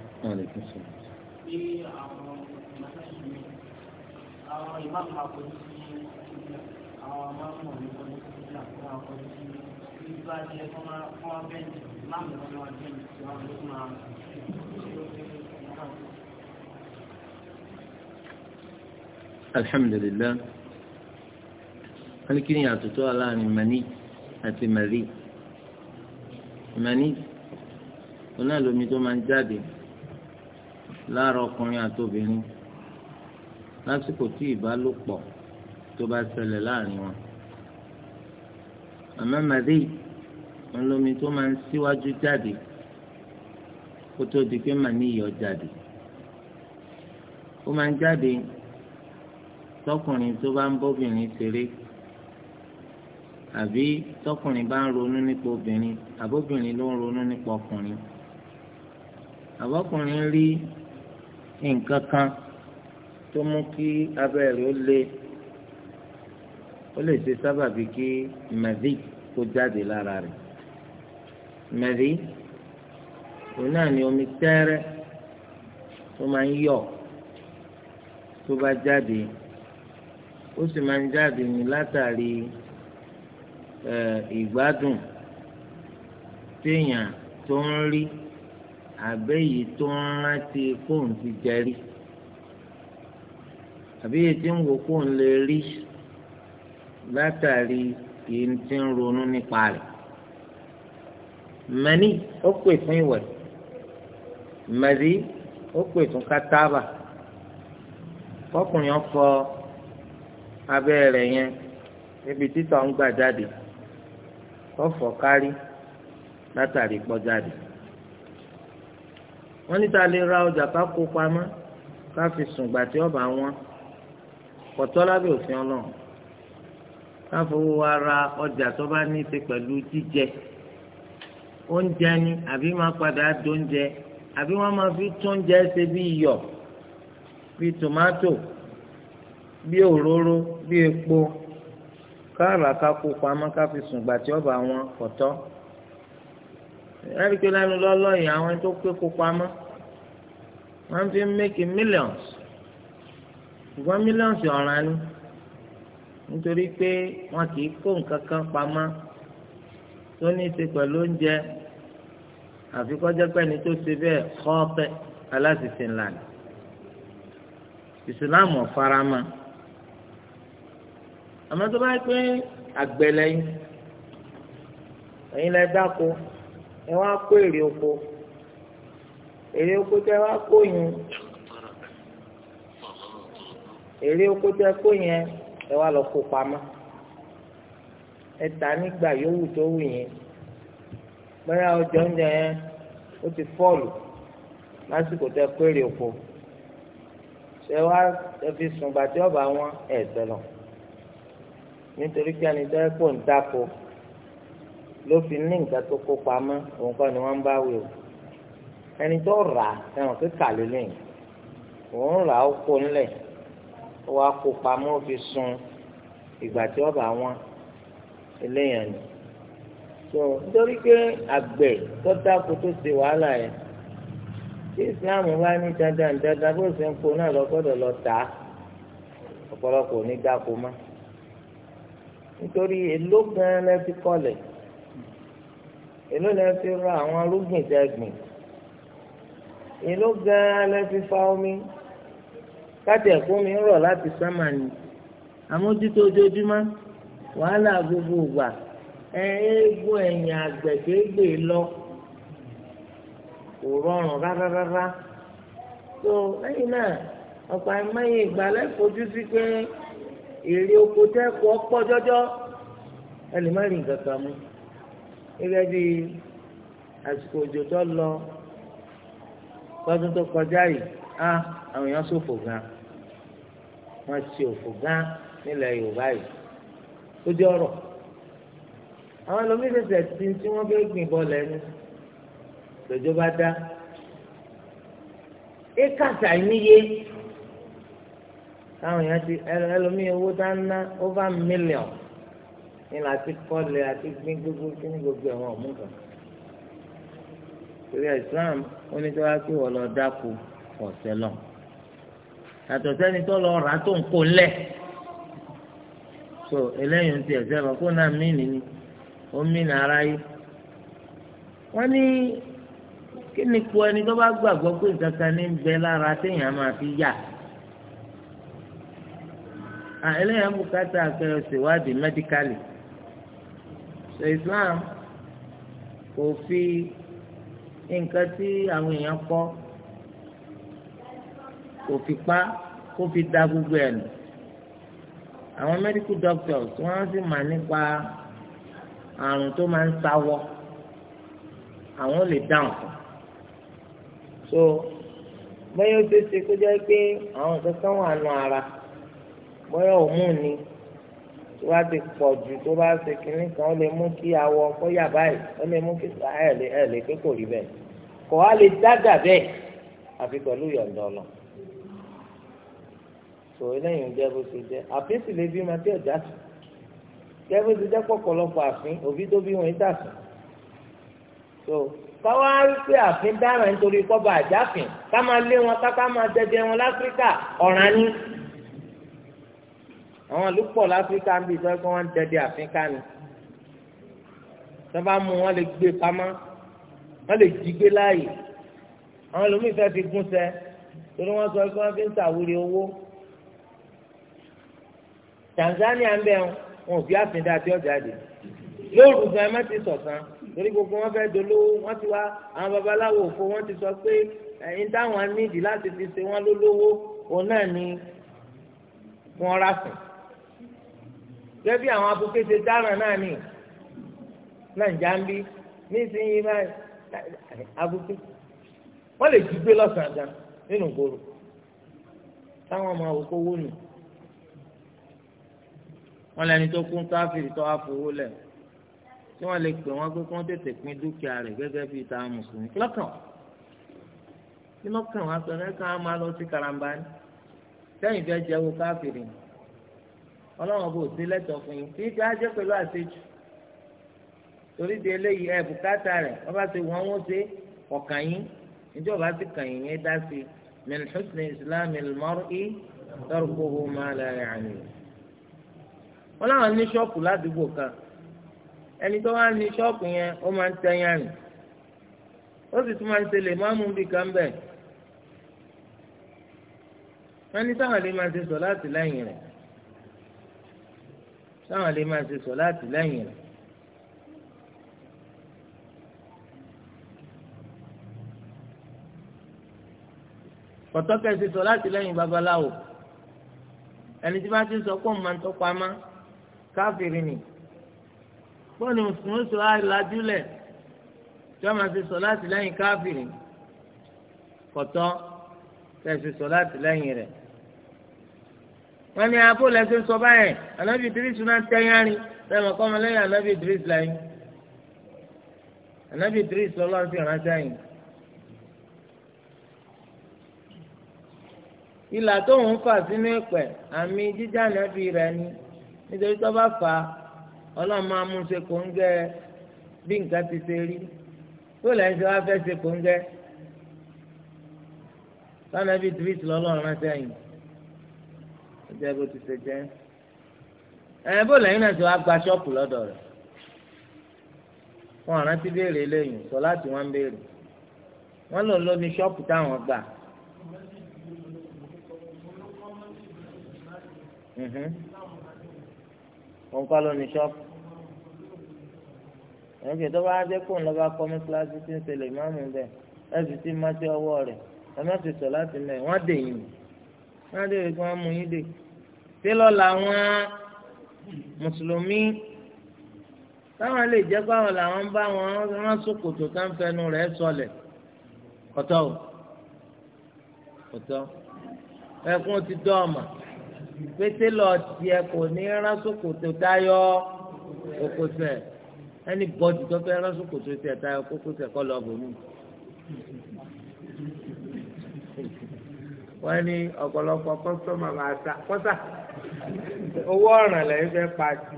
عليه السلام الحمد لله لكن يا تتو على مني اتي مري مني هنا لو ميتو من جادي lára ọkùnrin àtobìnrin lásìkò tí ìbálòpọ̀ tó bá ṣẹlẹ̀ láàrin wọn. àmọ́ màdé wọn lómi tó máa ń síwájú jáde kó tó di pé màá níyọ̀ jáde. ó máa ń jáde tọkùnrin tó bá ń bóbìnrin ṣeré àbí tọkùnrin bá ń ronú nípa obìnrin àbóbìnrin ló ń ronú nípa ọkùnrin àbọ́kùnrin rí nǹkan kan tó mú kí abẹ́ rẹ̀ ó le ó lè ṣe sábàbí kí mẹ́dì kó jáde lára rẹ̀ mẹ́dì òun náà ni omi tẹ́rẹ́ tó máa ń yọ tó bá jáde ó sì máa ń jáde ní látàrí ìgbádùn téèyàn tó ń rí. àbẹ́yìí tó ń rántí ti jẹrí àbí èyí tí ń wò fóun lè rí látàrí èyí tí ń ronú nípa rẹ̀ mẹ́ni ó pè fún ìwẹ̀ mẹ́ni ó pè fún kátábà kọkùnrin ọkọ abẹ́ yẹn ń gbà jáde kọ́fọ̀ kárí látàrí jáde. wọ́n níta lè ra ọjà ká kó pamọ́ ká fi sùn gbà tí ọba wọn kọ̀tọ́ lábẹ́ òfin ọlọ́run ká fowó wa ra ọjà tó bá ní í ṣe pẹ̀lú jíjẹ oúnjẹ ni àbí máa padà dóúnjẹ àbí wọ́n máa fi tóúnjẹ ṣe bí iyọ̀ bí tòmátò bí òróró bí epo káàrà ká kó pamọ́ ká fi sùn gbà tí ọba wọn kọ̀tọ́ ẹ̀rí pé lẹ́nu lọ́lọ́yìn àwọn tó pé kó pamọ́ wọ́n fi ń make millions ṣùgbọ́n millions ọ̀ràn ni nítorí pé wọn kì í kó nǹkan kan pamọ́ tó ní í ṣe pẹ̀lú oúnjẹ àfi kọjá pẹ́ni tó ṣe bẹ́ẹ̀ kọ́ọ̀pẹ́ aláṣìṣe ńlá ni ìsìláàmù ọ̀farama àmọ́ tó bá yẹ pé àgbẹ̀ lẹ́yìn ẹ̀yin lẹ dáko ẹ wá kó èrè oko èrè oko tẹ wá kó yẹn èrè oko tẹ kó yẹn ẹ wá lọ kó pamọ́ ẹ tà nígbà yòówù tó wù yẹn bóyá ọjọ oúnjẹ yẹn ó ti fọ́ọ̀lù lásìkò tẹ kó èrè oko ṣe wá ẹ fi sùn gbàtí ọba wọn ẹ tẹ lọ nítorí pé ẹni tó dáko ló fi ní nǹkan tó kó pamọ́ òun kọ́ ni wọ́n ń bá wí o ẹni tó rà ẹ̀wọ̀n kíkà lélẹ̀ òun rà ó kó nílẹ̀ ó wá kó pamọ́ fi sun ìgbà tí ọba wọn eléyàn ni so nítorí pé àgbẹ̀ tó dáko tó ṣe wàhálà yẹn tí Islam bá ní dandan dandan bó ṣe ń kó náà lọ gbọ́dọ̀ lọ tà á ọ̀pọ̀lọpọ̀ ò ní dáko mọ́ nítorí èló gan-an lẹ́ fi kọ́lẹ̀ èló lẹ́ fi ra àwọn arúgbìn tẹ́ ìlú gan-an lẹ fi fa omi káàtì ẹ̀kọ́ mi ń rọ̀ láti sámà ni àmójútó ojoojúmọ́ wàhálà gbogbo ìgbà eégún ẹ̀yìn àgbẹ̀gbẹ̀gbè lọ kò rọrùn rárárárá tó lẹ́yìn náà ọ̀pọ̀ àìmọye ìgbà lẹ́fojú sí pé èrè oko tẹ́kọ̀ọ́ pọ̀ jọjọ́ ẹ lè má lọ. lọ́dún tó kọjá yìí á àwọn èèyàn ṣòfò gan wọ́n ti òfò gan nílẹ̀ Yorùbá yìí tó dé ọ̀rọ̀ àwọn ẹlòmíṣẹ̀ṣẹ̀ ti tí wọ́n fẹ́ gbìn bọ́ọ̀lù ẹni lọ́jọ́ bá dá ékàtà níye táwọn èèyàn ti ẹlòmíì owó tá ń ná over million ní láti kọ́lé àti gbín gbogbo kí ní gbogbo ẹ̀wọ̀n ọ̀mú kan torí islam onítọ́wá pé wọ́n lọ dáko ọ̀sẹ̀ lọ yàtọ̀ sẹ́ni tó lọ rà tó ń kó lẹ̀ so eléyìí ń ti ẹ̀sẹ̀ lọ kó náà mí nìyí ó mí nà ara yìí wọ́n ní kí ni po ẹni tó bá gbàgbọ́ pé nǹkan kan ní bẹ lára téèyàn máa fi yà eléyìí ń bùkátà akẹ́yọ̀ ṣèwádìí mẹ́díkálì so islam kò fi nǹkan tí àwọn èèyàn kọ́ kò fi pa kó fi da gbogbo ẹ̀ nù àwọn medical doctors wọ́n sì mà nípa àrùn tó máa ń sáwọ́ àwọn lè dáhùn fún so bóyá ó ṣeéṣe kó jẹ́ pé àwọn kankan wà nù ara bóyá òmù ni tó bá ti pọ̀ jù tó bá ṣe kínní kan ó lè mú kí awọ kó yà báyìí ó lè mú kí ẹ̀ lè pé kò rí bẹ́ẹ̀ kò wá lè dága bẹ́ẹ̀ àfi pẹ̀lú yọ̀ǹda ọ̀nà tò eléyìí ń jẹ́ bó ṣe jẹ́ àfi sì lè bímọ tí ọ̀já sùn jẹ́ bó ṣe jẹ́ pọ̀pọ̀lọpọ̀ àfin òbí tó bí wọn yìí dàsùn tó káwá rí pé àfin dára nítorí kọ́ba àjáfin ká máa lé wọn ká máa dẹdẹ wọn láfíríkà ọ̀ràn ni àwọn àlùpọ̀ láfíríkà ń bí ìtọ́jú wọn dẹdẹ àfin ká ni tí mú wọn lè gbé pamọ́ wọ́n lè jí gbé láàyè àwọn ẹlòmíì fẹ́ fi gúnṣẹ́ torí wọ́n sọ pé wọ́n fi ń ṣàwúrí owó Tanzania ń bẹ̀ wọn ò fi àfihàn àti ọjà dé lóòrù gan ẹ má ti sọ̀tàn torí gbogbo wọn fẹ́ dolówó wọ́n ti wá àwọn babaláwo òfo wọ́n ti sọ pé ẹ̀yin táwọn níìdì láti fi ṣe wọ́n lólówó òun náà ni wọ́n rà fún gẹ́gẹ́ bí àwọn abuké ṣe dáràn náà ní nàìjíríà ń bí nísìnyí báyìí agbègbè wọ́n lè jí gbé lọ́sàn-án gan nínú ìgboro táwọn ọmọ àwòkọ́ owó nù wọ́n lẹ́ni tó kún káfíìrì tó wá fowó lẹ̀ tí wọ́n lè pè wọ́n pé kí wọ́n tètè pín dúkìá rẹ̀ gẹ́gẹ́ bíi ta mùsùlùmí lọ́kàn kí lọ́kàn wọn sọ fẹ́ ká máa lọ sí karamba ni sẹ́yìn fẹ́ jẹ́wọ́ káfíìrì ọlọ́run bò sí lẹ́tọ̀ọ́ fún yín kí ká jẹ́ pẹ̀lú àṣejù torí di eléyìí ẹ bùkátà rẹ̀ wọ́n bá ti wọ́n wọ́n ṣe ọ̀kàn yín níjọ́ bá ti kàn yín yẹn dá sí min husni islam al-mar'i tarkuhu ma la ya'ni. wọ́n láwọn ní ṣọ́ọ̀pù ládùúgbò kan ẹni tó wá ní ṣọ́ọ̀pù yẹn ó máa ń tẹ́yàn rìn ó sì tún máa ń ṣẹlẹ̀ máa bí kan bẹ́ẹ̀ wọ́n táwọn lè máa ṣe sọ láti lẹ́yìn rẹ̀ táwọn lè máa ṣe sọ láti lẹ́yìn rẹ̀ pọ̀tọ́kẹ́ ti sọ láti lẹ́yìn babaláwo ẹni tí bá ti sọ pé máa ń tọ́pọ̀ amá káfíìrì ni bọ́ọ̀lù mùsùlùmí sọ àìlájúlẹ̀ tí wọ́n máa ti sọ láti lẹ́yìn káfíìrì kọ̀tọ́ kẹ́sì sọ láti lẹ́yìn rẹ̀ wọ́n ní abó lẹ́sẹ̀ sọ báyẹn anábì idris náà tẹ́yárin sẹ́wọ̀n kọ́mọlẹ́yìn anábì idris lẹ́yìn anábì idris lọ́lọ́ ìlà tó ń fà sínú ìpẹ́ àmì jíjà nàbì rẹ̀ ni nítorí tó bá fà á ọlọ́run máa mú ṣe kò ń gẹ́ bí nǹkan ti ṣe rí tó lẹ́yìn tí wọ́n fẹ́ ṣe kò ń gẹ́ sanabi idris lọ́lọ́run rán sẹ́yìn ọjọ́ ìbò ti ṣe jẹ́ ẹ bó lẹ́yìn náà ti wá gba ṣọ́ọ̀pù lọ́dọ̀ rẹ̀ wọn àrántí béèrè lẹ́yìn sọ láti wọn béèrè wọn lò lómi ṣọ́ọ̀pù táwọn gbà wọn mhm. kọ́ ló ní ṣọ́ọ̀bù ẹ̀ńkì tó bá dé kó ńlọ́ba kọ́ mi kíláàsì tí ń ṣẹlẹ̀ ìmáàmù bẹ́ẹ̀ ẹ̀sì tí má ti ọwọ́ rẹ̀ ẹ má ti sọ láti mẹ́ wọ́n dè yín wọ́n dè yín kí wọ́n mú yín dè tí lọ́la wọn mùsùlùmí táwọn lè jẹ́ báwọn làwọn bá wọn wọ́n sòkòtò tá ń fẹnu rẹ̀ sọlẹ̀ kọ́tọ́ o kọ́tọ́ ẹkún ti dọ́ ọ̀mà pété lọ tiẹ̀ kò ní rán ṣòkòtò tayọ òkòtẹ̀ ẹni bọ́dù tó fẹ́ rán ṣòkòtò tiẹ̀ tayọ kókósẹ̀ kọ́ lọ bòmí. wọ́n ní ọ̀pọ̀lọpọ̀ kọ́sọ́mà máa ta kọ́sà owó ọ̀ràn lẹ́yìn fẹ́ pàṣẹ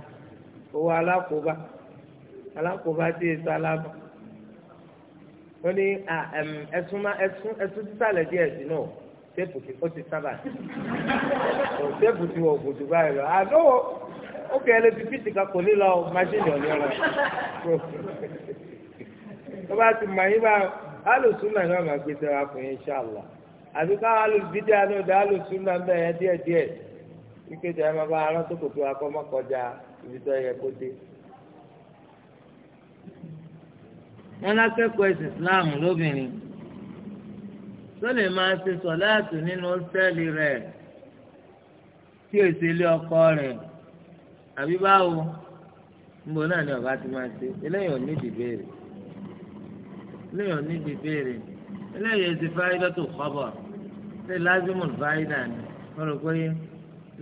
owó alákòóbá alákòóbá tí èso alábà wọ́n ní ẹ̀sùn ẹ̀sùn ẹ̀sùn títàlẹ̀ díẹ̀ sí náà. téèpù tí ó ti sábà kò téèpù tí wọ́n gbòdú báyìí lọ àdó ó kẹ́ ẹ lè fíìtì kan kò ní lọ ọ̀rọ̀ tó bá ti mọ̀ yín bá alùsùn náà náà máa gbé sẹ́wà fún yín ṣáàlà àbí nna mba náà dị alùsùn náà bẹ́ẹ̀ yẹn díẹ̀ díẹ̀ wípé tí a máa bá tó kò tó akọ́mọ́kọjá tó lè máa ṣe sọ̀láàtù nínú sẹ́ẹ̀lì rẹ̀ tí èsì ilé ọkọ rẹ̀ àbí báwo níbo náà ni ọba ti máa ṣe eléyìí ò ní ìdìbéèrè eléyìí ò ní ìdìbéèrè eléyìí èsì fáyidọ́ tó kọ́bọ̀ ṣe lázìmù fáyidà ni wọ́n rò pé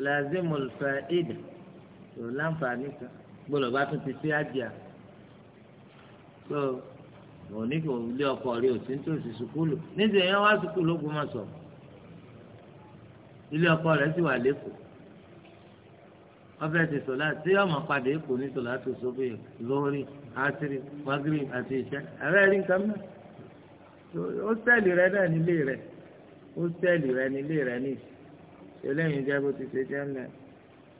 lázìmù fáyidà kò láǹfààní kan gbọ́dọ̀ bá tún ti ṣe àjẹ́ so òun ní kò ilé ọkọ rí òsín tó sì sùkúlù níṣẹ́ yẹn wá sùkúlù lógun mọ̀ sọ ilé ọkọ rẹ̀ sì wà lẹ́kọ̀ọ́ ọbẹ̀ ti sọ̀lá tí ọmọ padà èkó ní sọ̀lá tó sọ́bẹ̀ lórí àtìrí magiri àti ìṣẹ́ ààrẹ rí nǹkan mọ́ hósítẹ́ẹ̀lì rẹ náà nílé rẹ hósítẹ́ẹ̀lì rẹ nílé rẹ ní eléyìí jẹ́ bó ti ṣe jẹ́ mẹ́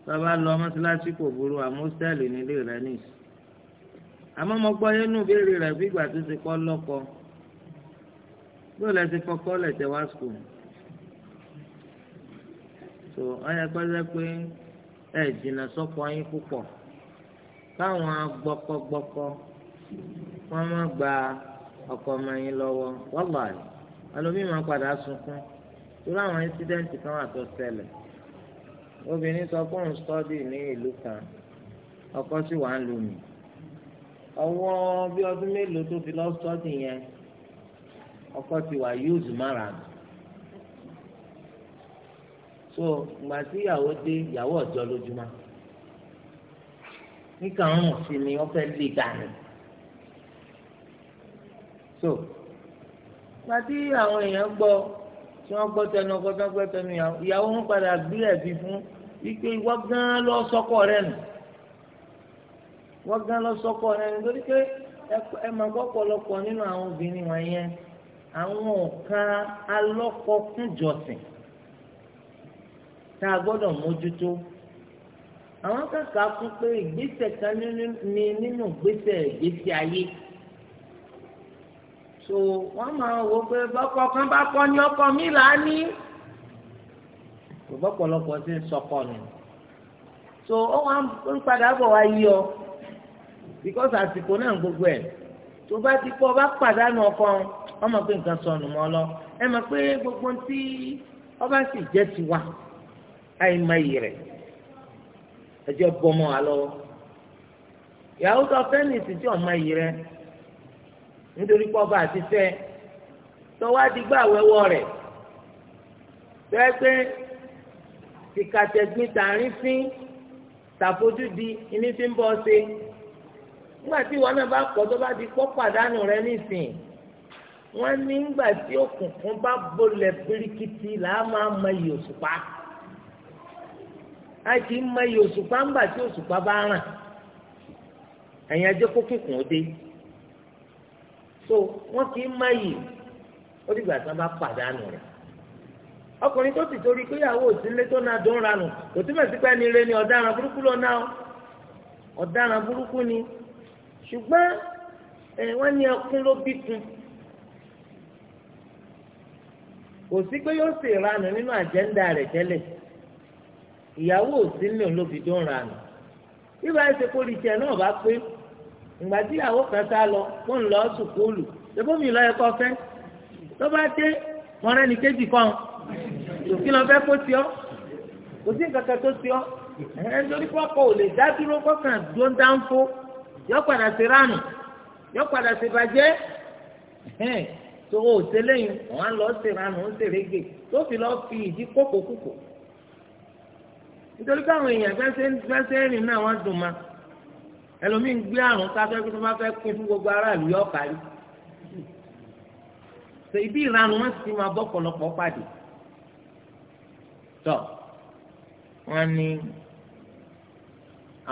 bàbá lọ mọ́ṣáláṣí kò burú àmọ́ hósítẹ́ẹ̀lì nílé rẹ ní ìṣẹ́ àmọ́ mo gbọ́ nínú ìbéèrè rẹ̀ bí ìgbà tó ti kọ́ lọ́kọ bí ó lẹ́ ti kọ́kọ́ lẹ̀ tẹ́ wá sùkùl tó ọyẹ pẹ́sẹ́ pé ẹ jìnnà sọ́kọ yín púpọ̀ káwọn gbọ́kọ́gbọ́kọ́ wọ́n má gba ọkọ ọmọ yín lọ́wọ́ wọ́gbà yìí alómi máa padà sunkún torí àwọn incident kan wà tó ṣẹlẹ̀ obìnrin sọ fún un study ní ìlú kan ọkọ sì wà ń lù mí ọwọ́ bí ọdún mélòó tó fi lọ sọ́ọ̀tì yẹn ọkọ ti wà yóòzù mára nù so ìgbà tí ìyàwó dé ìyàwó ọjọ́ lójúmọ́ níkà ń rùn sí ni wọ́n fẹ́ lè dànù so ìgbà tí àwọn èèyàn gbọ́ tí wọ́n gbọ́ tẹnu ọkọ tí wọ́n gbọ́ tẹnu ìyàwó ń padà gbé ẹ̀bí fún wípé ìwọ gán lọ sọ́kọ rẹ̀ nù wọ́n gán lọ sọ́kọ rẹ̀ nítorí pé ẹ máa gbọ́ pọ̀lọpọ̀ nínú àwọn obìnrin wọ̀nyẹn àwọn ọ̀kan alọ́kọ̀kúnjọsìn tá a gbọ́dọ̀ mójútó àwọn kàkà kún pé ìgbésẹ̀ kan ní nínú ìgbésẹ̀ ìgbésí ayé so wọ́n máa wò pé bọ́kọ kan bá kọ́ ní ọkọ mi là á ní kò bọ́pọ̀lọpọ̀ sí sọ́kọ ni so ó wà ń padà bọ̀ wá yí ọ because àsìkò náà gbogbo ẹ̀ tó bá ti pọ̀ bá pàdánù ọkọ ọmọ pé nǹkan sọnù mọ́ lọ ẹ mọ̀ pé gbogbo tí ọba sì jẹ́ ti wà àìmọye rẹ̀ ẹjọ́ bọ́mọ wa lọ́wọ́ ìyàwó tó fẹ́ ní ìsìn tí ọmọ yìí rẹ̀ nítorí pé ọba àti fẹ́ tó wá di gbà wẹ́wọ́ rẹ̀ fẹ́ pé tìkàtẹ̀gbìn tààrín fín tàfojú di iní fi ṣe nígbà tí ìwọ náà bá kọ́ tó bá di kọ́ pàdánù rẹ nísìn wọ́n ní nígbà tí òkùnkùn bá bolẹ̀ birikiti là á máa mọ iyì òṣùpá a kì í mọ iyì òṣùpá ńgbà tí òṣùpá bá ràn ẹ̀yin ajẹ́ kó kíkùn ó dé so wọ́n kì í mọ iyì ó dìgbà tí wọ́n bá pàdánù rẹ̀ ọkùnrin tó ti torí pé ìyàwó òsínlé tó na dùn ranù kò túmọ̀ sí pé ni ọ̀daràn burúkú lọ náà ọ̀daràn burúkú ni ṣùgbọ́n wọ́n ní ẹkún ló bí tun kò sí pé yóò sì ranù nínú àjẹ́ńdà rẹ̀ tẹ́lẹ̀ ìyàwó òsì ń lò ló fi dún ranù bíbá ẹsẹ̀ kó lè tiẹ̀ náà bá pé ìgbà tí ìyàwó kan sá lọ kó ń lọ sùkúlù ṣebó mi lọ́yẹ kọ́ fẹ́ tó bá dé mọ́rẹ́ ní kéjì kan òkè lọ fẹ́ kó tiọ́ kò sí nǹkan kan tó tiọ́ ẹ̀ ẹ́ nítorí pọ́pọ́ ò lè dá dúró kọ́kàn dúró ń yọ padà sí ránù yọ padà sí bàjẹ́ tó o tẹ́lẹ̀yìn wọ́n á lọ sí ránù ó sì rége tó fi lọ́ọ́ fi ìdí kókòkókò nítorí káwọn èèyàn fẹsẹ̀ rìn náà wọ́n dùn ma ẹlòmíín gbé àrùn káfẹ́ kí wọ́n bá fẹ́ pín fún gbogbo aráàlú yọ kárí ṣe ibi ìranu wọn sì máa bọ́ pọ̀lọpọ̀ pàdé tọ́ wọ́n ní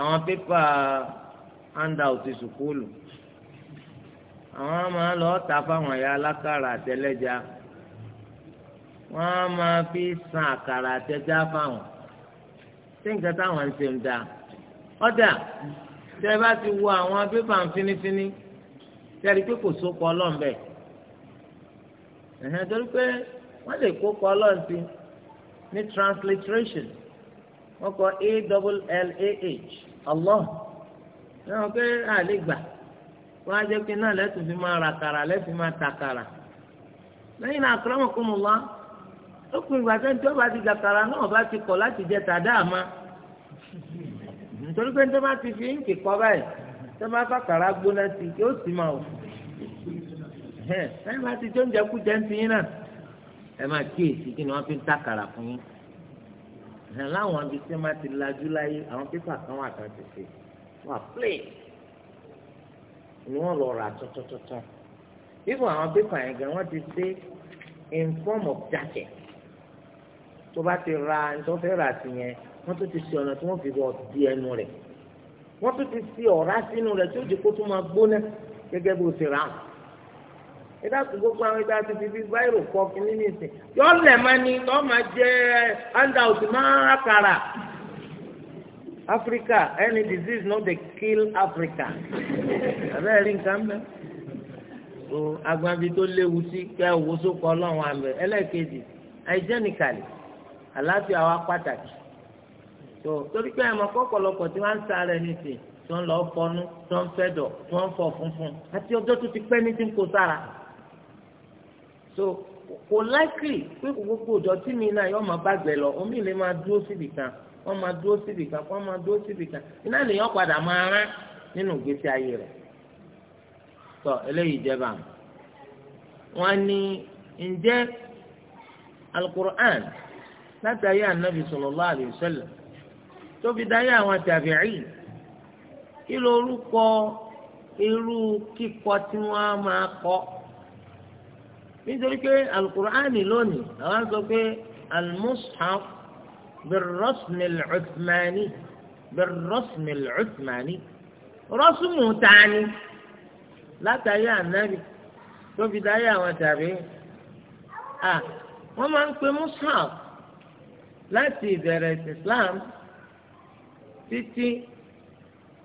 àwọn pépà. So, handout sùkúlù àwọn máa lọ ta fáwọn ẹ̀yà alákàrà àtẹlẹ́já wọ́n á máa fi san àkàrà àtẹjá fáwọn tí nǹkan táwọn ń ṣe ń da ọ̀dà tẹ́ bá ti wo àwọn pépà ń finifini tẹ́lẹ̀ pé kò sóko ọlọ́run bẹ́ẹ̀ ẹ̀hẹ́n torí pé wọ́n lè kókó ọlọ́run sí ní transliteration wọ́n kọ a double l a h Allah náà pé àlè gbà wọ́n á jẹ́ pé náà lẹ́tù fi máa ràkàrà lẹ́tù máa tàkàrà lẹ́yìn náà àkàràmọ̀ kó mu wá lókùn ìgbà tẹ́ni tí wọ́n bá ti gàkàrà náà bá ti kọ̀ láti jẹ tàdáàmá nítorí pé ní tó bá ti fi ń kíkọ́ báyìí tó bá kàkàrà gbóná sí i yóò sì máa wò ẹ máa ti tó ń jẹ kú jẹ ń ti yín náà ẹ máa kíyèsí kí ni wọn fi ń takàrà fún yín ẹ láwọn ibi tí wọn ti lajú láyé àwọn pépà kan wà kan ti ṣe wọn play ni wọn lọ rà tuntun tuntun bíbọ àwọn pépà yẹn gan wọn ti ṣe in form of jacket tó bá ti ra nítorí fẹ́ rà sí yẹn wọ́n tún ti ṣe ọ̀nà tí wọ́n fi bọ̀ di ẹnu rẹ̀ wọ́n tún ti ṣe ọ̀rá sínú rẹ̀ tí ó di kó tún máa gbóná gẹ́gẹ́ bó ti rà wọ́n ìdáàbò gbogbo àwọn ìgbà tó fi fi báyìí kọ kí ní nìsín yọ lẹ̀ máa ní tọ́ máa jẹ handout máa ń rákàrà Africa any disease no dey kill Africa abẹ́rẹ́ rí nǹkan mẹ́ o agbanbi tó léwu sí kẹ́ owó sókò ọlọ́run àmì ẹlẹ́ẹ̀kejì hygienically àlàáfíà wa pàtàkì tó torí pé ẹ̀mọ́ kọ́kọ́lọ́kọ́ tí wọ́n ń sáré ní ti tí wọ́n lọ fọnú tí wọ́n fẹ́ dọ̀ tí wọ́n fọ̀ funfun àti ọjọ́ tó ti pẹ́ ní ti ń kó sára so kò láìkì pé gbogbo ìdọ̀tí mi náà yọ ọmọ bàgbẹ́ lọ omi lè máa dúró síbi kan wọ́n máa dúró síbì kan wọ́n máa dúró síbì kan iná nìyẹn padà máa rán nínú ìgbésí ayé rẹ̀ tọ́ eléyìí jẹba wọ́n ní ǹjẹ́ alukur'an látàrí anabi sallallahu alayhi wa sallam tó fi dáyé àwọn tàbí'í kí lorúkọ irú kíkọ tí wọ́n máa kọ nítorí pé alukur'an lónìí àwọn sọ pé almushaf. بالرسم العثماني بالرسم العثماني رسم تاني لا تايا النبي tó fi dá yà wọn tàbí à wọn máa ń pe mushaf láti ìbẹ̀rẹ̀ islam títí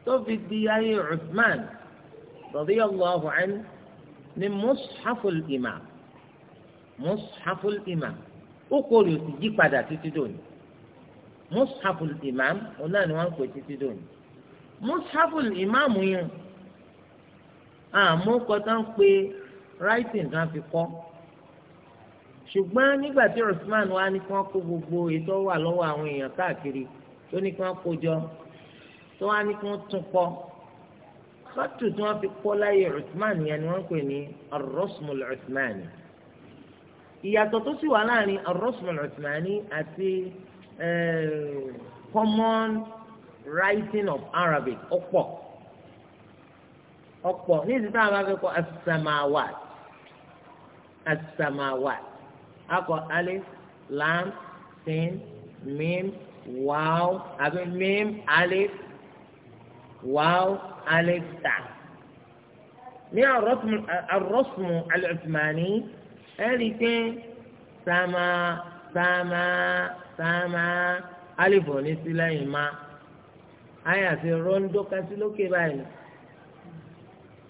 tó fi di ayé Uthman radiyallahu anhu ni mushaful imam mushaful imam ó kórè ó sì yí padà títí dòní mushaful imam òun náà ni wọ́n ń pè títí dòní mushaful imam yẹn àmọ́ kọ́ tán pé writing kan fi kọ́ ṣùgbọ́n nígbà tí Usman wá ní kí wọ́n kó gbogbo ètò wà lọ́wọ́ àwọn èèyàn káàkiri tó ní kí wọ́n kó jọ tó wá ní kí wọ́n tún kọ́ kọ́tù tí wọ́n fi kọ́ láyé Usman yẹn ni wọ́n ń pè ní ar-rasmul Usmani ìyàtọ̀ tó sì wà láàrin ar-rasmul àti Eh, common writing of Arabic ọ̀pọ̀ ọ̀pọ̀ ní ìsìn táwọn bá fi kọ asamawat asamawat akọ alif lam sin mim waw àbí mim alif wow alif ta ní arọ́sùmù alẹ́tùmánì ẹ̀rí pé sàmà sàmà sáàmà alif òní sí lẹ́yìn má ayé àti rondo kasi lókè báyìí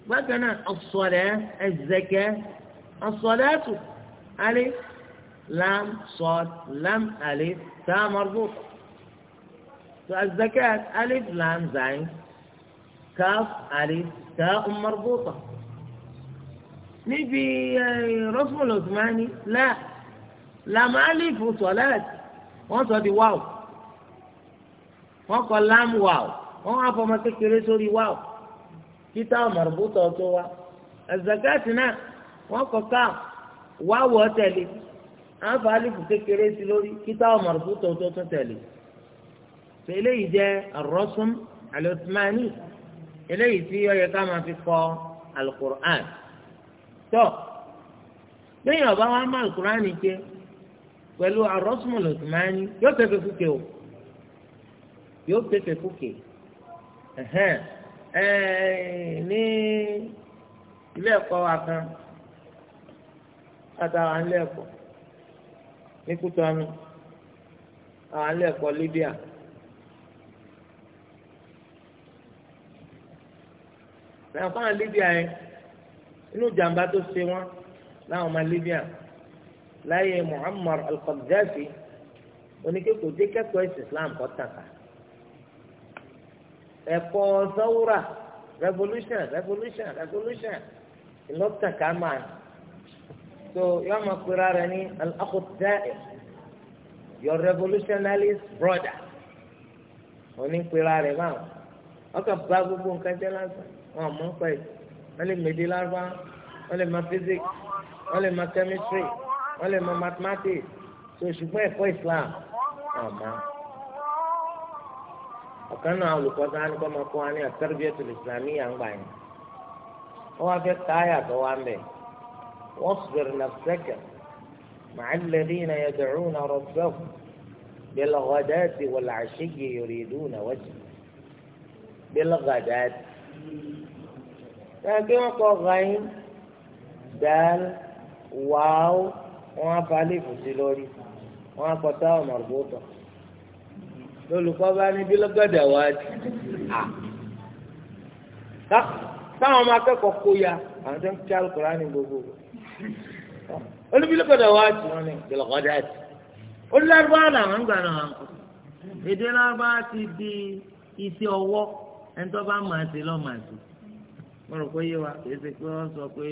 bákan náà ọ̀sọ̀rẹ́ ẹ̀zẹ̀kẹ́ ọ̀sọ̀rẹ́ tù alif lam sọd lam alif sáàmà rúbọ̀ tó ẹ̀zẹ̀kẹ́ alif lam zayin kaf alif sáà um, mọ̀rúbọ̀ níbi eh, rọ́fúnlọ́sùmáni láà làmà alif sọ̀láàtì wọ́n sọ di wáwù wọ́n kọ láàmù wáwù wọ́n wá fọmọ kékeré sórí wáwù títà mọ̀rùbútọ̀ tó wá ẹ̀zẹ̀gáàtì náà wọ́n kọ káà wáwù ọ̀tẹ̀lì àǹfà alìfù kékeré sí lórí títà mọ̀rùbútọ̀ tó tún tẹ̀lé tẹ̀lé yìí jẹ́ rọ́sùm alùsùmánì eléyìí tí ó ká máa fi kọ alukur'an tó lẹ́yìn ọ̀bá wa má alukur'an jẹ́ pẹ̀lú àrọ́sùmù lòtùmáàní yóò pèsè kúkè o yóò pèsè kúkè ní ilé ẹ̀kọ́ wa kan àtàwọn ilé ẹ̀kọ́ ní Kútọ́nù àwọn ilé ẹ̀kọ́ Libya. sàǹfààní Libya yẹn inú jàǹbá tó ṣe wọn láwọn ọmọ Libya láyé Muammar al-Qaddafi oníkékòó dé kẹ́kọ̀ọ́ ẹ̀sìn Islam kọ́ tàkà ẹ̀kọ́ sọ́wúrà revolution revolution revolution ìlọ́tàkà máa so yóò máa pera rẹ ní al your revolutionary brother onípera rẹ báwọn ọkà bá gbogbo nǹkan jẹ́ lásán wọn àmọ́ pẹ̀lú wọn lè mèdè lárúbá wọn lè ma physics wọn lè ma chemistry wọ́n lè mọ mathematics so ṣùgbọ́n ẹ̀kọ́ Islam ọ̀ma ọ̀kan náà olùkọ́ sáà ní kọ́ máa kọ́ wa ní àtẹ́rẹ́bíẹ́tì ìsìlámì yà ń gbà yẹn wọ́n wá fẹ́ káyà tó wá mẹ́ واصبر نفسك مع الذين يدعون ربهم بالغداة والعشي يريدون وجهه بالغداة لكن قرين دال واو wọ́n á fa alẹ́ ìfòsí lórí wọ́n á kọ táwọn màrúbó tọ̀ lólùkọ́ bá ní bí lọ́gọ́dà wá di à táwọn ọmọ akẹ́kọ̀ọ́ kó ya àwọn tó ń kí alukóra ní gbogbo olùbí lọ́gọ́dà wá di wọn ni bí lọ́gọ́dà di olùlárúbá làwọn ń gbà náà wọn kọ èdè lárúbá ti di iṣẹ́ ọwọ́ ẹni tó bá máa ṣe lọ́ọ́ máa ṣe mo rò pé yé wa kì í ṣe pé wọ́n sọ pé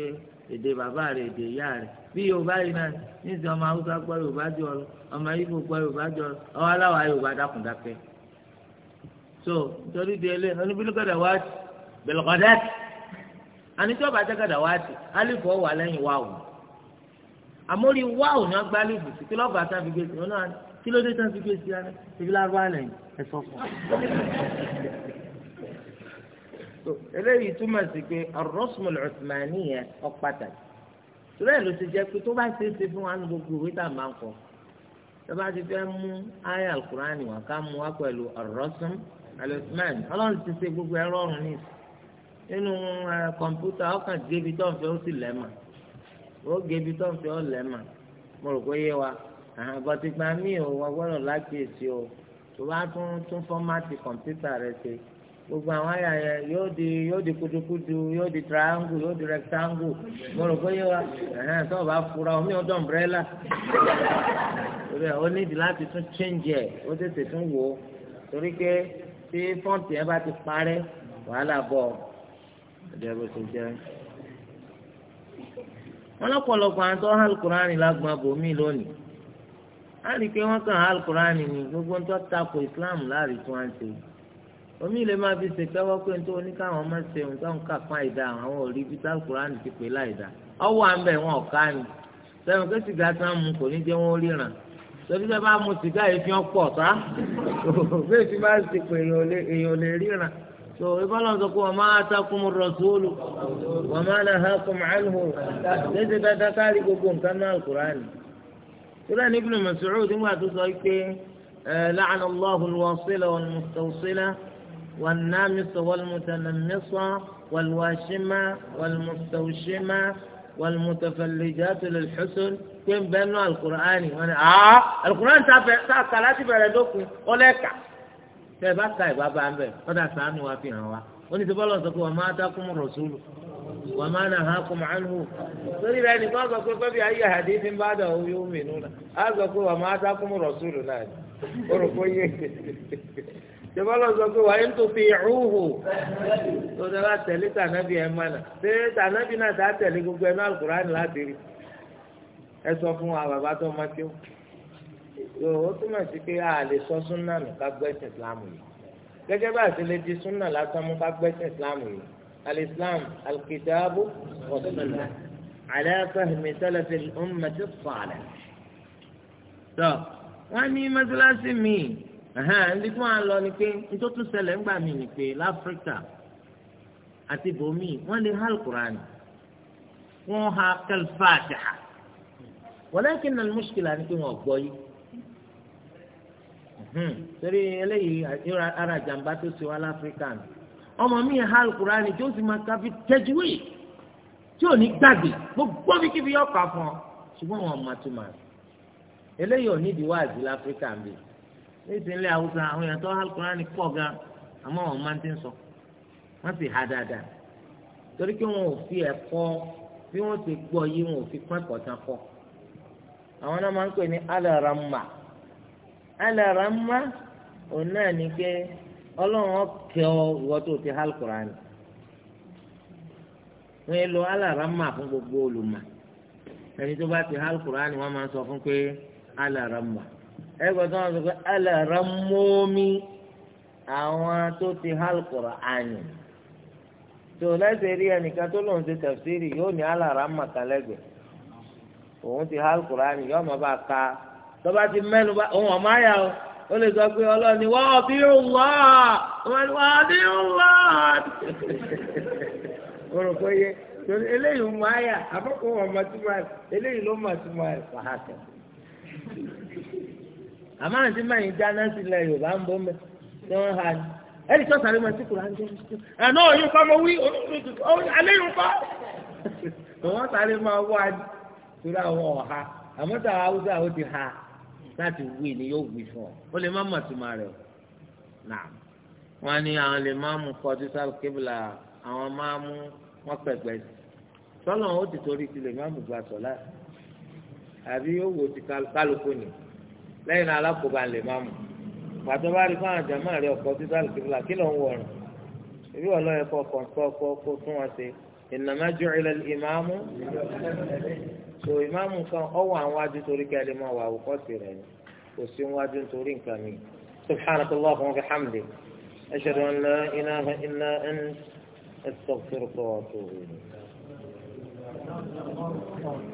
èdè bàbá rẹ̀ èdè ìyá rẹ̀ bí yorùbá yìí náà níṣẹ́ ọmọ haúsá gbọ́ yorùbá jọ lọ ọmọ ibo gbọ́ yorùbá jọ lọ ọwọ́ aláwa yorùbá dákun dákẹ́. so nítorí di ẹlẹ́yìn lọ́ní bílúkọ̀dà wá ti bẹ̀lùkọ̀dà ti àníjọba àjẹgàdà wá ti alífọ̀ wà lẹ́yìn wáwù àmórí wáwù ni wọ́n gbá alífù sí kí lọ́ọ̀bà tá a fi gbé sí ọ̀nà kí ló dé tá fi gbé sí ara ìfi lárúbá lẹ́yìn torí ẹ̀ ló ti jẹ́ pé tó bá ṣe é ṣe fún wa ní gbogbo ìwé tá a máa ń kọ tó bá ti fẹ́ mú ayé alukur'an wá ká mú wá pẹ̀lú ar-rasm al-usman ọlọ́run ti ṣe gbogbo ẹ̀rọ ọ̀run ní nínú kọ̀mpútà ọkàn gébi tó ń fẹ́ ó sì lẹ́mà ó gébi tó ń fẹ́ ó lẹ́mà mo rò pé yé wa àgọ́tìgbà míì ò wọ́n gbọ́dọ̀ láti èsì o tó bá tún tún fọ́mátì kọ̀mpútà rẹ ṣe gbogbo àwọn àyà yẹn yóò di yóò di kudukudu yóò di triangle yóò di rectangle mo rò pé yóò wá ẹ̀hẹ́n tó o bá fura omi ọ̀dọ̀ umbrella torí ẹ̀ o nídìí láti tún change ẹ̀ o tètè tún wò ó torí pé tí fọ́ǹtì yẹn bá ti parẹ́ wàhálà bọ̀ ẹ̀dẹ̀ bó ti jẹ́ wọn lọ́pọ̀lọpọ̀ àwọn tó hàn alukurani lágbọn abòmí lónìí á rí i pé wọ́n kàn hàn alukurani ní gbogbo ń tọ́ tako Islam láàrin tí wọ́n ń ṣe omi lè máa fi ṣèpẹ́wọ́ pé nítorí oníkàwọn ọmọ ṣe òun tó ń kà fún àìdá àwọn òrí bíi tálkùránì ti pè láìdá ọwọ́ à ń bẹ̀ wọn ọ̀ká ni sẹ́wọ̀n pé sìgá tí wọ́n mu kò ní jẹ́ wọ́n ríran torí bẹ́ẹ̀ bá mu sìgá yìí fi hàn pọ̀ tá bẹ́ẹ̀ tí bá ti pè èèyàn lè ríran tó ibà lọ́n sọ pé wọ́n máa takùn rọ̀sọ́ọ̀lù wọ́n máa lè ha kùn àlùhù léṣe dáadáa káàrí gbogbo nǹkan náà kùránì. sọ́dọ̀ ní Ibn nígbà tó sọ pé eh, la'ana Allahu al-wasila wal-mustawsila والنامص والمتنمصة والواشمة والمستوشمة والمتفلجات للحسن كم بينه القرآن وانا آه القرآن تاكلات بردوكو ولكا تبا كاي بابا عمبي قد سامي وافي هوا وني تبالون تقول وما أتاكم الرسول وما نهاكم عنه torí rẹ nìkan أقول pé pẹ́bí ayé بعده ń bá أقول وما yóò الرسول á sọ tẹ́fọ́lọ́ sọ pé wàá tó fi ìhùhù tó dára tẹ̀lé tànàbí ẹ̀ mọ́nà ṣé tànàbí náà tá tẹ̀lé gbogbo ẹ̀ náà Al-Kùránì láti rí ẹ sọ fún wa bàbá tó máa tó yòówó túmọ̀ sí pé a lè sọ súnà nù ká gbẹ́sìn Ìsìlámù yìí gẹ́gẹ́ bá a ti lè di súnà lásán mú ká gbẹ́sìn Ìsìlámù yìí al-Islam al-Kitabu wa ibi tí wọ́n á lọ ni pé nítorí tún ṣẹlẹ̀ ńgbà mí ni pé láfíríkà àti bòmí wọ́n lè há alukurani wọ́n ha kalfatiha walakin al-mushkila ni pé wọ́n gbọ́ yìí torí eléyìí ara jàǹbá tó ṣe wá láfíríkà ni ọmọ mi ha alukurani tí ó sì máa kábi tẹ́júwì tí ò ní gbàgbé gbogbo bíkíbi yọ̀ọ̀kà fún ọ ṣùgbọ́n wọn máa tún máa eléyìí ò ní ìdíwọ́ àti láfíríkà mi. nísìnyí ilé haúsá àwọn èèyàn tó alukurani pọ̀ gan àmọ́ wọn máa ń sọ wọ́n dáadáa torí pé wọn ò fi ẹ̀kọ́ bí wọ́n ti gbọ́ yìí wọn ò fi pọ́n ẹ̀kọ́ kọ́ àwọn náà máa ń pè ní alárànmà alárànmà òun náà ní pé ọlọ́run ọ ìwọ tó ti alukurani wọ́n lo lọ alárànmà fún gbogbo olùmọ̀ ẹni tó bá ti alukurani wọ́n máa ń sọ fún pé alárànmà. ẹgbẹ́ tó wọn sọ pé alaramomi àwọn tó ti hàlùkùrọ àyàn tó lẹ́sẹ̀ rí ẹnìkan tó lòun ti tafsiri yóò ní alaramakàlẹ́gbẹ̀ òun ti hàlùkùrọ àyàn yóò ka tọ́ba ti mẹ́nu bá òun ọ̀ma yà ó ó lè sọ pé eléyìí máa yà máa eléyìí ló àmọ́ àti mẹ́rin dáná sí ilẹ̀ yorùbá ń bọ́ mẹ́ ni wọ́n ha ni ẹ̀rí tó sàrẹ́ máa ti kùrọ̀ àǹjẹ́ ẹ̀nà òyìn kọ́ mo wí alẹ́ yìí kọ́ wọ́n sàrẹ́ máa wá torí àwọn ọ̀ha àmọ́ tó àwọn haúsá ó ti ha láti wí ni yóò wí fún ọ ó lè má mọ̀ tó máa rẹ̀ nà wọ́n ní àwọn lè má mú kọjú sáà kébìlà àwọn máa mú wọ́n pẹ̀pẹ̀ sọ́lọ́ ó ti torí ti lè má mú gbà sọ̀ láti àbí yóò wò ti kálukú nìyẹn lẹ́yìn náà alákòóbá lè má mú pàtó bá rí fáwọn àjàmọ́ rẹ ọkọ̀ títà lùkìlà kí ló ń wọ̀rùn ìbí wọn lọ́yẹ̀ kọ́ kọ́ kọ́ kó tún wọn ṣe ìnàmá ju ilẹ̀ ìmáàmù so ìmáàmù kan ọwọ́ àwọn wájú torí kí ẹlẹ́mọ̀ wà àwòkọ́ sí rẹ̀ kò sí wájú nítorí nǹkan mi subhanahu wa ta'ala wa an la ilaha illa anta astaghfiruka wa atubu ilayk